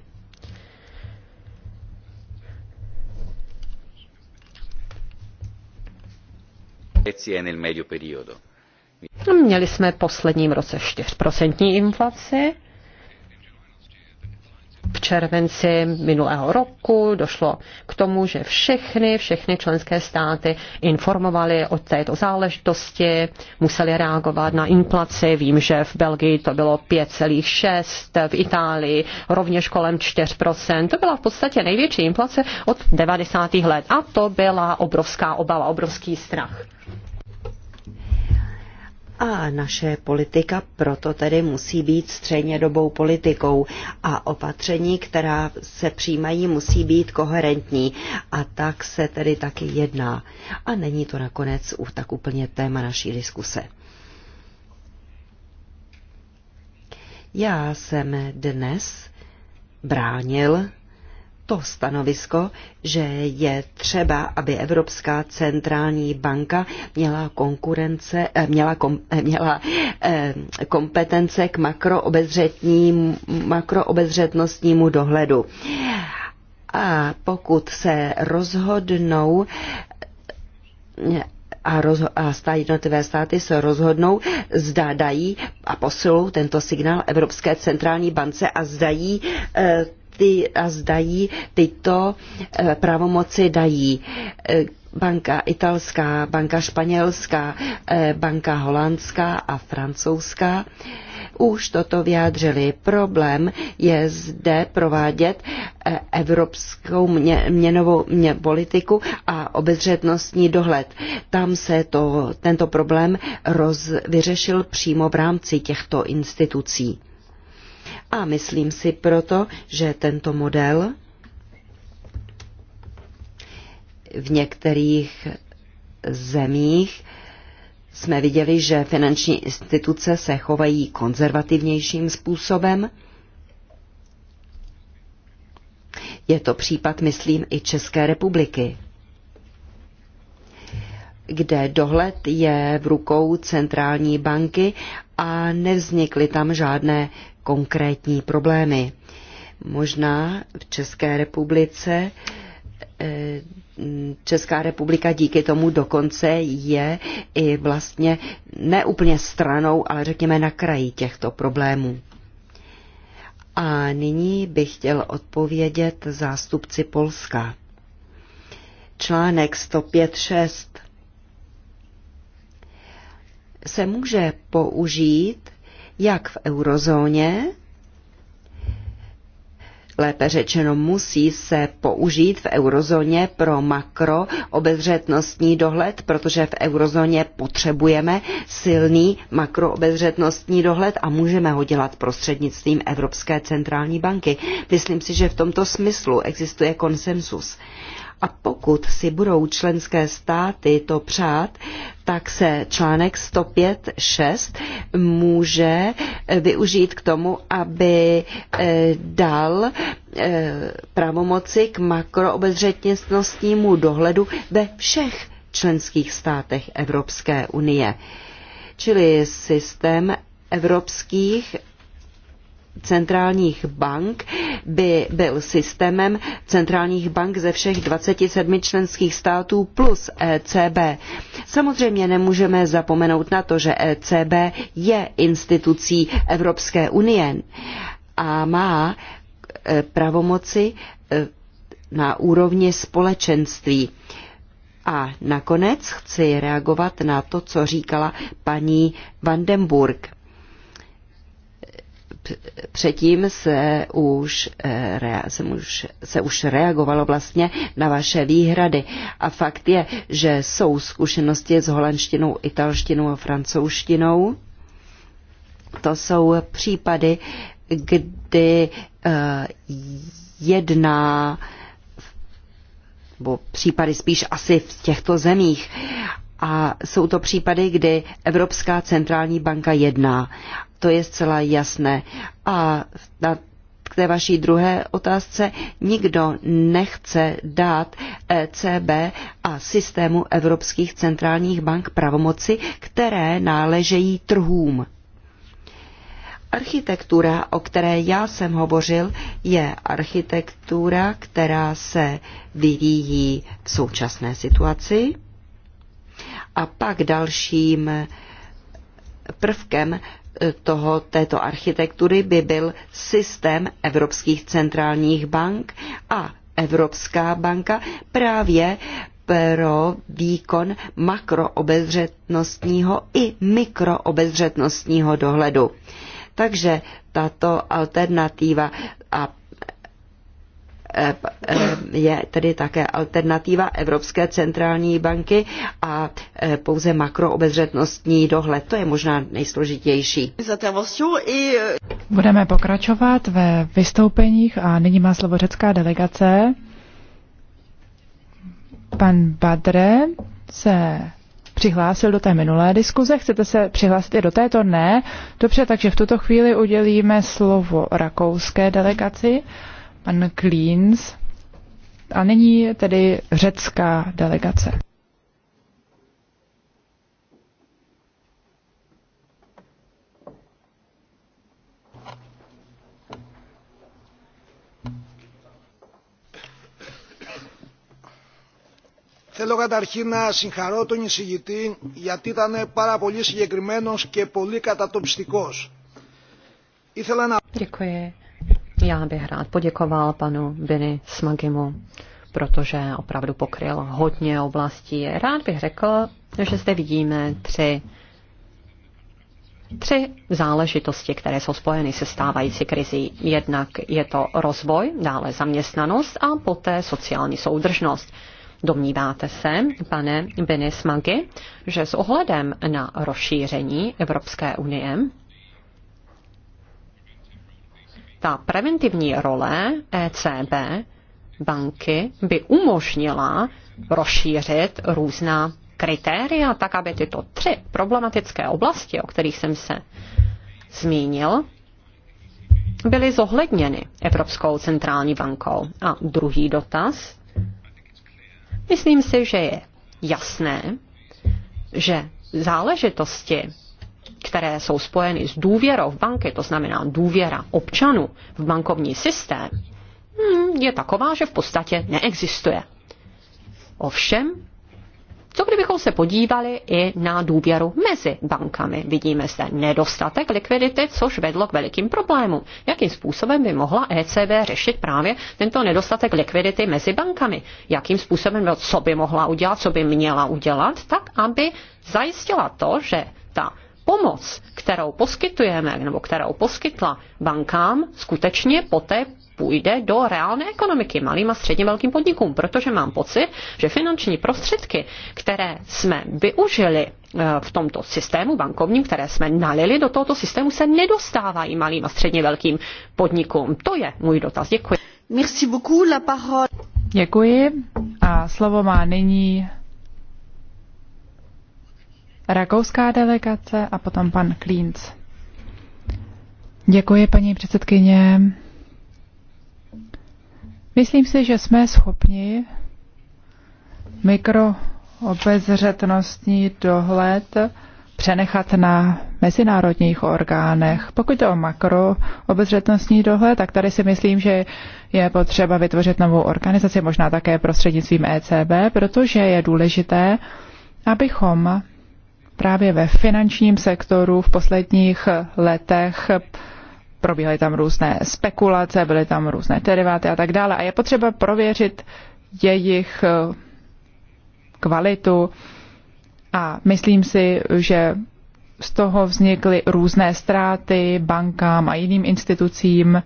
Měli jsme v posledním roce 4% inflaci v červenci minulého roku došlo k tomu, že všechny, všechny členské státy informovaly o této záležitosti, museli reagovat na inflaci. Vím, že v Belgii to bylo 5,6, v Itálii rovněž kolem 4%. To byla v podstatě největší inflace od 90. let a to byla obrovská obava, obrovský strach. A naše politika proto tedy musí být střednědobou politikou a opatření, která se přijímají, musí být koherentní. A tak se tedy taky jedná. A není to nakonec už tak úplně téma naší diskuse. Já jsem dnes bránil to stanovisko, že je třeba, aby Evropská centrální banka měla, konkurence, eh, měla, kom, eh, měla eh, kompetence k makroobezřetnostnímu dohledu. A pokud se rozhodnou a, rozho- a stá jednotlivé státy se rozhodnou, zda dají a posilou tento signál Evropské centrální bance a zdají e, ty, a zdají tyto eh, pravomoci dají. Eh, banka italská, banka španělská, eh, banka holandská a francouzská už toto vyjádřili. Problém je zde provádět evropskou mě, měnovou mě, politiku a obezřetnostní dohled. Tam se to, tento problém roz, vyřešil přímo v rámci těchto institucí. A myslím si proto, že tento model v některých zemích jsme viděli, že finanční instituce se chovají konzervativnějším způsobem. Je to případ, myslím, i České republiky, kde dohled je v rukou centrální banky a nevznikly tam žádné konkrétní problémy. Možná v České republice eh, Česká republika díky tomu dokonce je i vlastně neúplně stranou, ale řekněme na kraji těchto problémů. A nyní bych chtěl odpovědět zástupci Polska. Článek 105.6 se může použít jak v eurozóně, lépe řečeno musí se použít v eurozóně pro makro obezřetnostní dohled, protože v eurozóně potřebujeme silný makroobezřetnostní dohled a můžeme ho dělat prostřednictvím Evropské centrální banky. Myslím si, že v tomto smyslu existuje konsensus. A pokud si budou členské státy to přát, tak se článek 105.6 může eh, využít k tomu, aby eh, dal eh, pravomoci k makroobezřetnostnímu dohledu ve všech členských státech Evropské unie. Čili systém evropských centrálních bank by byl systémem centrálních bank ze všech 27 členských států plus ECB. Samozřejmě nemůžeme zapomenout na to, že ECB je institucí Evropské unie a má e, pravomoci e, na úrovni společenství. A nakonec chci reagovat na to, co říkala paní Vandenburg předtím se už, eh, se, už, se už reagovalo vlastně na vaše výhrady. A fakt je, že jsou zkušenosti s holandštinou, italštinou a francouzštinou. To jsou případy, kdy eh, jedná nebo případy spíš asi v těchto zemích a jsou to případy, kdy Evropská centrální banka jedná. To je zcela jasné. A na k té vaší druhé otázce, nikdo nechce dát ECB a systému evropských centrálních bank pravomoci, které náležejí trhům. Architektura, o které já jsem hovořil, je architektura, která se vyvíjí v současné situaci. A pak dalším prvkem eh, toho, této architektury by byl systém evropských centrálních bank a Evropská banka právě pro výkon makroobezřetnostního i mikroobezřetnostního dohledu. Takže tato alternativa a Eh, eh, je tedy také alternativa Evropské centrální banky a eh, pouze makroobezřetnostní dohled. To je možná nejsložitější. Budeme pokračovat ve vystoupeních a nyní má slovo řecká delegace. Pan Badre se přihlásil do té minulé diskuze. Chcete se přihlásit i do této? Ne. Dobře, takže v tuto chvíli udělíme slovo rakouské delegaci pan Klíns. A nyní tedy řecká delegace. Θέλω καταρχήν να συγχαρώ τον εισηγητή γιατί ήταν πάρα πολύ συγκεκριμένος και πολύ κατατοπιστικός. Ήθελα να... Děkuji. Já bych rád poděkoval panu Biny Smagimu, protože opravdu pokryl hodně oblastí. Rád bych řekl, že zde vidíme tři tři záležitosti, které jsou spojeny se stávající krizí. Jednak je to rozvoj, dále zaměstnanost a poté sociální soudržnost. Domníváte se, pane Magy, že s ohledem na rozšíření Evropské unie ta preventivní role ECB banky by umožnila rozšířit různá kritéria, tak aby tyto tři problematické oblasti, o kterých jsem se zmínil, byly zohledněny Evropskou centrální bankou. A druhý dotaz. Myslím si, že je jasné, že záležitosti které jsou spojeny s důvěrou v banky, to znamená důvěra občanů v bankovní systém, hmm, je taková, že v podstatě neexistuje. Ovšem, co kdybychom se podívali i na důvěru mezi bankami? Vidíme zde nedostatek likvidity, což vedlo k velikým problémům. Jakým způsobem by mohla ECB řešit právě tento nedostatek likvidity mezi bankami? Jakým způsobem, co by mohla udělat, co by měla udělat, tak aby zajistila to, že ta pomoc, kterou poskytujeme nebo kterou poskytla bankám, skutečně poté půjde do reálné ekonomiky, malým a středně velkým podnikům, protože mám pocit, že finanční prostředky, které jsme využili eh, v tomto systému bankovním, které jsme nalili do tohoto systému, se nedostávají malým a středně velkým podnikům. To je můj dotaz. Děkuji. Merci beaucoup, la parole. Děkuji a slovo má nyní rakouská delegace a potom pan Klínc. Děkuji, paní předsedkyně. Myslím si, že jsme schopni mikroobezřetnostní dohled přenechat na mezinárodních orgánech. Pokud je o makroobezřetnostní dohled, tak tady si myslím, že je potřeba vytvořit novou organizaci, možná také prostřednictvím ECB, protože je důležité, abychom právě ve finančním sektoru v posledních letech probíhaly tam různé spekulace, byly tam různé deriváty a tak dále. A je potřeba prověřit jejich eh, kvalitu a myslím si, že z toho vznikly různé ztráty bankám a jiným institucím.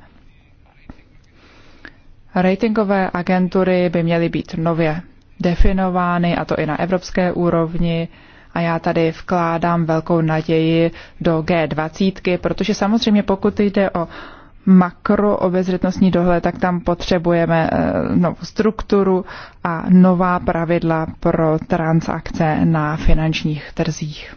Ratingové agentury by měly být nově definovány, a to i na evropské úrovni a já tady vkládám velkou naději do G20, protože samozřejmě pokud jde o makroobezřetnostní dohled, tak tam potřebujeme eh, novou strukturu a nová pravidla pro transakce na finančních trzích.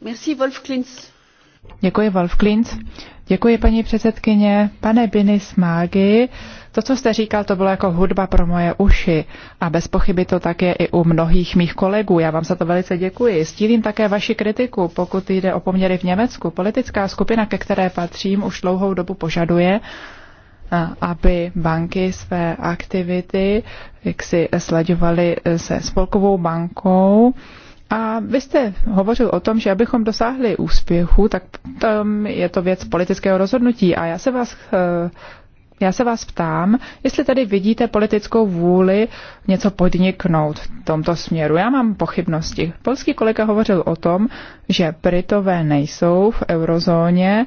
Merci, Wolf Klintz. Děkuji, Wolf Klintz. Děkuji, paní předsedkyně. Pane Biny Smágy, to, co jste říkal, to bylo jako hudba pro moje uši a bez pochyby to tak je i u mnohých mých kolegů. Já vám za to velice děkuji. Stílím také vaši kritiku, pokud jde o poměry v Německu. Politická skupina, ke které patřím, už dlouhou dobu požaduje, aby banky své aktivity jak si se spolkovou bankou a vy jste hovořil o tom, že abychom dosáhli úspěchu, tak tam je to věc politického rozhodnutí. A já se vás eh, já se vás ptám, jestli tady vidíte politickou vůli něco podniknout v tomto směru. Já mám pochybnosti. Polský kolega hovořil o tom, že Britové nejsou v eurozóně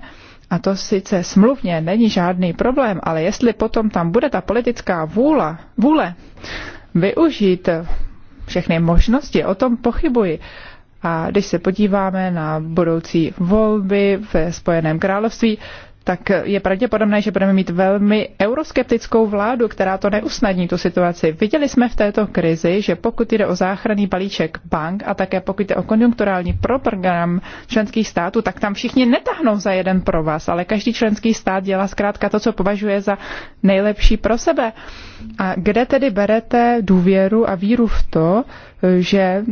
a to sice smluvně není žádný problém, ale jestli potom tam bude ta politická vůle, vůle využít všechny možnosti, o tom pochybuji. A když se podíváme na budoucí volby ve Spojeném království, tak je pravděpodobné, že budeme mít velmi euroskeptickou vládu, která to neusnadní tu situaci. Viděli jsme v této krizi, že pokud jde o záchranný balíček bank a také pokud jde o konjunkturální program členských států, tak tam všichni netahnou za jeden pro vás, ale každý členský stát dělá zkrátka to, co považuje za nejlepší pro sebe. A kde tedy berete důvěru a víru v to, že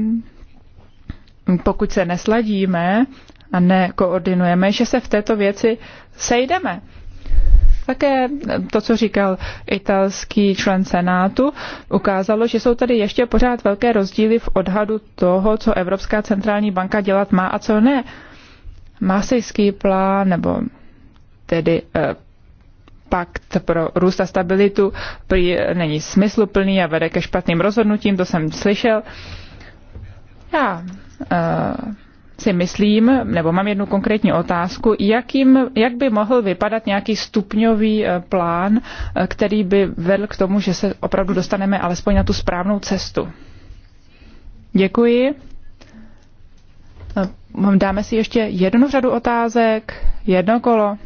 pokud se nesladíme, a nekoordinujeme, že se v této věci sejdeme. Také to, co říkal italský člen Senátu, ukázalo, že jsou tady ještě pořád velké rozdíly v odhadu toho, co Evropská centrální banka dělat má a co ne. Masejský plán nebo tedy eh, pakt pro růst a stabilitu prý není smysluplný a vede ke špatným rozhodnutím, to jsem slyšel. Já eh, si myslím, nebo mám jednu konkrétní otázku, jakým, jak by mohl vypadat nějaký stupňový eh, plán, eh, který by vedl k tomu, že se opravdu dostaneme alespoň na tu správnou cestu. Děkuji. Eh, dáme si ještě jednu řadu otázek, jedno kolo.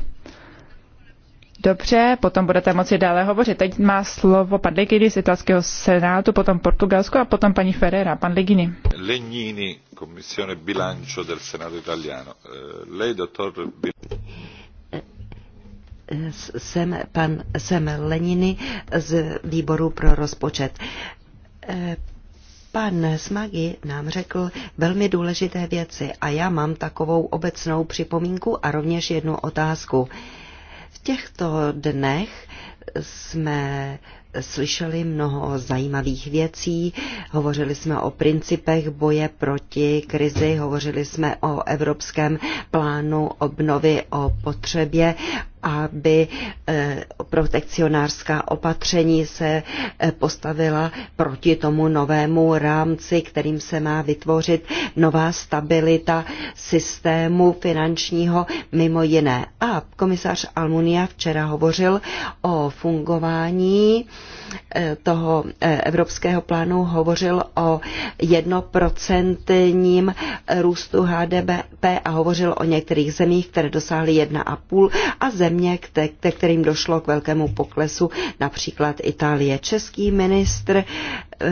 Dobře, potom budete moci dále hovořit. Teď má slovo pan Ligini z italského senátu, potom Portugalsko a potom paní Ferrera. Pan Ligini. Legnini, komisione Bilancio del Senato Italiano. Eh, lei, doktor... Jsem, pan, jsem Leniny z výboru pro rozpočet. Eh, pan Smagi nám řekl velmi důležité věci a já mám takovou obecnou připomínku a rovněž jednu otázku. V těchto dnech jsme slyšeli mnoho zajímavých věcí, hovořili jsme o principech boje proti krizi, hovořili jsme o evropském plánu obnovy, o potřebě aby eh, protekcionářská opatření se eh, postavila proti tomu novému rámci, kterým se má vytvořit nová stabilita systému finančního mimo jiné. A komisař Almunia včera hovořil o fungování Eh, toho eh, evropského plánu hovořil o jednoprocentním růstu HDP a hovořil o některých zemích, které dosáhly 1,5 a země, ke kterým došlo k velkému poklesu, například Itálie. Český ministr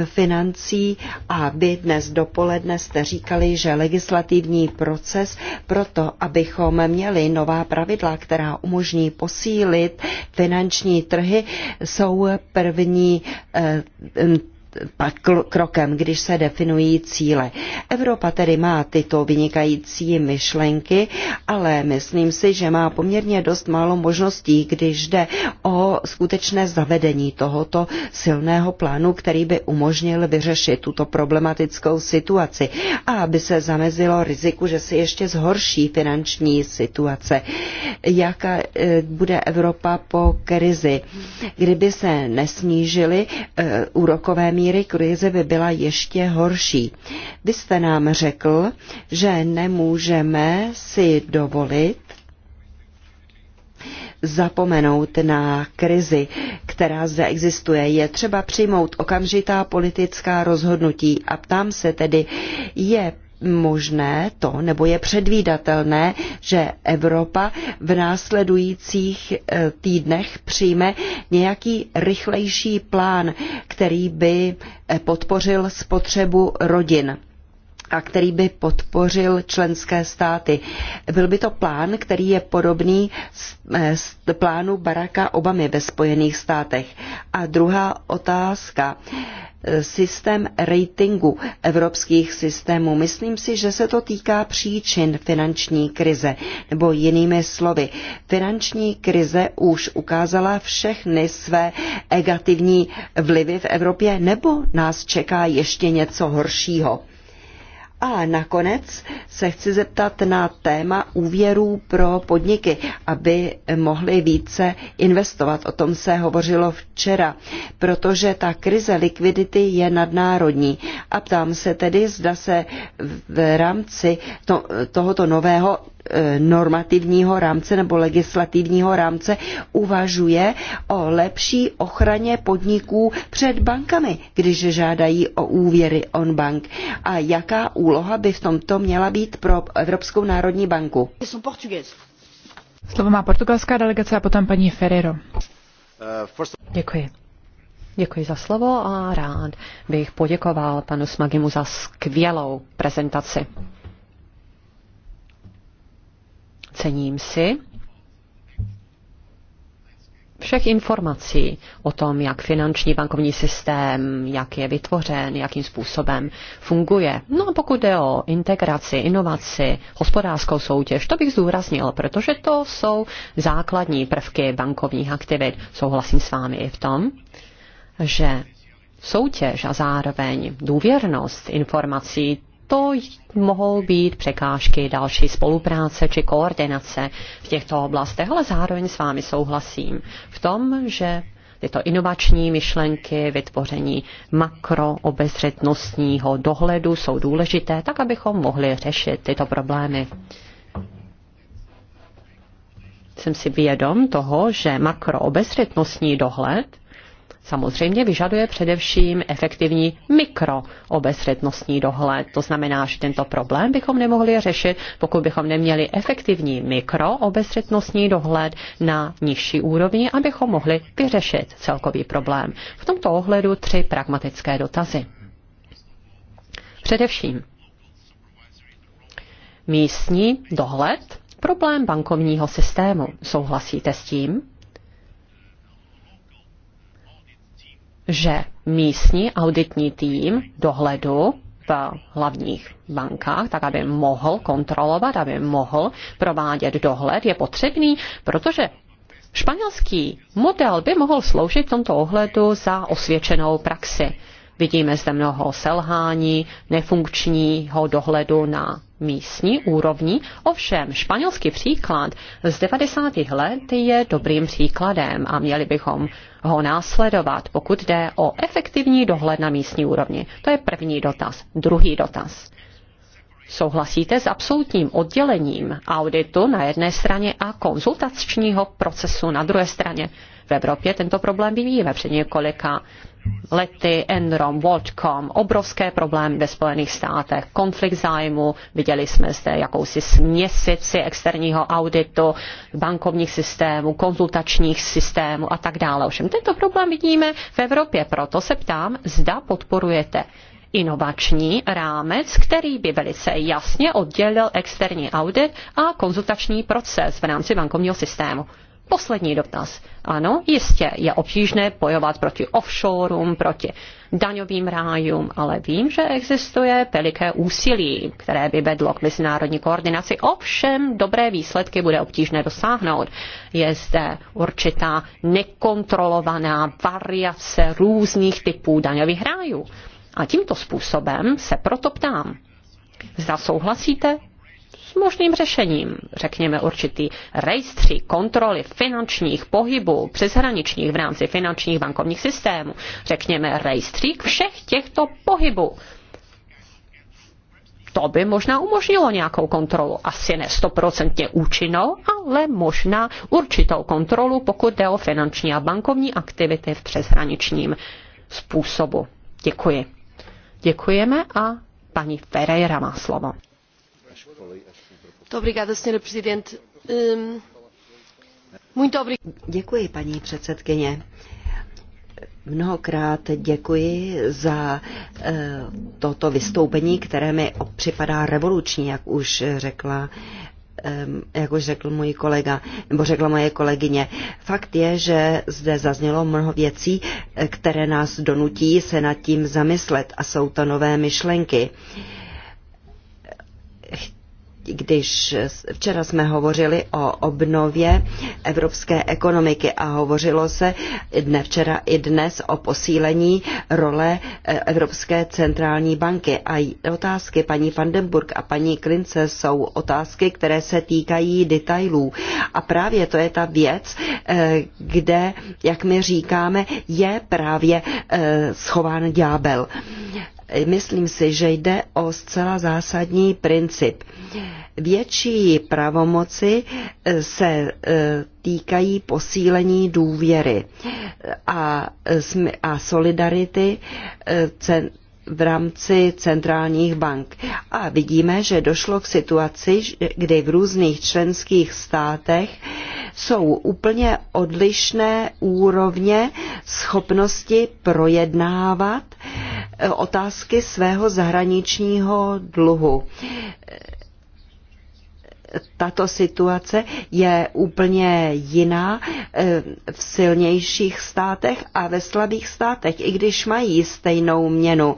financí a vy dnes dopoledne jste říkali, že legislativní proces pro to, abychom měli nová pravidla, která umožní posílit finanční trhy, jsou první eh, krokem, když se definují cíle. Evropa tedy má tyto vynikající myšlenky, ale myslím si, že má poměrně dost málo možností, když jde o skutečné zavedení tohoto silného plánu, který by umožnil vyřešit tuto problematickou situaci a aby se zamezilo riziku, že se ještě zhorší finanční situace. Jaká e, bude Evropa po krizi? Kdyby se nesnížily e, úrokové míry, míry krize by byla ještě horší. Vy jste nám řekl, že nemůžeme si dovolit zapomenout na krizi, která zde existuje. Je třeba přijmout okamžitá politická rozhodnutí a ptám se tedy, je možné to, nebo je předvídatelné, že Evropa v následujících eh, týdnech přijme nějaký rychlejší plán, který by eh, podpořil spotřebu rodin a který by podpořil členské státy. Byl by to plán, který je podobný s, eh, s plánu Baracka Obamy ve Spojených státech. A druhá otázka systém ratingu evropských systémů. Myslím si, že se to týká příčin finanční krize, nebo jinými slovy. Finanční krize už ukázala všechny své negativní vlivy v Evropě, nebo nás čeká ještě něco horšího. A nakonec se chci zeptat na téma úvěrů pro podniky, aby mohly více investovat. O tom se hovořilo včera, protože ta krize likvidity je nadnárodní. A ptám se tedy, zda se v rámci to, tohoto nového Eh, normativního rámce nebo legislativního rámce uvažuje o lepší ochraně podniků před bankami, když žádají o úvěry on bank. A jaká úloha by v tomto měla být pro Evropskou národní banku? Slovo má portugalská delegace a potom paní Ferrero. Eh, Děkuji. Děkuji za slovo a rád bych poděkoval panu Smagimu za skvělou prezentaci. Cením si všech informací o tom, jak finanční bankovní systém, jak je vytvořen, jakým způsobem funguje. No a pokud jde o integraci, inovaci, hospodářskou soutěž, to bych zdůraznil, protože to jsou základní prvky bankovních aktivit. Souhlasím s vámi i v tom, že soutěž a zároveň důvěrnost informací, to mohou být překážky další spolupráce či koordinace v těchto oblastech, ale zároveň s vámi souhlasím v tom, že tyto inovační myšlenky, vytvoření makroobezřetnostního dohledu jsou důležité, tak abychom mohli řešit tyto problémy. Jsem si vědom toho, že makroobezřetnostní dohled samozřejmě vyžaduje především efektivní mikroobezřetnostní dohled. To znamená, že tento problém bychom nemohli řešit, pokud bychom neměli efektivní mikroobezřetnostní dohled na nižší úrovni, abychom mohli vyřešit celkový problém. V tomto ohledu tři pragmatické dotazy. Především místní dohled problém bankovního systému. Souhlasíte s tím? že místní auditní tým dohledu v hlavních bankách, tak aby mohl kontrolovat, aby mohl provádět dohled, je potřebný, protože španělský model by mohl sloužit v tomto ohledu za osvědčenou praxi. Vidíme zde mnoho selhání, nefunkčního dohledu na místní úrovni. Ovšem, španělský příklad z 90. let je dobrým příkladem a měli bychom ho následovat, pokud jde o efektivní dohled na místní úrovni. To je první dotaz. Druhý dotaz. Souhlasíte s absolutním oddělením auditu na jedné straně a konzultačního procesu na druhé straně? v Evropě tento problém vyvíjíme. Před několika lety Enron, WorldCom, obrovské problémy ve Spojených státech, konflikt zájmu, viděli jsme zde jakousi směsici externího auditu, bankovních systémů, konzultačních systémů a tak dále. Ovšem tento problém vidíme v Evropě, proto se ptám, zda podporujete inovační rámec, který by velice jasně oddělil externí audit a konzultační proces v rámci bankovního systému. Poslední dotaz. Ano, jistě je obtížné bojovat proti offshoreům, proti daňovým rájům, ale vím, že existuje veliké úsilí, které by vedlo k mezinárodní koordinaci. Ovšem, dobré výsledky bude obtížné dosáhnout. Je zde určitá nekontrolovaná variace různých typů daňových rájů. A tímto způsobem se proto ptám. Zda souhlasíte s možným řešením. Řekněme určitý rejstřík kontroly finančních pohybů přeshraničních v rámci finančních bankovních systémů. Řekněme rejstřík všech těchto pohybů. To by možná umožnilo nějakou kontrolu. Asi ne stoprocentně účinnou, ale možná určitou kontrolu, pokud jde o finanční a bankovní aktivity v přeshraničním způsobu. Děkuji. Děkujeme a paní Ferreira má slovo. Děkuji, paní předsedající Mnohokrát děkuji za eh, toto vystoupení, které mi připadá revoluční, jak už řekla jak už řekl můj kolega, nebo řekla moje kolegyně. Fakt je, že zde zaznělo mnoho věcí, eh, které nás donutí se nad tím zamyslet a jsou to nové myšlenky když včera jsme hovořili o obnově evropské ekonomiky a hovořilo se dne včera i dnes o posílení role eh, Evropské centrální banky. A otázky paní Vandenburg a paní Klince jsou otázky, které se týkají detailů. A právě to je ta věc, eh, kde, jak my říkáme, je právě eh, schován ďábel. Myslím si, že jde o zcela zásadní princip. Větší pravomoci eh, se eh, týkají posílení důvěry a, eh, solidarity v rámci centrálních bank. A vidíme, že došlo k situaci, kdy v různých členských státech jsou úplně odlišné úrovně schopnosti projednávat eh, otázky svého zahraničního dluhu tato situace je úplně jiná eh, v silnějších státech a ve slabých státech, i když mají stejnou měnu.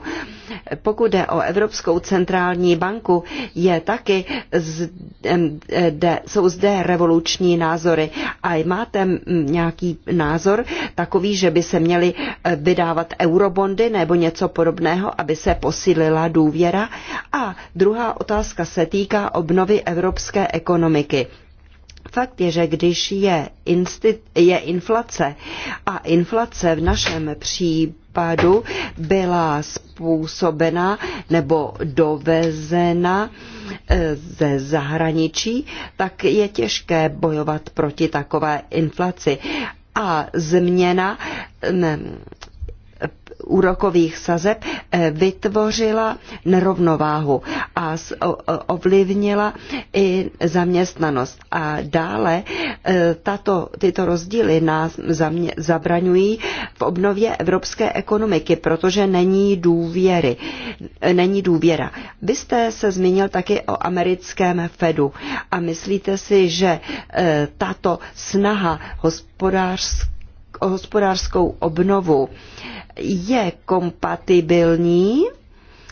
Pokud jde o Evropskou centrální banku, je taky zde, jsou zde revoluční názory. A máte nějaký názor takový, že by se měly eh, vydávat eurobondy nebo něco podobného, aby se posílila důvěra? A druhá otázka se týká obnovy Evropské ekonomiky. Fakt je, že když je, je inflace a inflace v našem případu byla způsobena nebo dovezena eh, ze zahraničí, tak je těžké bojovat proti takové inflaci. A změna úrokových sazeb eh, vytvořila nerovnováhu a ovlivnila i zaměstnanost. A dále eh, tato, tyto rozdíly nás zabraňují v obnově evropské ekonomiky, protože není důvěry. Eh, není důvěra. Vy jste se zmínil taky o americkém Fedu a myslíte si, že tato snaha hospodářské hospodářskou obnovu je kompatibilní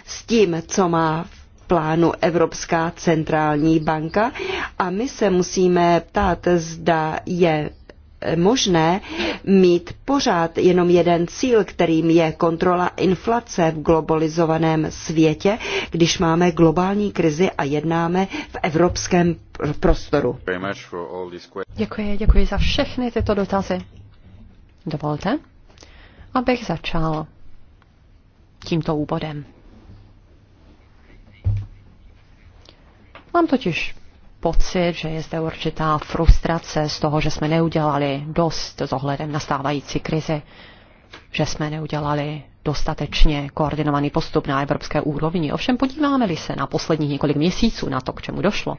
s tím, co má v plánu Evropská centrální banka a my se musíme ptát, zda je možné mít pořád jenom jeden cíl, kterým je kontrola inflace v globalizovaném světě, když máme globální krizi a jednáme v evropském prostoru. Děkuji, děkuji za všechny tyto dotazy. Dovolte, abych začal tímto úvodem. Mám totiž pocit, že je zde určitá frustrace z toho, že jsme neudělali dost s ohledem na stávající krizi, že jsme neudělali dostatečně koordinovaný postup na evropské úrovni. Ovšem podíváme-li se na posledních několik měsíců na to, k čemu došlo,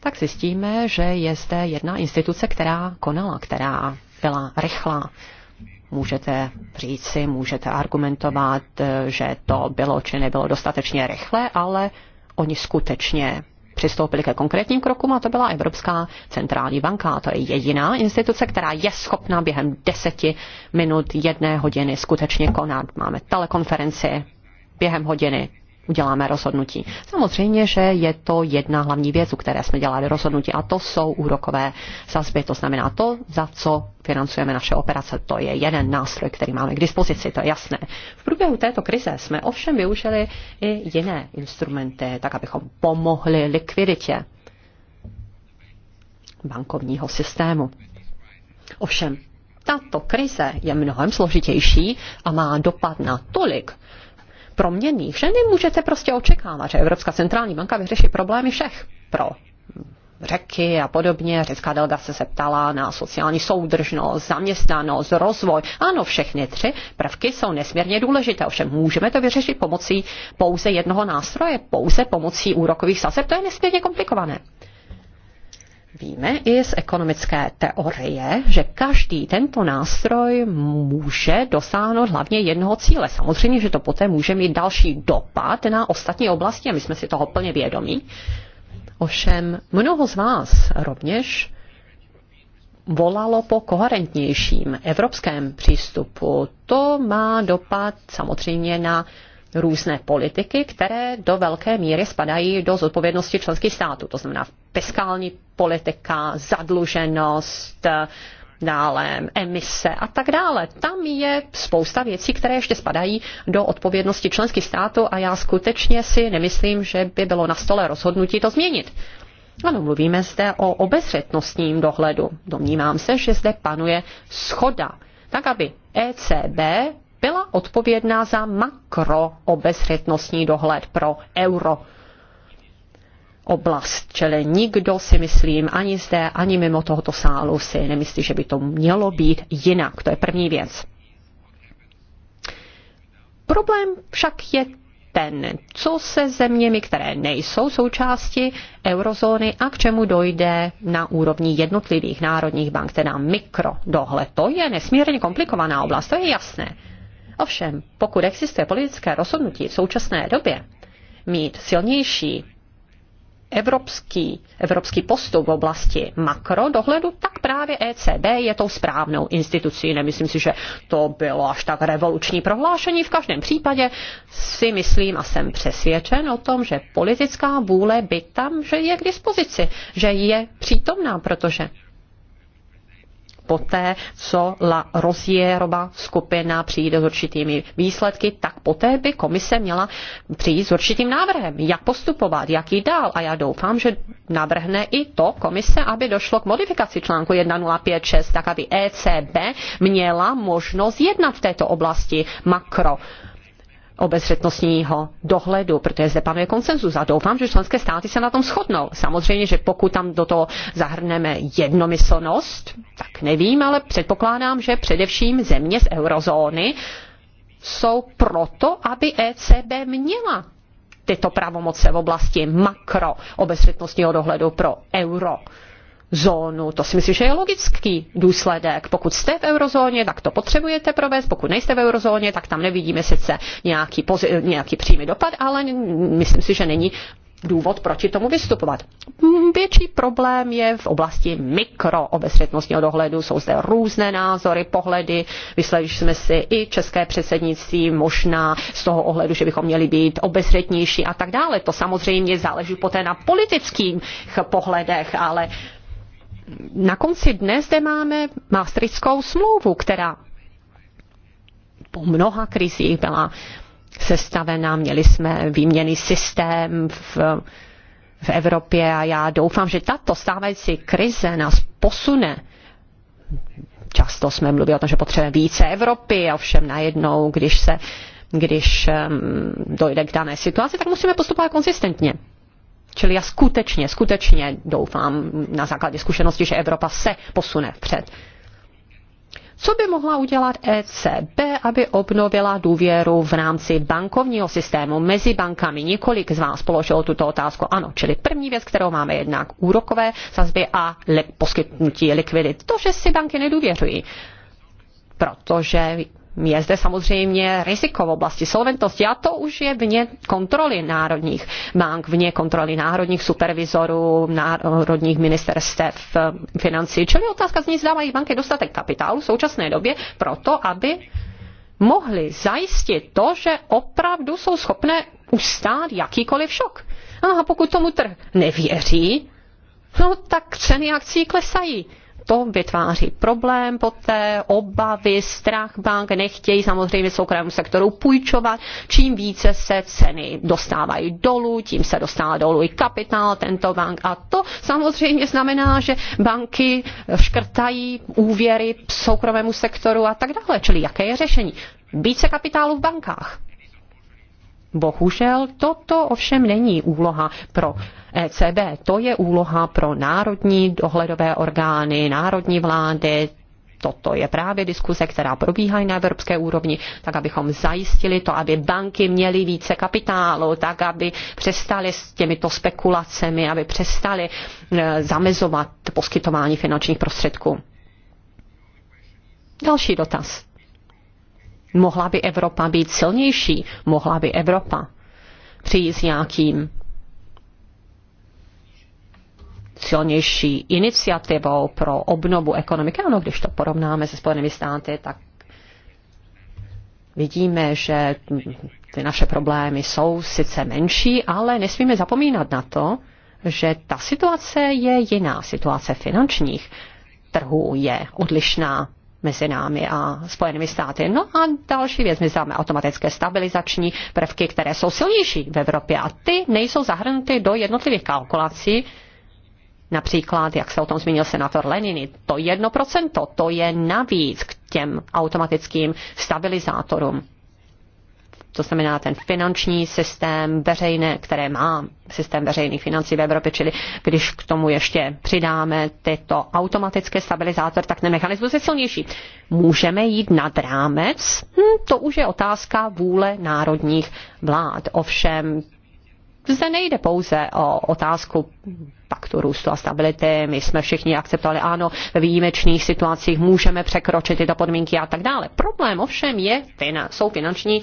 tak zjistíme, že je zde jedna instituce, která konala, která byla rychlá, můžete říci, můžete argumentovat, eh, že to bylo či nebylo dostatečně rychle, ale oni skutečně přistoupili ke konkrétním krokům a to byla Evropská centrální banka. A to je jediná instituce, která je schopná během deseti minut, jedné hodiny skutečně konat. Máme telekonferenci během hodiny uděláme rozhodnutí. Samozřejmě, že je to jedna hlavní věc, u které jsme dělali rozhodnutí, a to jsou úrokové sazby. To znamená to, za co financujeme naše operace. To je jeden nástroj, který máme k dispozici, to je jasné. V průběhu této krize jsme ovšem využili i jiné instrumenty, tak abychom pomohli likviditě bankovního systému. Ovšem, tato krize je mnohem složitější a má dopad na tolik proměnných, že nemůžete prostě očekávat, že Evropská centrální banka vyřeší problémy všech pro řeky a podobně. Řecká delga se ptala na sociální soudržnost, zaměstnanost, rozvoj. Ano, všechny tři prvky jsou nesmírně důležité, ovšem můžeme to vyřešit pomocí pouze jednoho nástroje, pouze pomocí úrokových sazeb. To je nesmírně komplikované. Víme i z ekonomické teorie, že každý tento nástroj může dosáhnout hlavně jednoho cíle. Samozřejmě, že to poté může mít další dopad na ostatní oblasti a my jsme si toho plně vědomí. Ovšem mnoho z vás rovněž volalo po koherentnějším evropském přístupu. To má dopad samozřejmě na různé politiky, které do velké míry spadají do zodpovědnosti členských států. To znamená fiskální politika, zadluženost, dále emise a tak dále. Tam je spousta věcí, které ještě spadají do odpovědnosti členských států a já skutečně si nemyslím, že by bylo na stole rozhodnutí to změnit. Ano, mluvíme zde o obezřetnostním dohledu. Domnívám se, že zde panuje schoda, tak aby ECB byla odpovědná za makroobezřetnostní dohled pro euro oblast. Čili nikdo si myslím ani zde, ani mimo tohoto sálu si nemyslí, že by to mělo být jinak. To je první věc. Problém však je ten, co se zeměmi, které nejsou součástí eurozóny a k čemu dojde na úrovni jednotlivých národních bank, teda mikrodohled. To je nesmírně komplikovaná oblast, to je jasné. Ovšem, pokud existuje politické rozhodnutí v současné době mít silnější evropský, evropský postup v oblasti makrodohledu, tak právě ECB je tou správnou institucí. Nemyslím si, že to bylo až tak revoluční prohlášení. V každém případě si myslím a jsem přesvědčen o tom, že politická vůle by tam, že je k dispozici, že je přítomná, protože poté, co La Rosierova skupina přijde s určitými výsledky, tak poté by komise měla přijít s určitým návrhem, jak postupovat, jak jít dál. A já doufám, že navrhne i to komise, aby došlo k modifikaci článku 1056, tak aby ECB měla možnost jednat v této oblasti makro obezřetnostního dohledu, protože zde panuje konsenzus a doufám, že členské státy se na tom shodnou. Samozřejmě, že pokud tam do toho zahrneme jednomyslnost, tak nevím, ale předpokládám, že především země z eurozóny jsou proto, aby ECB měla tyto pravomoce v oblasti makro obezřetnostního dohledu pro euro zónu. To si myslím, že je logický důsledek. Pokud jste v eurozóně, tak to potřebujete provést, pokud nejste v eurozóně, tak tam nevidíme sice nějaký, pozi- nějaký přímý dopad, ale myslím si, že není důvod, proti tomu vystupovat. Větší problém je v oblasti mikroobezřetnostního dohledu. Jsou zde různé názory, pohledy. Vysleli jsme si i české předsednictví možná z toho ohledu, že bychom měli být obezřetnější a tak dále. To samozřejmě záleží poté na politických pohledech, ale na konci dne zde máme Maastrichtskou smlouvu, která po mnoha krizích byla sestavená. Měli jsme výměný systém v, v Evropě a já doufám, že tato stávající krize nás posune. Často jsme mluvili o tom, že potřebujeme více Evropy, ovšem najednou, když se když ehm, dojde k dané situaci, tak musíme postupovat konzistentně. Čili já skutečně, skutečně doufám na základě zkušenosti, že Evropa se posune vpřed. Co by mohla udělat ECB, aby obnovila důvěru v rámci bankovního systému mezi bankami? Několik z vás položilo tuto otázku. Ano, čili první věc, kterou máme jednak úrokové sazby a li- poskytnutí likvidit. To, že si banky nedůvěřují, protože je zde samozřejmě riziko v oblasti solventnosti a to už je vně kontroly národních bank, vně kontroly národních supervizorů, národních ministerstev financí. Čili otázka z ní zdávají banky dostatek kapitálu v současné době proto, aby mohly zajistit to, že opravdu jsou schopné ustát jakýkoliv šok. A pokud tomu trh nevěří, no tak ceny akcí klesají to vytváří problém poté, obavy, strach bank, nechtějí samozřejmě soukromému sektoru půjčovat. Čím více se ceny dostávají dolů, tím se dostává dolů i kapitál tento bank. A to samozřejmě znamená, že banky škrtají úvěry soukromému sektoru a tak dále. Čili jaké je řešení? Více kapitálu v bankách. Bohužel toto ovšem není úloha pro ECB, to je úloha pro národní dohledové orgány, národní vlády, toto je právě diskuse, která probíhá na evropské úrovni, tak abychom zajistili to, aby banky měly více kapitálu, tak aby přestali s těmito spekulacemi, aby přestali eh, zamezovat poskytování finančních prostředků. Další dotaz. Mohla by Evropa být silnější? Mohla by Evropa přijít s nějakým silnější iniciativou pro obnovu ekonomiky? Ano, když to porovnáme se Spojenými státy, tak vidíme, že ty naše problémy jsou sice menší, ale nesmíme zapomínat na to, že ta situace je jiná. Situace finančních trhů je odlišná mezi námi a Spojenými státy. No a další věc, my známe automatické stabilizační prvky, které jsou silnější v Evropě a ty nejsou zahrnuty do jednotlivých kalkulací, Například, jak se o tom zmínil senátor Leniny, to 1%, to je navíc k těm automatickým stabilizátorům to znamená ten finanční systém veřejné, které má systém veřejných financí v Evropě, čili když k tomu ještě přidáme tyto automatické stabilizátory, tak ten mechanismus je silnější. Můžeme jít nad rámec? Hm, to už je otázka vůle národních vlád. Ovšem, zde nejde pouze o otázku paktu růstu a stability. My jsme všichni akceptovali, ano, ve výjimečných situacích můžeme překročit tyto podmínky a tak dále. Problém ovšem je, jsou finanční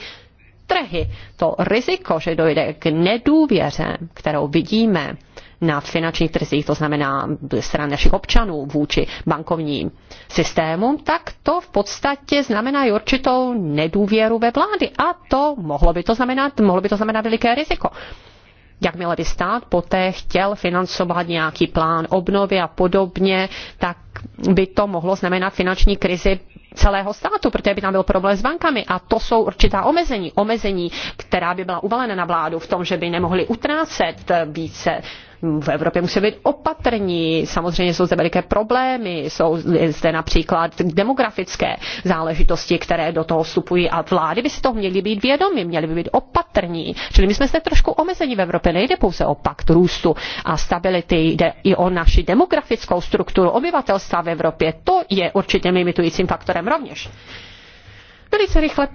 trhy. To riziko, že dojde k nedůvěře, kterou vidíme na finančních trzích, to znamená strany našich občanů vůči bankovním systémům, tak to v podstatě znamená i určitou nedůvěru ve vlády. A to mohlo by to znamenat, mohlo by to znamenat veliké riziko jakmile by stát poté chtěl financovat nějaký plán obnovy a podobně, tak by to mohlo znamenat finanční krizi celého státu, protože by tam byl problém s bankami. A to jsou určitá omezení. Omezení, která by byla uvalena na vládu v tom, že by nemohli utrácet více v Evropě musí být opatrní. Samozřejmě jsou zde veliké problémy, jsou zde například demografické záležitosti, které do toho vstupují a vlády by si toho měly být vědomi, měly by být opatrní. Čili my jsme zde trošku omezení v Evropě. Nejde pouze o pakt růstu a stability, jde i o naši demografickou strukturu obyvatelstva v Evropě. To je určitě limitujícím faktorem Kyprem rovněž. Velice rychle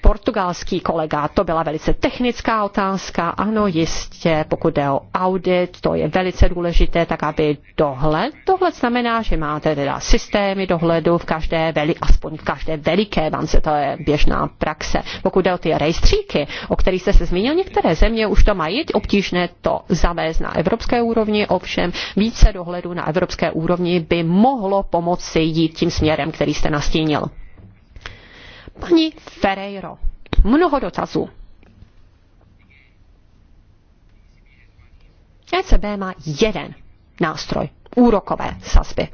portugalský kolega. To byla velice technická otázka. Ano, jistě, pokud jde o audit, to je velice důležité, tak aby dohled. Dohled znamená, že máte teda systémy dohledu v každé, veli, aspoň v každé veliké bance, to je běžná praxe. Pokud jde o ty rejstříky, o kterých jste se zmínil, některé země už to mají obtížné to zavést na evropské úrovni, ovšem více dohledu na evropské úrovni by mohlo pomoci jít tím směrem, který jste nastínil. Paní Ferreiro, mnoho dotazů. ECB má jeden nástroj, úrokové sazby.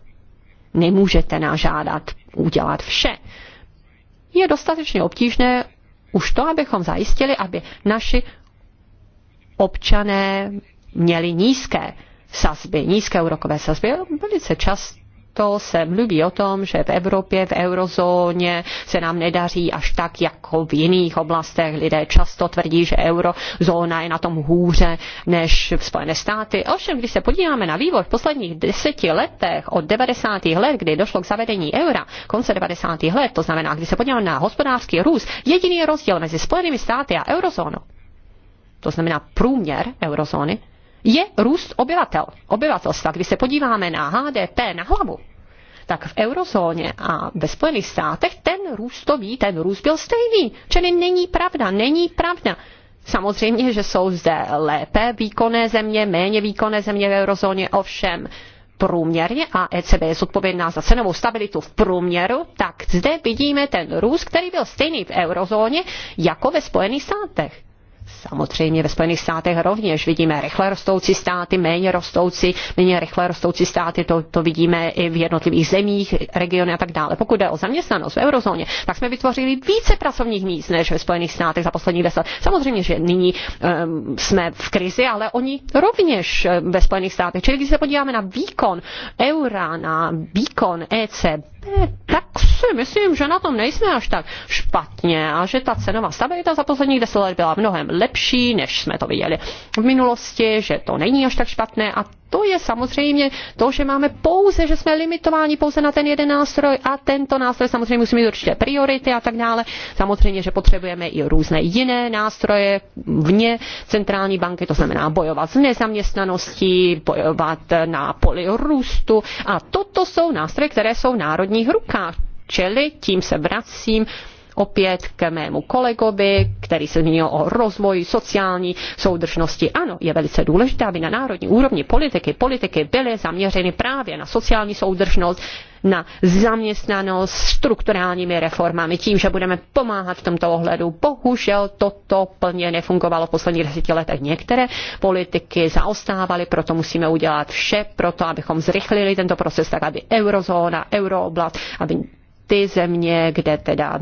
Nemůžete nažádat udělat vše. Je dostatečně obtížné už to, abychom zajistili, aby naši občané měli nízké sazby, nízké úrokové sazby. Velice často to se mluví o tom, že v Evropě, v eurozóně se nám nedaří až tak jako v jiných oblastech. Lidé často tvrdí, že eurozóna je na tom hůře než v Spojené státy. Ovšem, když se podíváme na vývoj v posledních deseti letech od 90. let, kdy došlo k zavedení eura, konce 90. let, to znamená, když se podíváme na hospodářský růst, jediný rozdíl mezi Spojenými státy a eurozónou, to znamená průměr eurozóny, je růst obyvatel, obyvatelstva. Když se podíváme na HDP na hlavu, tak v eurozóně a ve Spojených státech ten růstový, ten růst byl stejný. Čili není pravda, není pravda. Samozřejmě, že jsou zde lépe výkonné země, méně výkonné země v eurozóně, ovšem průměrně a ECB je zodpovědná za cenovou stabilitu v průměru, tak zde vidíme ten růst, který byl stejný v eurozóně jako ve Spojených státech. Samozřejmě ve Spojených státech rovněž vidíme rychle rostoucí státy, méně rostoucí, méně rychle rostoucí státy, to, to vidíme i v jednotlivých zemích, regiony a tak dále. Pokud jde o zaměstnanost v eurozóně, tak jsme vytvořili více pracovních míst než ve Spojených státech za posledních deset. Samozřejmě, že nyní um, jsme v krizi, ale oni rovněž ehm, ve Spojených státech. Čili když se podíváme na výkon eura, na výkon ECB, Eh, tak si myslím, že na tom nejsme až tak špatně a že ta cenová stabilita za posledních deset let byla mnohem lepší, než jsme to viděli v minulosti, že to není až tak špatné a to je samozřejmě to, že máme pouze, že jsme limitováni pouze na ten jeden nástroj a tento nástroj samozřejmě musí mít určitě priority a tak dále. Samozřejmě, že potřebujeme i různé jiné nástroje vně centrální banky, to znamená bojovat s nezaměstnaností, bojovat na poli růstu a toto jsou nástroje, které jsou v národních rukách. Čili tím se vracím opět k mému kolegovi, který se zmínil o rozvoji sociální soudržnosti. Ano, je velice důležité, aby na národní úrovni politiky, politiky byly zaměřeny právě na sociální soudržnost, na zaměstnanost strukturálními reformami, tím, že budeme pomáhat v tomto ohledu. Bohužel toto plně nefungovalo v posledních deseti letech. Některé politiky zaostávaly, proto musíme udělat vše, proto abychom zrychlili tento proces tak, aby eurozóna, eurooblast, aby ty země, kde teda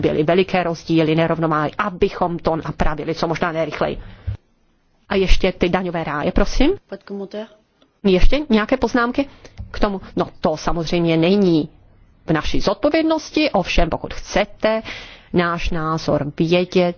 byly veliké rozdíly, nerovnováhy, abychom to napravili, co možná nejrychleji. A ještě ty daňové ráje, prosím. Ještě nějaké poznámky k tomu? No to samozřejmě není v naší zodpovědnosti, ovšem pokud chcete náš názor vědět,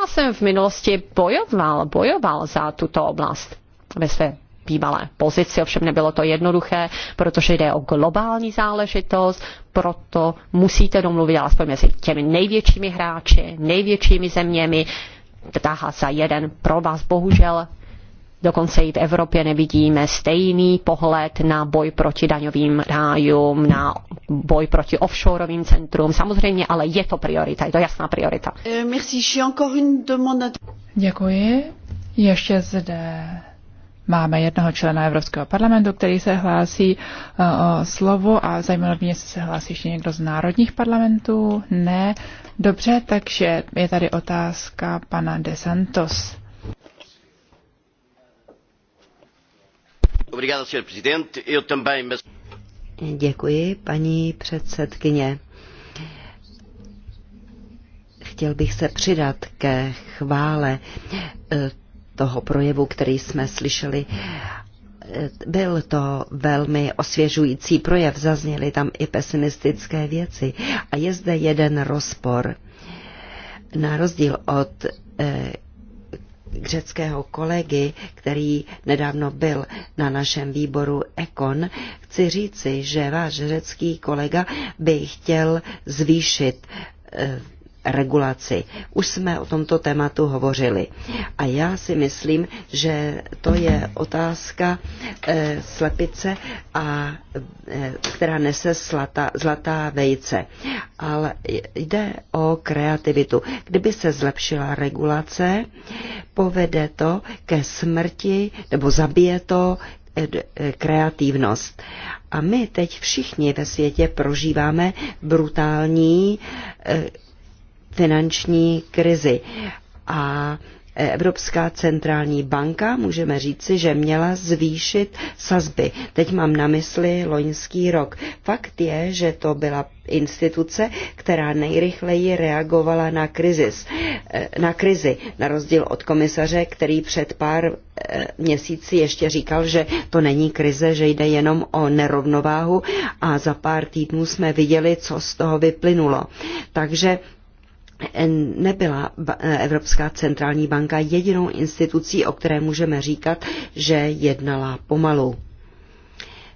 já jsem v minulosti bojoval, bojoval za tuto oblast ve své bývalé pozici, ovšem nebylo to jednoduché, protože jde o globální záležitost, proto musíte domluvit alespoň mezi těmi největšími hráči, největšími zeměmi, tahá za jeden pro vás. Bohužel Dokonce i v Evropě nevidíme stejný pohled na boj proti daňovým rájům, na boj proti offshoreovým centrum. Samozřejmě, ale je to priorita, je to jasná priorita. Eh, Děkuji. Ještě zde Máme jednoho člena Evropského parlamentu, který se hlásí eh, o slovo a zajímalo mě, jestli se hlásí ještě někdo z národních parlamentů. Ne. Dobře, takže je tady otázka pana De Santos. Děkuji, paní předsedkyně. Chtěl bych se přidat ke chvále eh, toho projevu, který jsme slyšeli. Byl to velmi osvěžující projev, zazněly tam i pesimistické věci. A je zde jeden rozpor. Na rozdíl od eh, řeckého kolegy, který nedávno byl na našem výboru Ekon, chci říci, že váš řecký kolega by chtěl zvýšit eh, regulaci. Už jsme o tomto tématu hovořili. A já si myslím, že to je otázka e, slepice, a, e, která nese slata, zlatá vejce. Ale jde o kreativitu. Kdyby se zlepšila regulace, povede to ke smrti nebo zabije to eh, kreativnost. A my teď všichni ve světě prožíváme brutální finanční krizi. A Evropská centrální banka, můžeme říci, že měla zvýšit sazby. Teď mám na mysli loňský rok. Fakt je, že to byla instituce, která nejrychleji reagovala na, krizis, eh, na krizi, na rozdíl od komisaře, který před pár eh, měsíci ještě říkal, že to není krize, že jde jenom o nerovnováhu a za pár týdnů jsme viděli, co z toho vyplynulo. Takže nebyla e, Evropská centrální banka jedinou institucí, o které můžeme říkat, že jednala pomalu.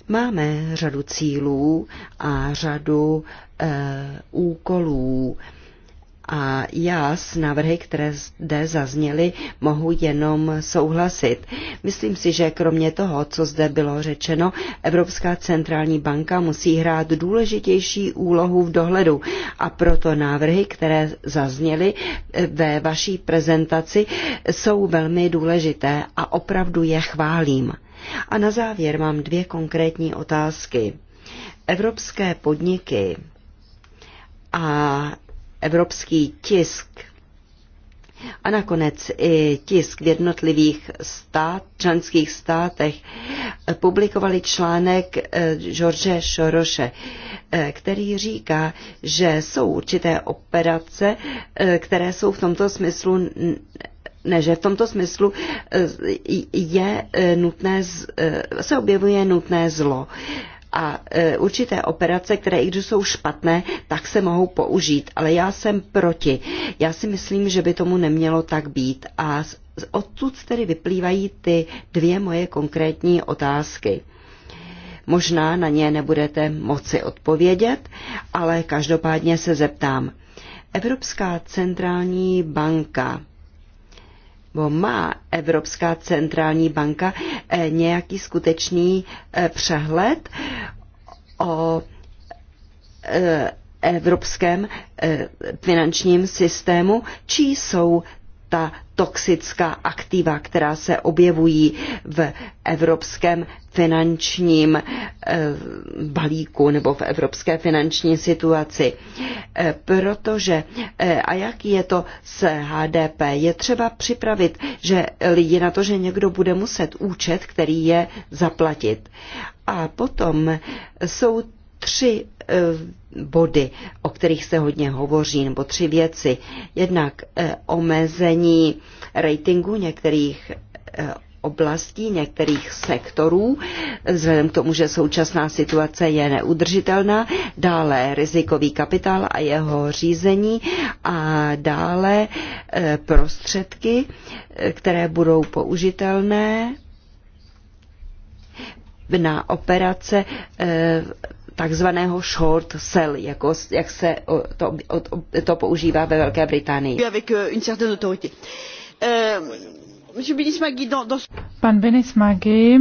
Máme řadu cílů a řadu e, úkolů, e, a já s návrhy, které zde zazněly, mohu jenom souhlasit. Myslím si, že kromě toho, co zde bylo řečeno, Evropská centrální banka musí hrát důležitější úlohu v dohledu. A proto návrhy, které zazněly eh, ve vaší prezentaci, jsou velmi důležité a opravdu je chválím. A na závěr mám dvě konkrétní otázky. Evropské podniky a evropský tisk a nakonec i tisk v jednotlivých stát, členských státech publikovali článek eh, George Šoroše, eh, který říká, že jsou určité operace, eh, které jsou v tomto smyslu ne, že v tomto smyslu je nutné, se objevuje nutné zlo a e, určité operace, které i když jsou špatné, tak se mohou použít. Ale já jsem proti. Já si myslím, že by tomu nemělo tak být. A odtud tedy vyplývají ty dvě moje konkrétní otázky. Možná na ně nebudete moci odpovědět, ale každopádně se zeptám. Evropská centrální banka má Evropská centrální banka eh, nějaký skutečný eh, přehled o eh, evropském finančním systému, či jsou ta toxická aktiva, která se objevují v evropském finančním eh, balíku nebo v evropské finanční situaci. Eh, protože, eh, a jak je to s HDP, je třeba připravit že lidi na to, že někdo bude muset účet, který je zaplatit. A potom jsou tři eh, body, o kterých se hodně hovoří, nebo tři věci. Jednak eh, omezení ratingu některých eh, oblastí, některých sektorů, vzhledem k tomu, že současná situace je neudržitelná, dále rizikový kapitál a jeho řízení a dále prostředky, které budou použitelné na operace takzvaného short sell, jako, jak se to, to používá ve Velké Británii. Euh, euh, Pan Benis Magy,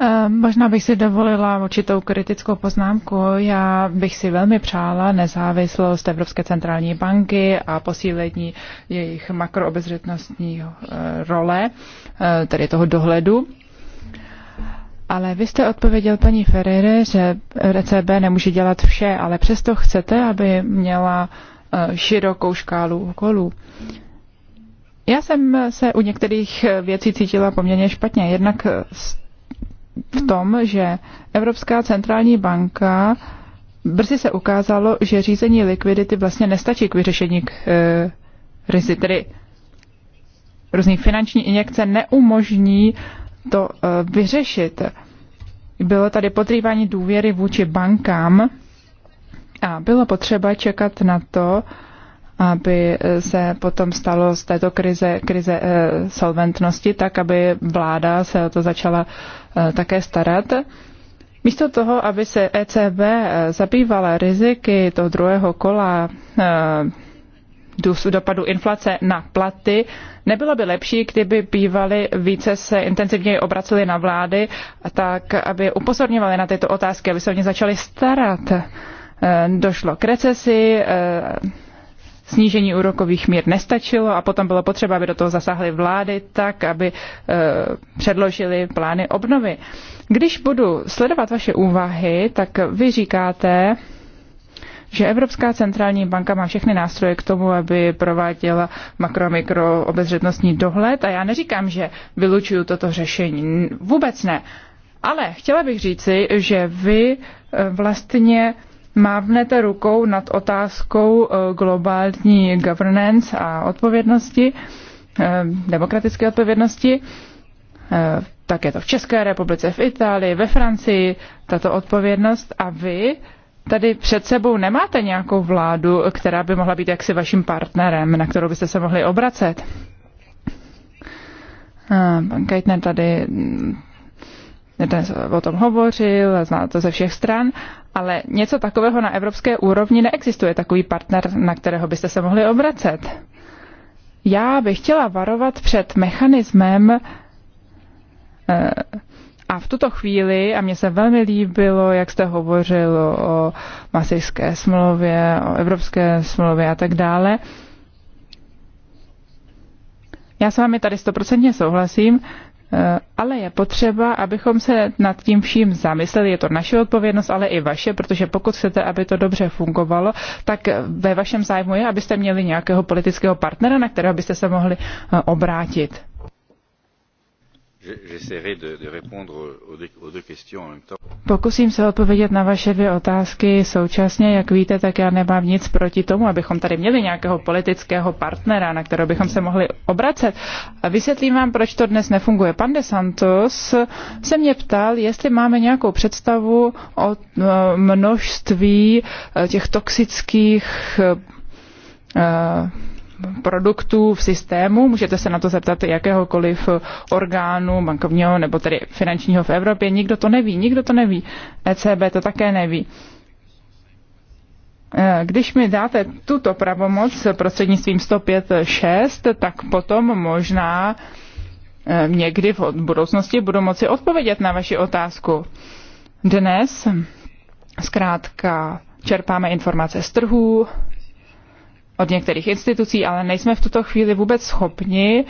eh, Možná bych si dovolila určitou kritickou poznámku. Já bych si velmi přála nezávislost Evropské centrální banky a posílení jejich makroobezřetnostní eh, role, eh, tedy toho dohledu. Ale vy jste odpověděl paní Ferreira, že RCB nemůže dělat vše, ale přesto chcete, aby měla eh, širokou škálu úkolů. Já jsem se u některých věcí cítila poměrně špatně. Jednak eh, v tom, že Evropská centrální banka eh, brzy se ukázalo, že řízení likvidity vlastně nestačí k vyřešení k, e, rizik, tedy různých finanční injekce neumožní to eh, vyřešit. Bylo tady potrývání důvěry vůči bankám a bylo potřeba čekat na to, aby se potom stalo z této krize, krize eh, solventnosti, tak aby vláda se o to začala eh, také starat. Místo toho, aby se ECB zabývala riziky toho druhého kola dopadu inflace na platy. Nebylo by lepší, kdyby bývali více se intenzivněji obraceli na vlády, tak aby upozorňovali na tyto otázky, aby se o ně začali starat. Eh, došlo k recesi, eh, snížení úrokových mír nestačilo a potom bylo potřeba, aby do toho zasáhly vlády tak, aby eh, předložili plány obnovy. Když budu sledovat vaše úvahy, tak vy říkáte, že Evropská centrální banka má všechny nástroje k tomu, aby prováděla makro mikro obezřetnostní dohled a já neříkám, že vylučuju toto řešení. Vůbec ne. Ale chtěla bych říci, že vy e, vlastně mávnete rukou nad otázkou e, globální governance a odpovědnosti, e, demokratické odpovědnosti. Tak je to v České republice, v Itálii, ve Francii, tato odpovědnost. A vy tady před sebou nemáte nějakou vládu, která by mohla být jaksi vaším partnerem, na kterou byste se mohli obracet. Pan Keitner tady dnes o tom hovořil, zná to ze všech stran, ale něco takového na evropské úrovni neexistuje, takový partner, na kterého byste se mohli obracet. Já bych chtěla varovat před mechanismem, eh, a v tuto chvíli, a mně se velmi líbilo, jak jste hovořil o masijské smlouvě, o evropské smlouvě a tak dále, já s vámi tady stoprocentně souhlasím, e, ale je potřeba, abychom se nad tím vším zamysleli. Je to naše odpovědnost, ale i vaše, protože pokud chcete, aby to dobře fungovalo, tak ve vašem zájmu je, abyste měli nějakého politického partnera, na kterého byste se mohli e, obrátit. Pokusím se odpovědět na vaše dvě otázky současně. Jak víte, tak já nemám nic proti tomu, abychom tady měli nějakého politického partnera, na kterého bychom se mohli obracet. A vysvětlím vám, proč to dnes nefunguje. Pan de Santos se mě ptal, jestli máme nějakou představu o množství eh, těch toxických eh, produktů v systému. Můžete se na to zeptat jakéhokoliv orgánu bankovního nebo tedy finančního v Evropě. Nikdo to neví, nikdo to neví. ECB to také neví. E, když mi dáte tuto pravomoc prostřednictvím 105.6, tak potom možná e, někdy v budoucnosti budu moci odpovědět na vaši otázku. Dnes zkrátka čerpáme informace z trhů, od některých institucí, ale nejsme v tuto chvíli vůbec schopni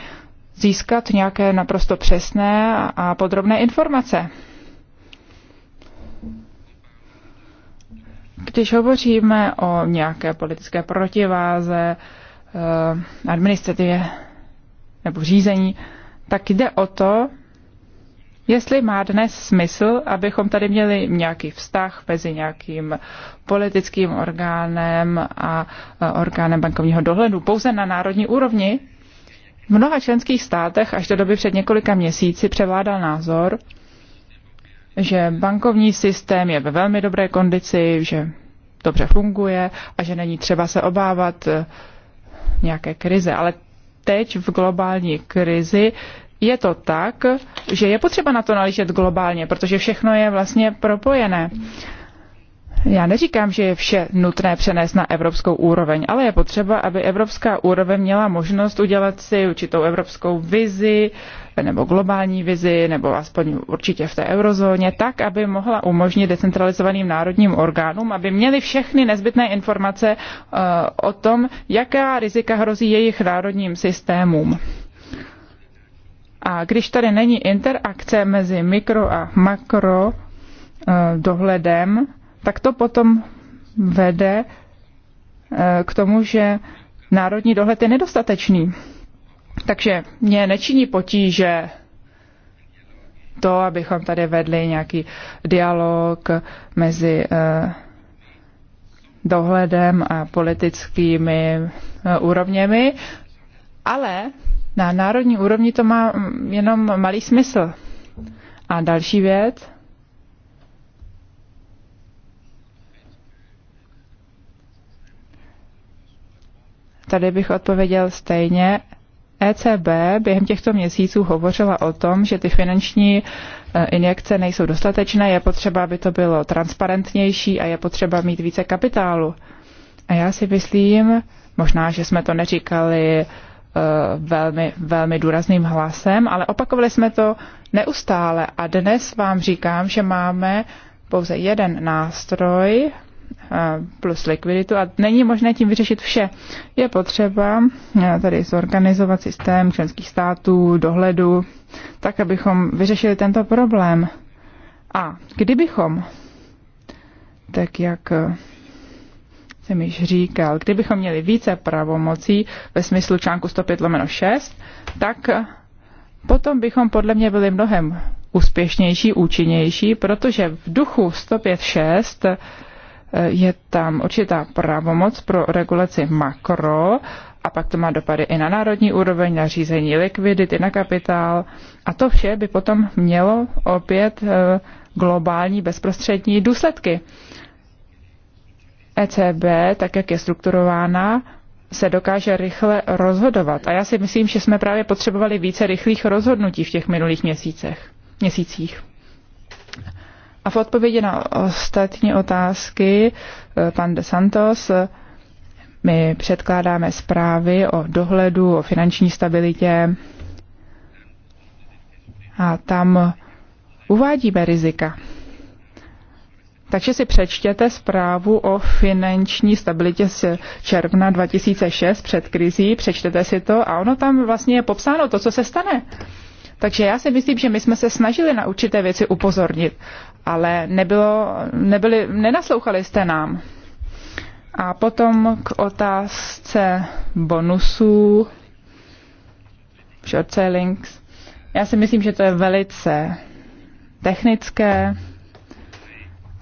získat nějaké naprosto přesné a podrobné informace. Když hovoříme o nějaké politické protiváze, eh, administrativě nebo řízení, tak jde o to, Jestli má dnes smysl, abychom tady měli nějaký vztah mezi nějakým politickým orgánem a e, orgánem bankovního dohledu pouze na národní úrovni, v mnoha členských státech až do doby před několika měsíci převládal názor, že bankovní systém je ve velmi dobré kondici, že dobře funguje a že není třeba se obávat e, nějaké krize. Ale teď v globální krizi je to tak, že je potřeba na to nalížet globálně, protože všechno je vlastně propojené. Já neříkám, že je vše nutné přenést na evropskou úroveň, ale je potřeba, aby evropská úroveň měla možnost udělat si určitou evropskou vizi nebo globální vizi, nebo aspoň určitě v té eurozóně, tak, aby mohla umožnit decentralizovaným národním orgánům, aby měli všechny nezbytné informace eh, o tom, jaká rizika hrozí jejich národním systémům. A když tady není interakce mezi mikro a makro eh, dohledem, tak to potom vede eh, k tomu, že národní dohled je nedostatečný. Takže mě nečiní potíže to, abychom tady vedli nějaký dialog mezi eh, dohledem a politickými úrovněmi, ale na národní úrovni to má jenom malý smysl. A další věc. Tady bych odpověděl stejně. ECB během těchto měsíců hovořila o tom, že ty finanční e, injekce nejsou dostatečné, je potřeba, aby to bylo transparentnější a je potřeba mít více kapitálu. A já si myslím, možná, že jsme to neříkali Eh, velmi, velmi důrazným hlasem, ale opakovali jsme to neustále. A dnes vám říkám, že máme pouze jeden nástroj eh, plus likviditu a není možné tím vyřešit vše. Je potřeba eh, tady zorganizovat systém členských států, dohledu, tak, abychom vyřešili tento problém. A kdybychom, tak jak jsem již říkal, kdybychom měli více pravomocí ve smyslu článku 105 lomeno 6, tak potom bychom podle mě byli mnohem úspěšnější, účinnější, protože v duchu 105.6 eh, je tam určitá pravomoc pro regulaci makro a pak to má dopady i na národní úroveň, na řízení likvidity, na kapitál a to vše by potom mělo opět eh, globální bezprostřední důsledky. ECB, tak jak je strukturována, se dokáže rychle rozhodovat. A já si myslím, že jsme právě potřebovali více rychlých rozhodnutí v těch minulých měsícech, měsících. A v odpovědi na ostatní otázky, eh, pan De Santos, eh, my předkládáme zprávy o dohledu, o finanční stabilitě a tam uvádíme rizika. Takže si přečtěte zprávu o finanční stabilitě z června 2006 před krizí, přečtete si to a ono tam vlastně je popsáno to, co se stane. Takže já si myslím, že my jsme se snažili na určité věci upozornit, ale nebylo, nebyli, nenaslouchali jste nám. A potom k otázce bonusů, short sellings. Já si myslím, že to je velice technické,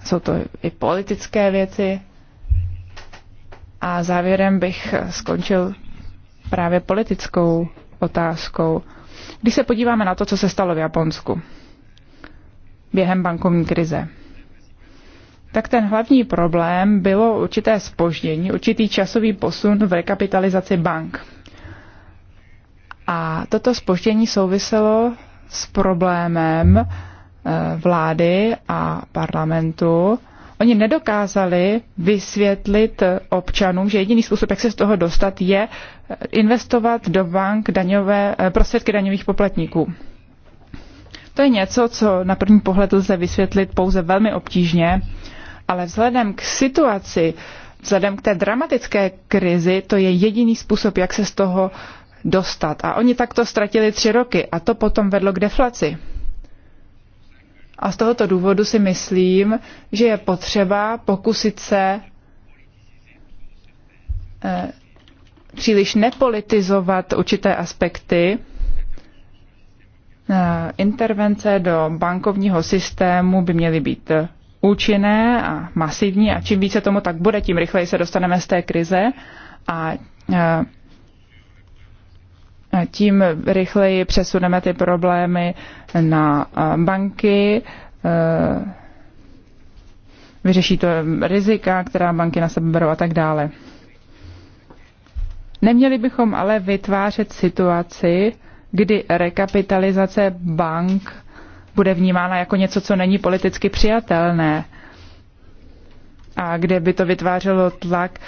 jsou to i politické věci. A závěrem bych skončil právě politickou otázkou. Když se podíváme na to, co se stalo v Japonsku během bankovní krize, tak ten hlavní problém bylo určité spoždění, určitý časový posun v rekapitalizaci bank. A toto spoždění souviselo s problémem, Eh, vlády a parlamentu, oni nedokázali vysvětlit občanům, že jediný způsob, jak se z toho dostat, je investovat do bank daňové, eh, prostředky daňových poplatníků. To je něco, co na první pohled lze vysvětlit pouze velmi obtížně, ale vzhledem k situaci, vzhledem k té dramatické krizi, to je jediný způsob, jak se z toho dostat. A oni takto ztratili tři roky a to potom vedlo k deflaci. A z tohoto důvodu si myslím, že je potřeba pokusit se eh, příliš nepolitizovat určité aspekty eh, intervence do bankovního systému by měly být účinné a masivní a čím více tomu tak bude, tím rychleji se dostaneme z té krize a eh, tím rychleji přesuneme ty problémy na eh, banky, eh, vyřeší to rizika, která banky na sebe berou a tak dále. Neměli bychom ale vytvářet situaci, kdy rekapitalizace bank bude vnímána jako něco, co není politicky přijatelné a kde by to vytvářelo tlak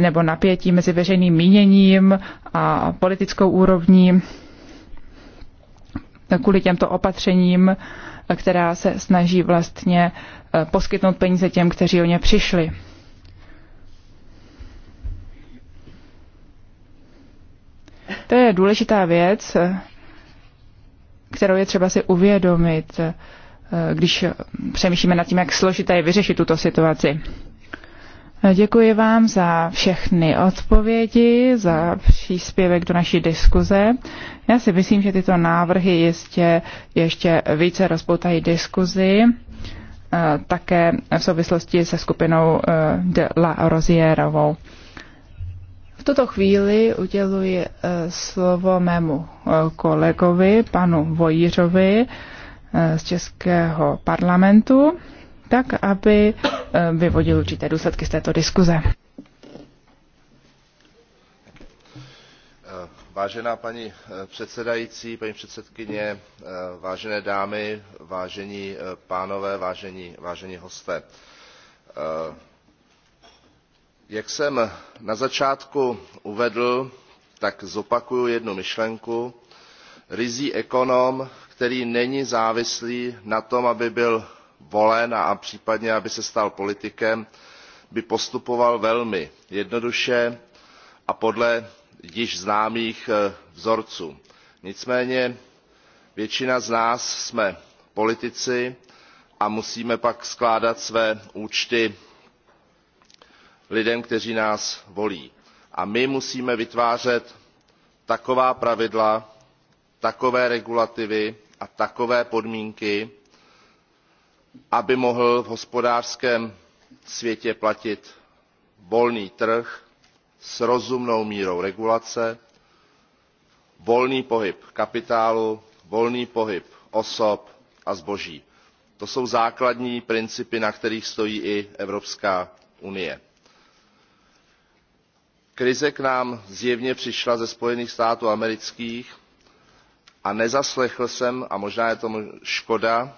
nebo napětí mezi veřejným míněním a politickou úrovní kvůli těmto opatřením, která se snaží vlastně eh, poskytnout peníze těm, kteří o ně přišli. To je důležitá věc, kterou je třeba si uvědomit, eh, když přemýšlíme nad tím, jak složité je vyřešit tuto situaci. Děkuji vám za všechny odpovědi, za příspěvek do naší diskuze. Já si myslím, že tyto návrhy jistě ještě více rozpoutají diskuzi, eh, také v souvislosti se skupinou eh, de la Rozierovou. V tuto chvíli uděluji eh, slovo mému kolegovi, panu Vojířovi z Českého parlamentu tak aby eh, vyvodil určité důsledky z této diskuze. Eh, vážená paní eh, předsedající, paní předsedkyně, vážené dámy, vážení pánové, vážení, vážení hosté. Jak jsem na začátku uvedl, tak zopakuju jednu myšlenku. Rizí ekonom, který není závislý na tom, aby byl volen a případně aby se stal politikem by postupoval velmi jednoduše a podle již známých e, vzorců. nicméně většina z nás jsme politici a musíme pak skládat své účty lidem kteří nás volí a my musíme vytvářet taková pravidla takové regulativy a takové podmínky aby mohl v hospodářském světě platit volný trh s rozumnou mírou regulace volný pohyb kapitálu volný pohyb osob a zboží. to jsou základní principy na kterých stojí i evropská unie. krize k nám zjevně přišla ze spojených států amerických a nezaslechl jsem a možná je to škoda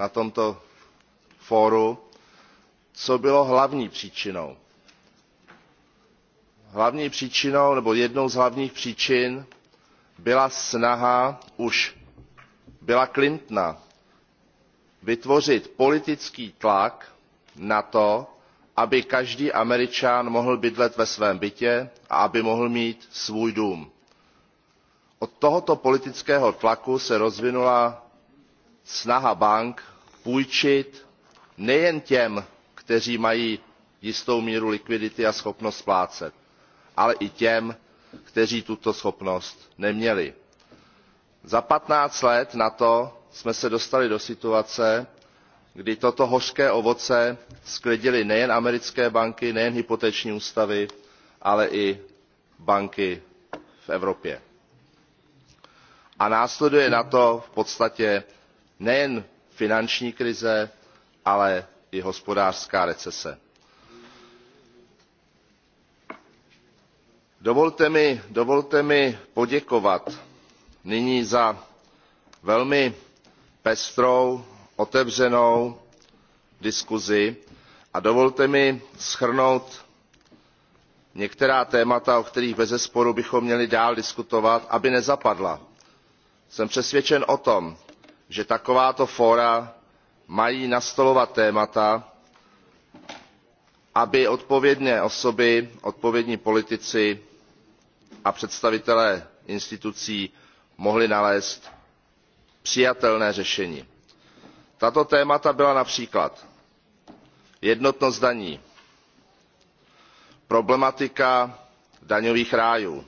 na tomto fóru co bylo hlavní příčinou. hlavní příčinou nebo jednou z hlavních příčin byla snaha už billa clintona vytvořit politický tlak na to aby každý američan mohl bydlet ve svém bytě a aby mohl mít svůj dům. od tohoto politického tlaku se rozvinula snaha bank půjčit nejen těm kteří mají jistou míru likvidity a schopnost splácet ale i těm kteří tuto schopnost neměli. za fifteen let nato jsme se dostali do situace kdy toto hořké ovoce sklidily nejen americké banky nejen hypoteční ústavy ale i banky v evropě. a následuje nato v podstatě nejen finanční krize ale i hospodářská recese. Dovolte mi, dovolte mi poděkovat nyní za velmi pestrou otevřenou diskusi a dovolte mi shrnout některá témata o kterých bezesporu bychom měli dál diskutovat aby nezapadla. jsem přesvědčen o tom že takováto fóra mají nastolovat témata aby odpovědné osoby odpovědní politici a představitelé institucí mohli nalézt přijatelné řešení. tato témata byla například jednotnost daní problematika daňových rájů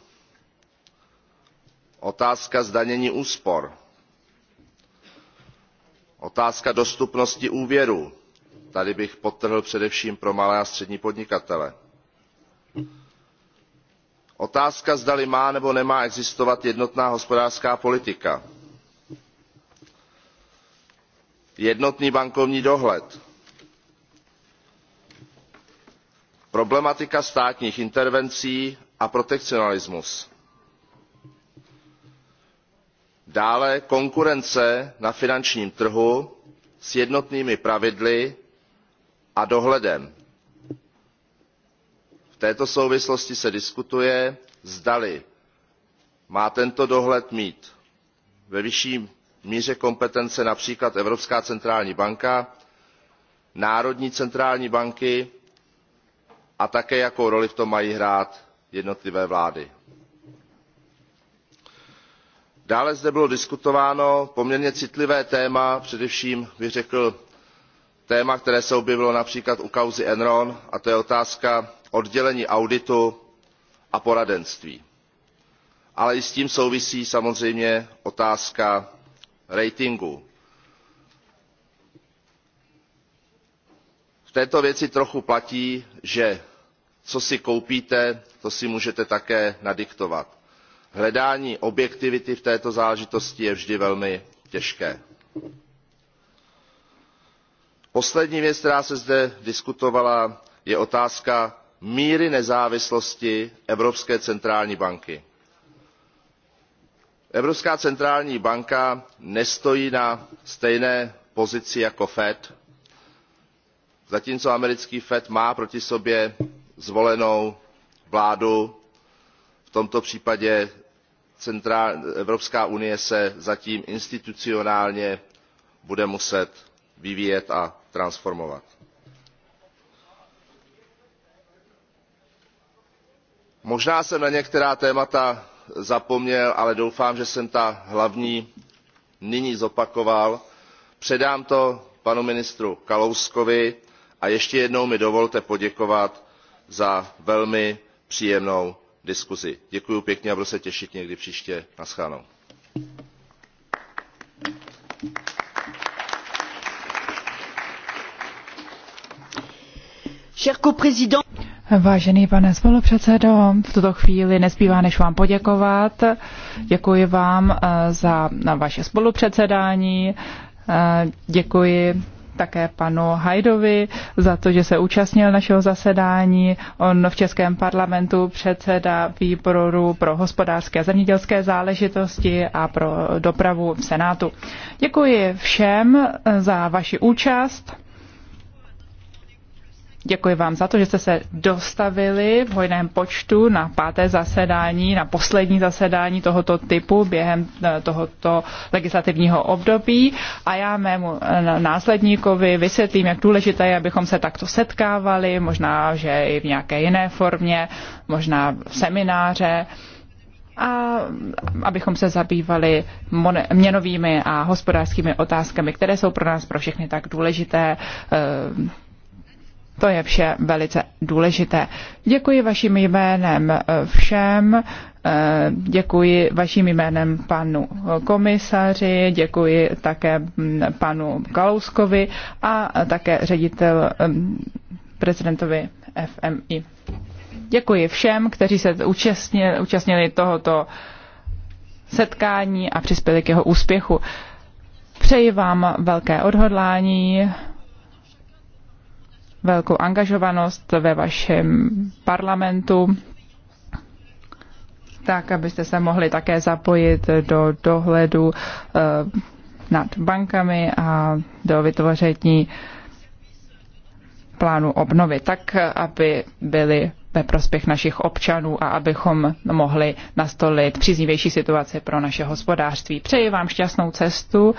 otázka zdanění úspor otázka dostupnosti úvěrů tady bych podtrhl především pro malé a střední podnikatele otázka zdali má nebo nemá existovat jednotná hospodářská politika jednotný bankovní dohled problematika státních intervencí a protekcionalismus dále konkurence na finančním trhu s jednotnými pravidly a dohledem. v této souvislosti se diskutuje zdali má tento dohled mít ve vyšší míře kompetence například evropská centrální banka národní centrální banky a také jakou roli v tom mají hrát jednotlivé vlády dále zde bylo diskutováno poměrně citlivé téma především bych řekl téma které se objevilo například u kauzy enron a to je otázka oddělení auditu a poradenství. ale i s tím souvisí samozřejmě otázka ratingu. v této věci trochu platí že co si koupíte to si můžete také nadiktovat hledání objektivity v této záležitosti je vždy velmi těžké. poslední věc která se zde diskutovala je otázka míry nezávislosti evropské centrální banky. evropská centrální banka nestojí na stejné pozici jako fed zatímco americký fed má proti sobě zvolenou vládu v tomto případě Evropská unie se zatím institucionálně bude muset vyvíjet a transformovat. Možná jsem na některá témata zapomněl, ale doufám, že jsem ta hlavní nyní zopakoval. Předám to panu ministru Kalouskovi a ještě jednou mi dovolte poděkovat za velmi příjemnou diskusi. děkuji pěkně a budu se těšit někdy příště Na nashledanou. Vážený pane spolupředsedo, v tuto chvíli nespívá, než vám poděkovat. Děkuji vám eh, za vaše spolupředsedání. Eh, děkuji také panu Hajdovi za to, že se účastnil našeho zasedání. On v Českém parlamentu předseda výboru pro hospodářské a zemědělské záležitosti a pro dopravu v Senátu. Děkuji všem za vaši účast. Děkuji vám za to, že jste se dostavili v hojném počtu na páté zasedání, na poslední zasedání tohoto typu během eh, tohoto legislativního období. A já mému eh, následníkovi vysvětlím, jak důležité je, abychom se takto setkávali, možná, že i v nějaké jiné formě, možná v semináře a abychom se zabývali měnovými a hospodářskými otázkami, které jsou pro nás pro všechny tak důležité eh, to je vše velice důležité. Děkuji vaším jménem eh, všem. Eh, děkuji vaším jménem panu komisaři, děkuji také mm, panu Kalouskovi a také ředitel mm, prezidentovi FMI. Děkuji všem, kteří se účastnili, účastnili tohoto setkání a přispěli k jeho úspěchu. Přeji vám velké odhodlání, velkou angažovanost ve vašem parlamentu, tak abyste se mohli také zapojit do dohledu eh, nad bankami a do vytvoření plánu obnovy, tak aby byly ve prospěch našich občanů a abychom mohli nastolit příznivější situaci pro naše hospodářství. Přeji vám šťastnou cestu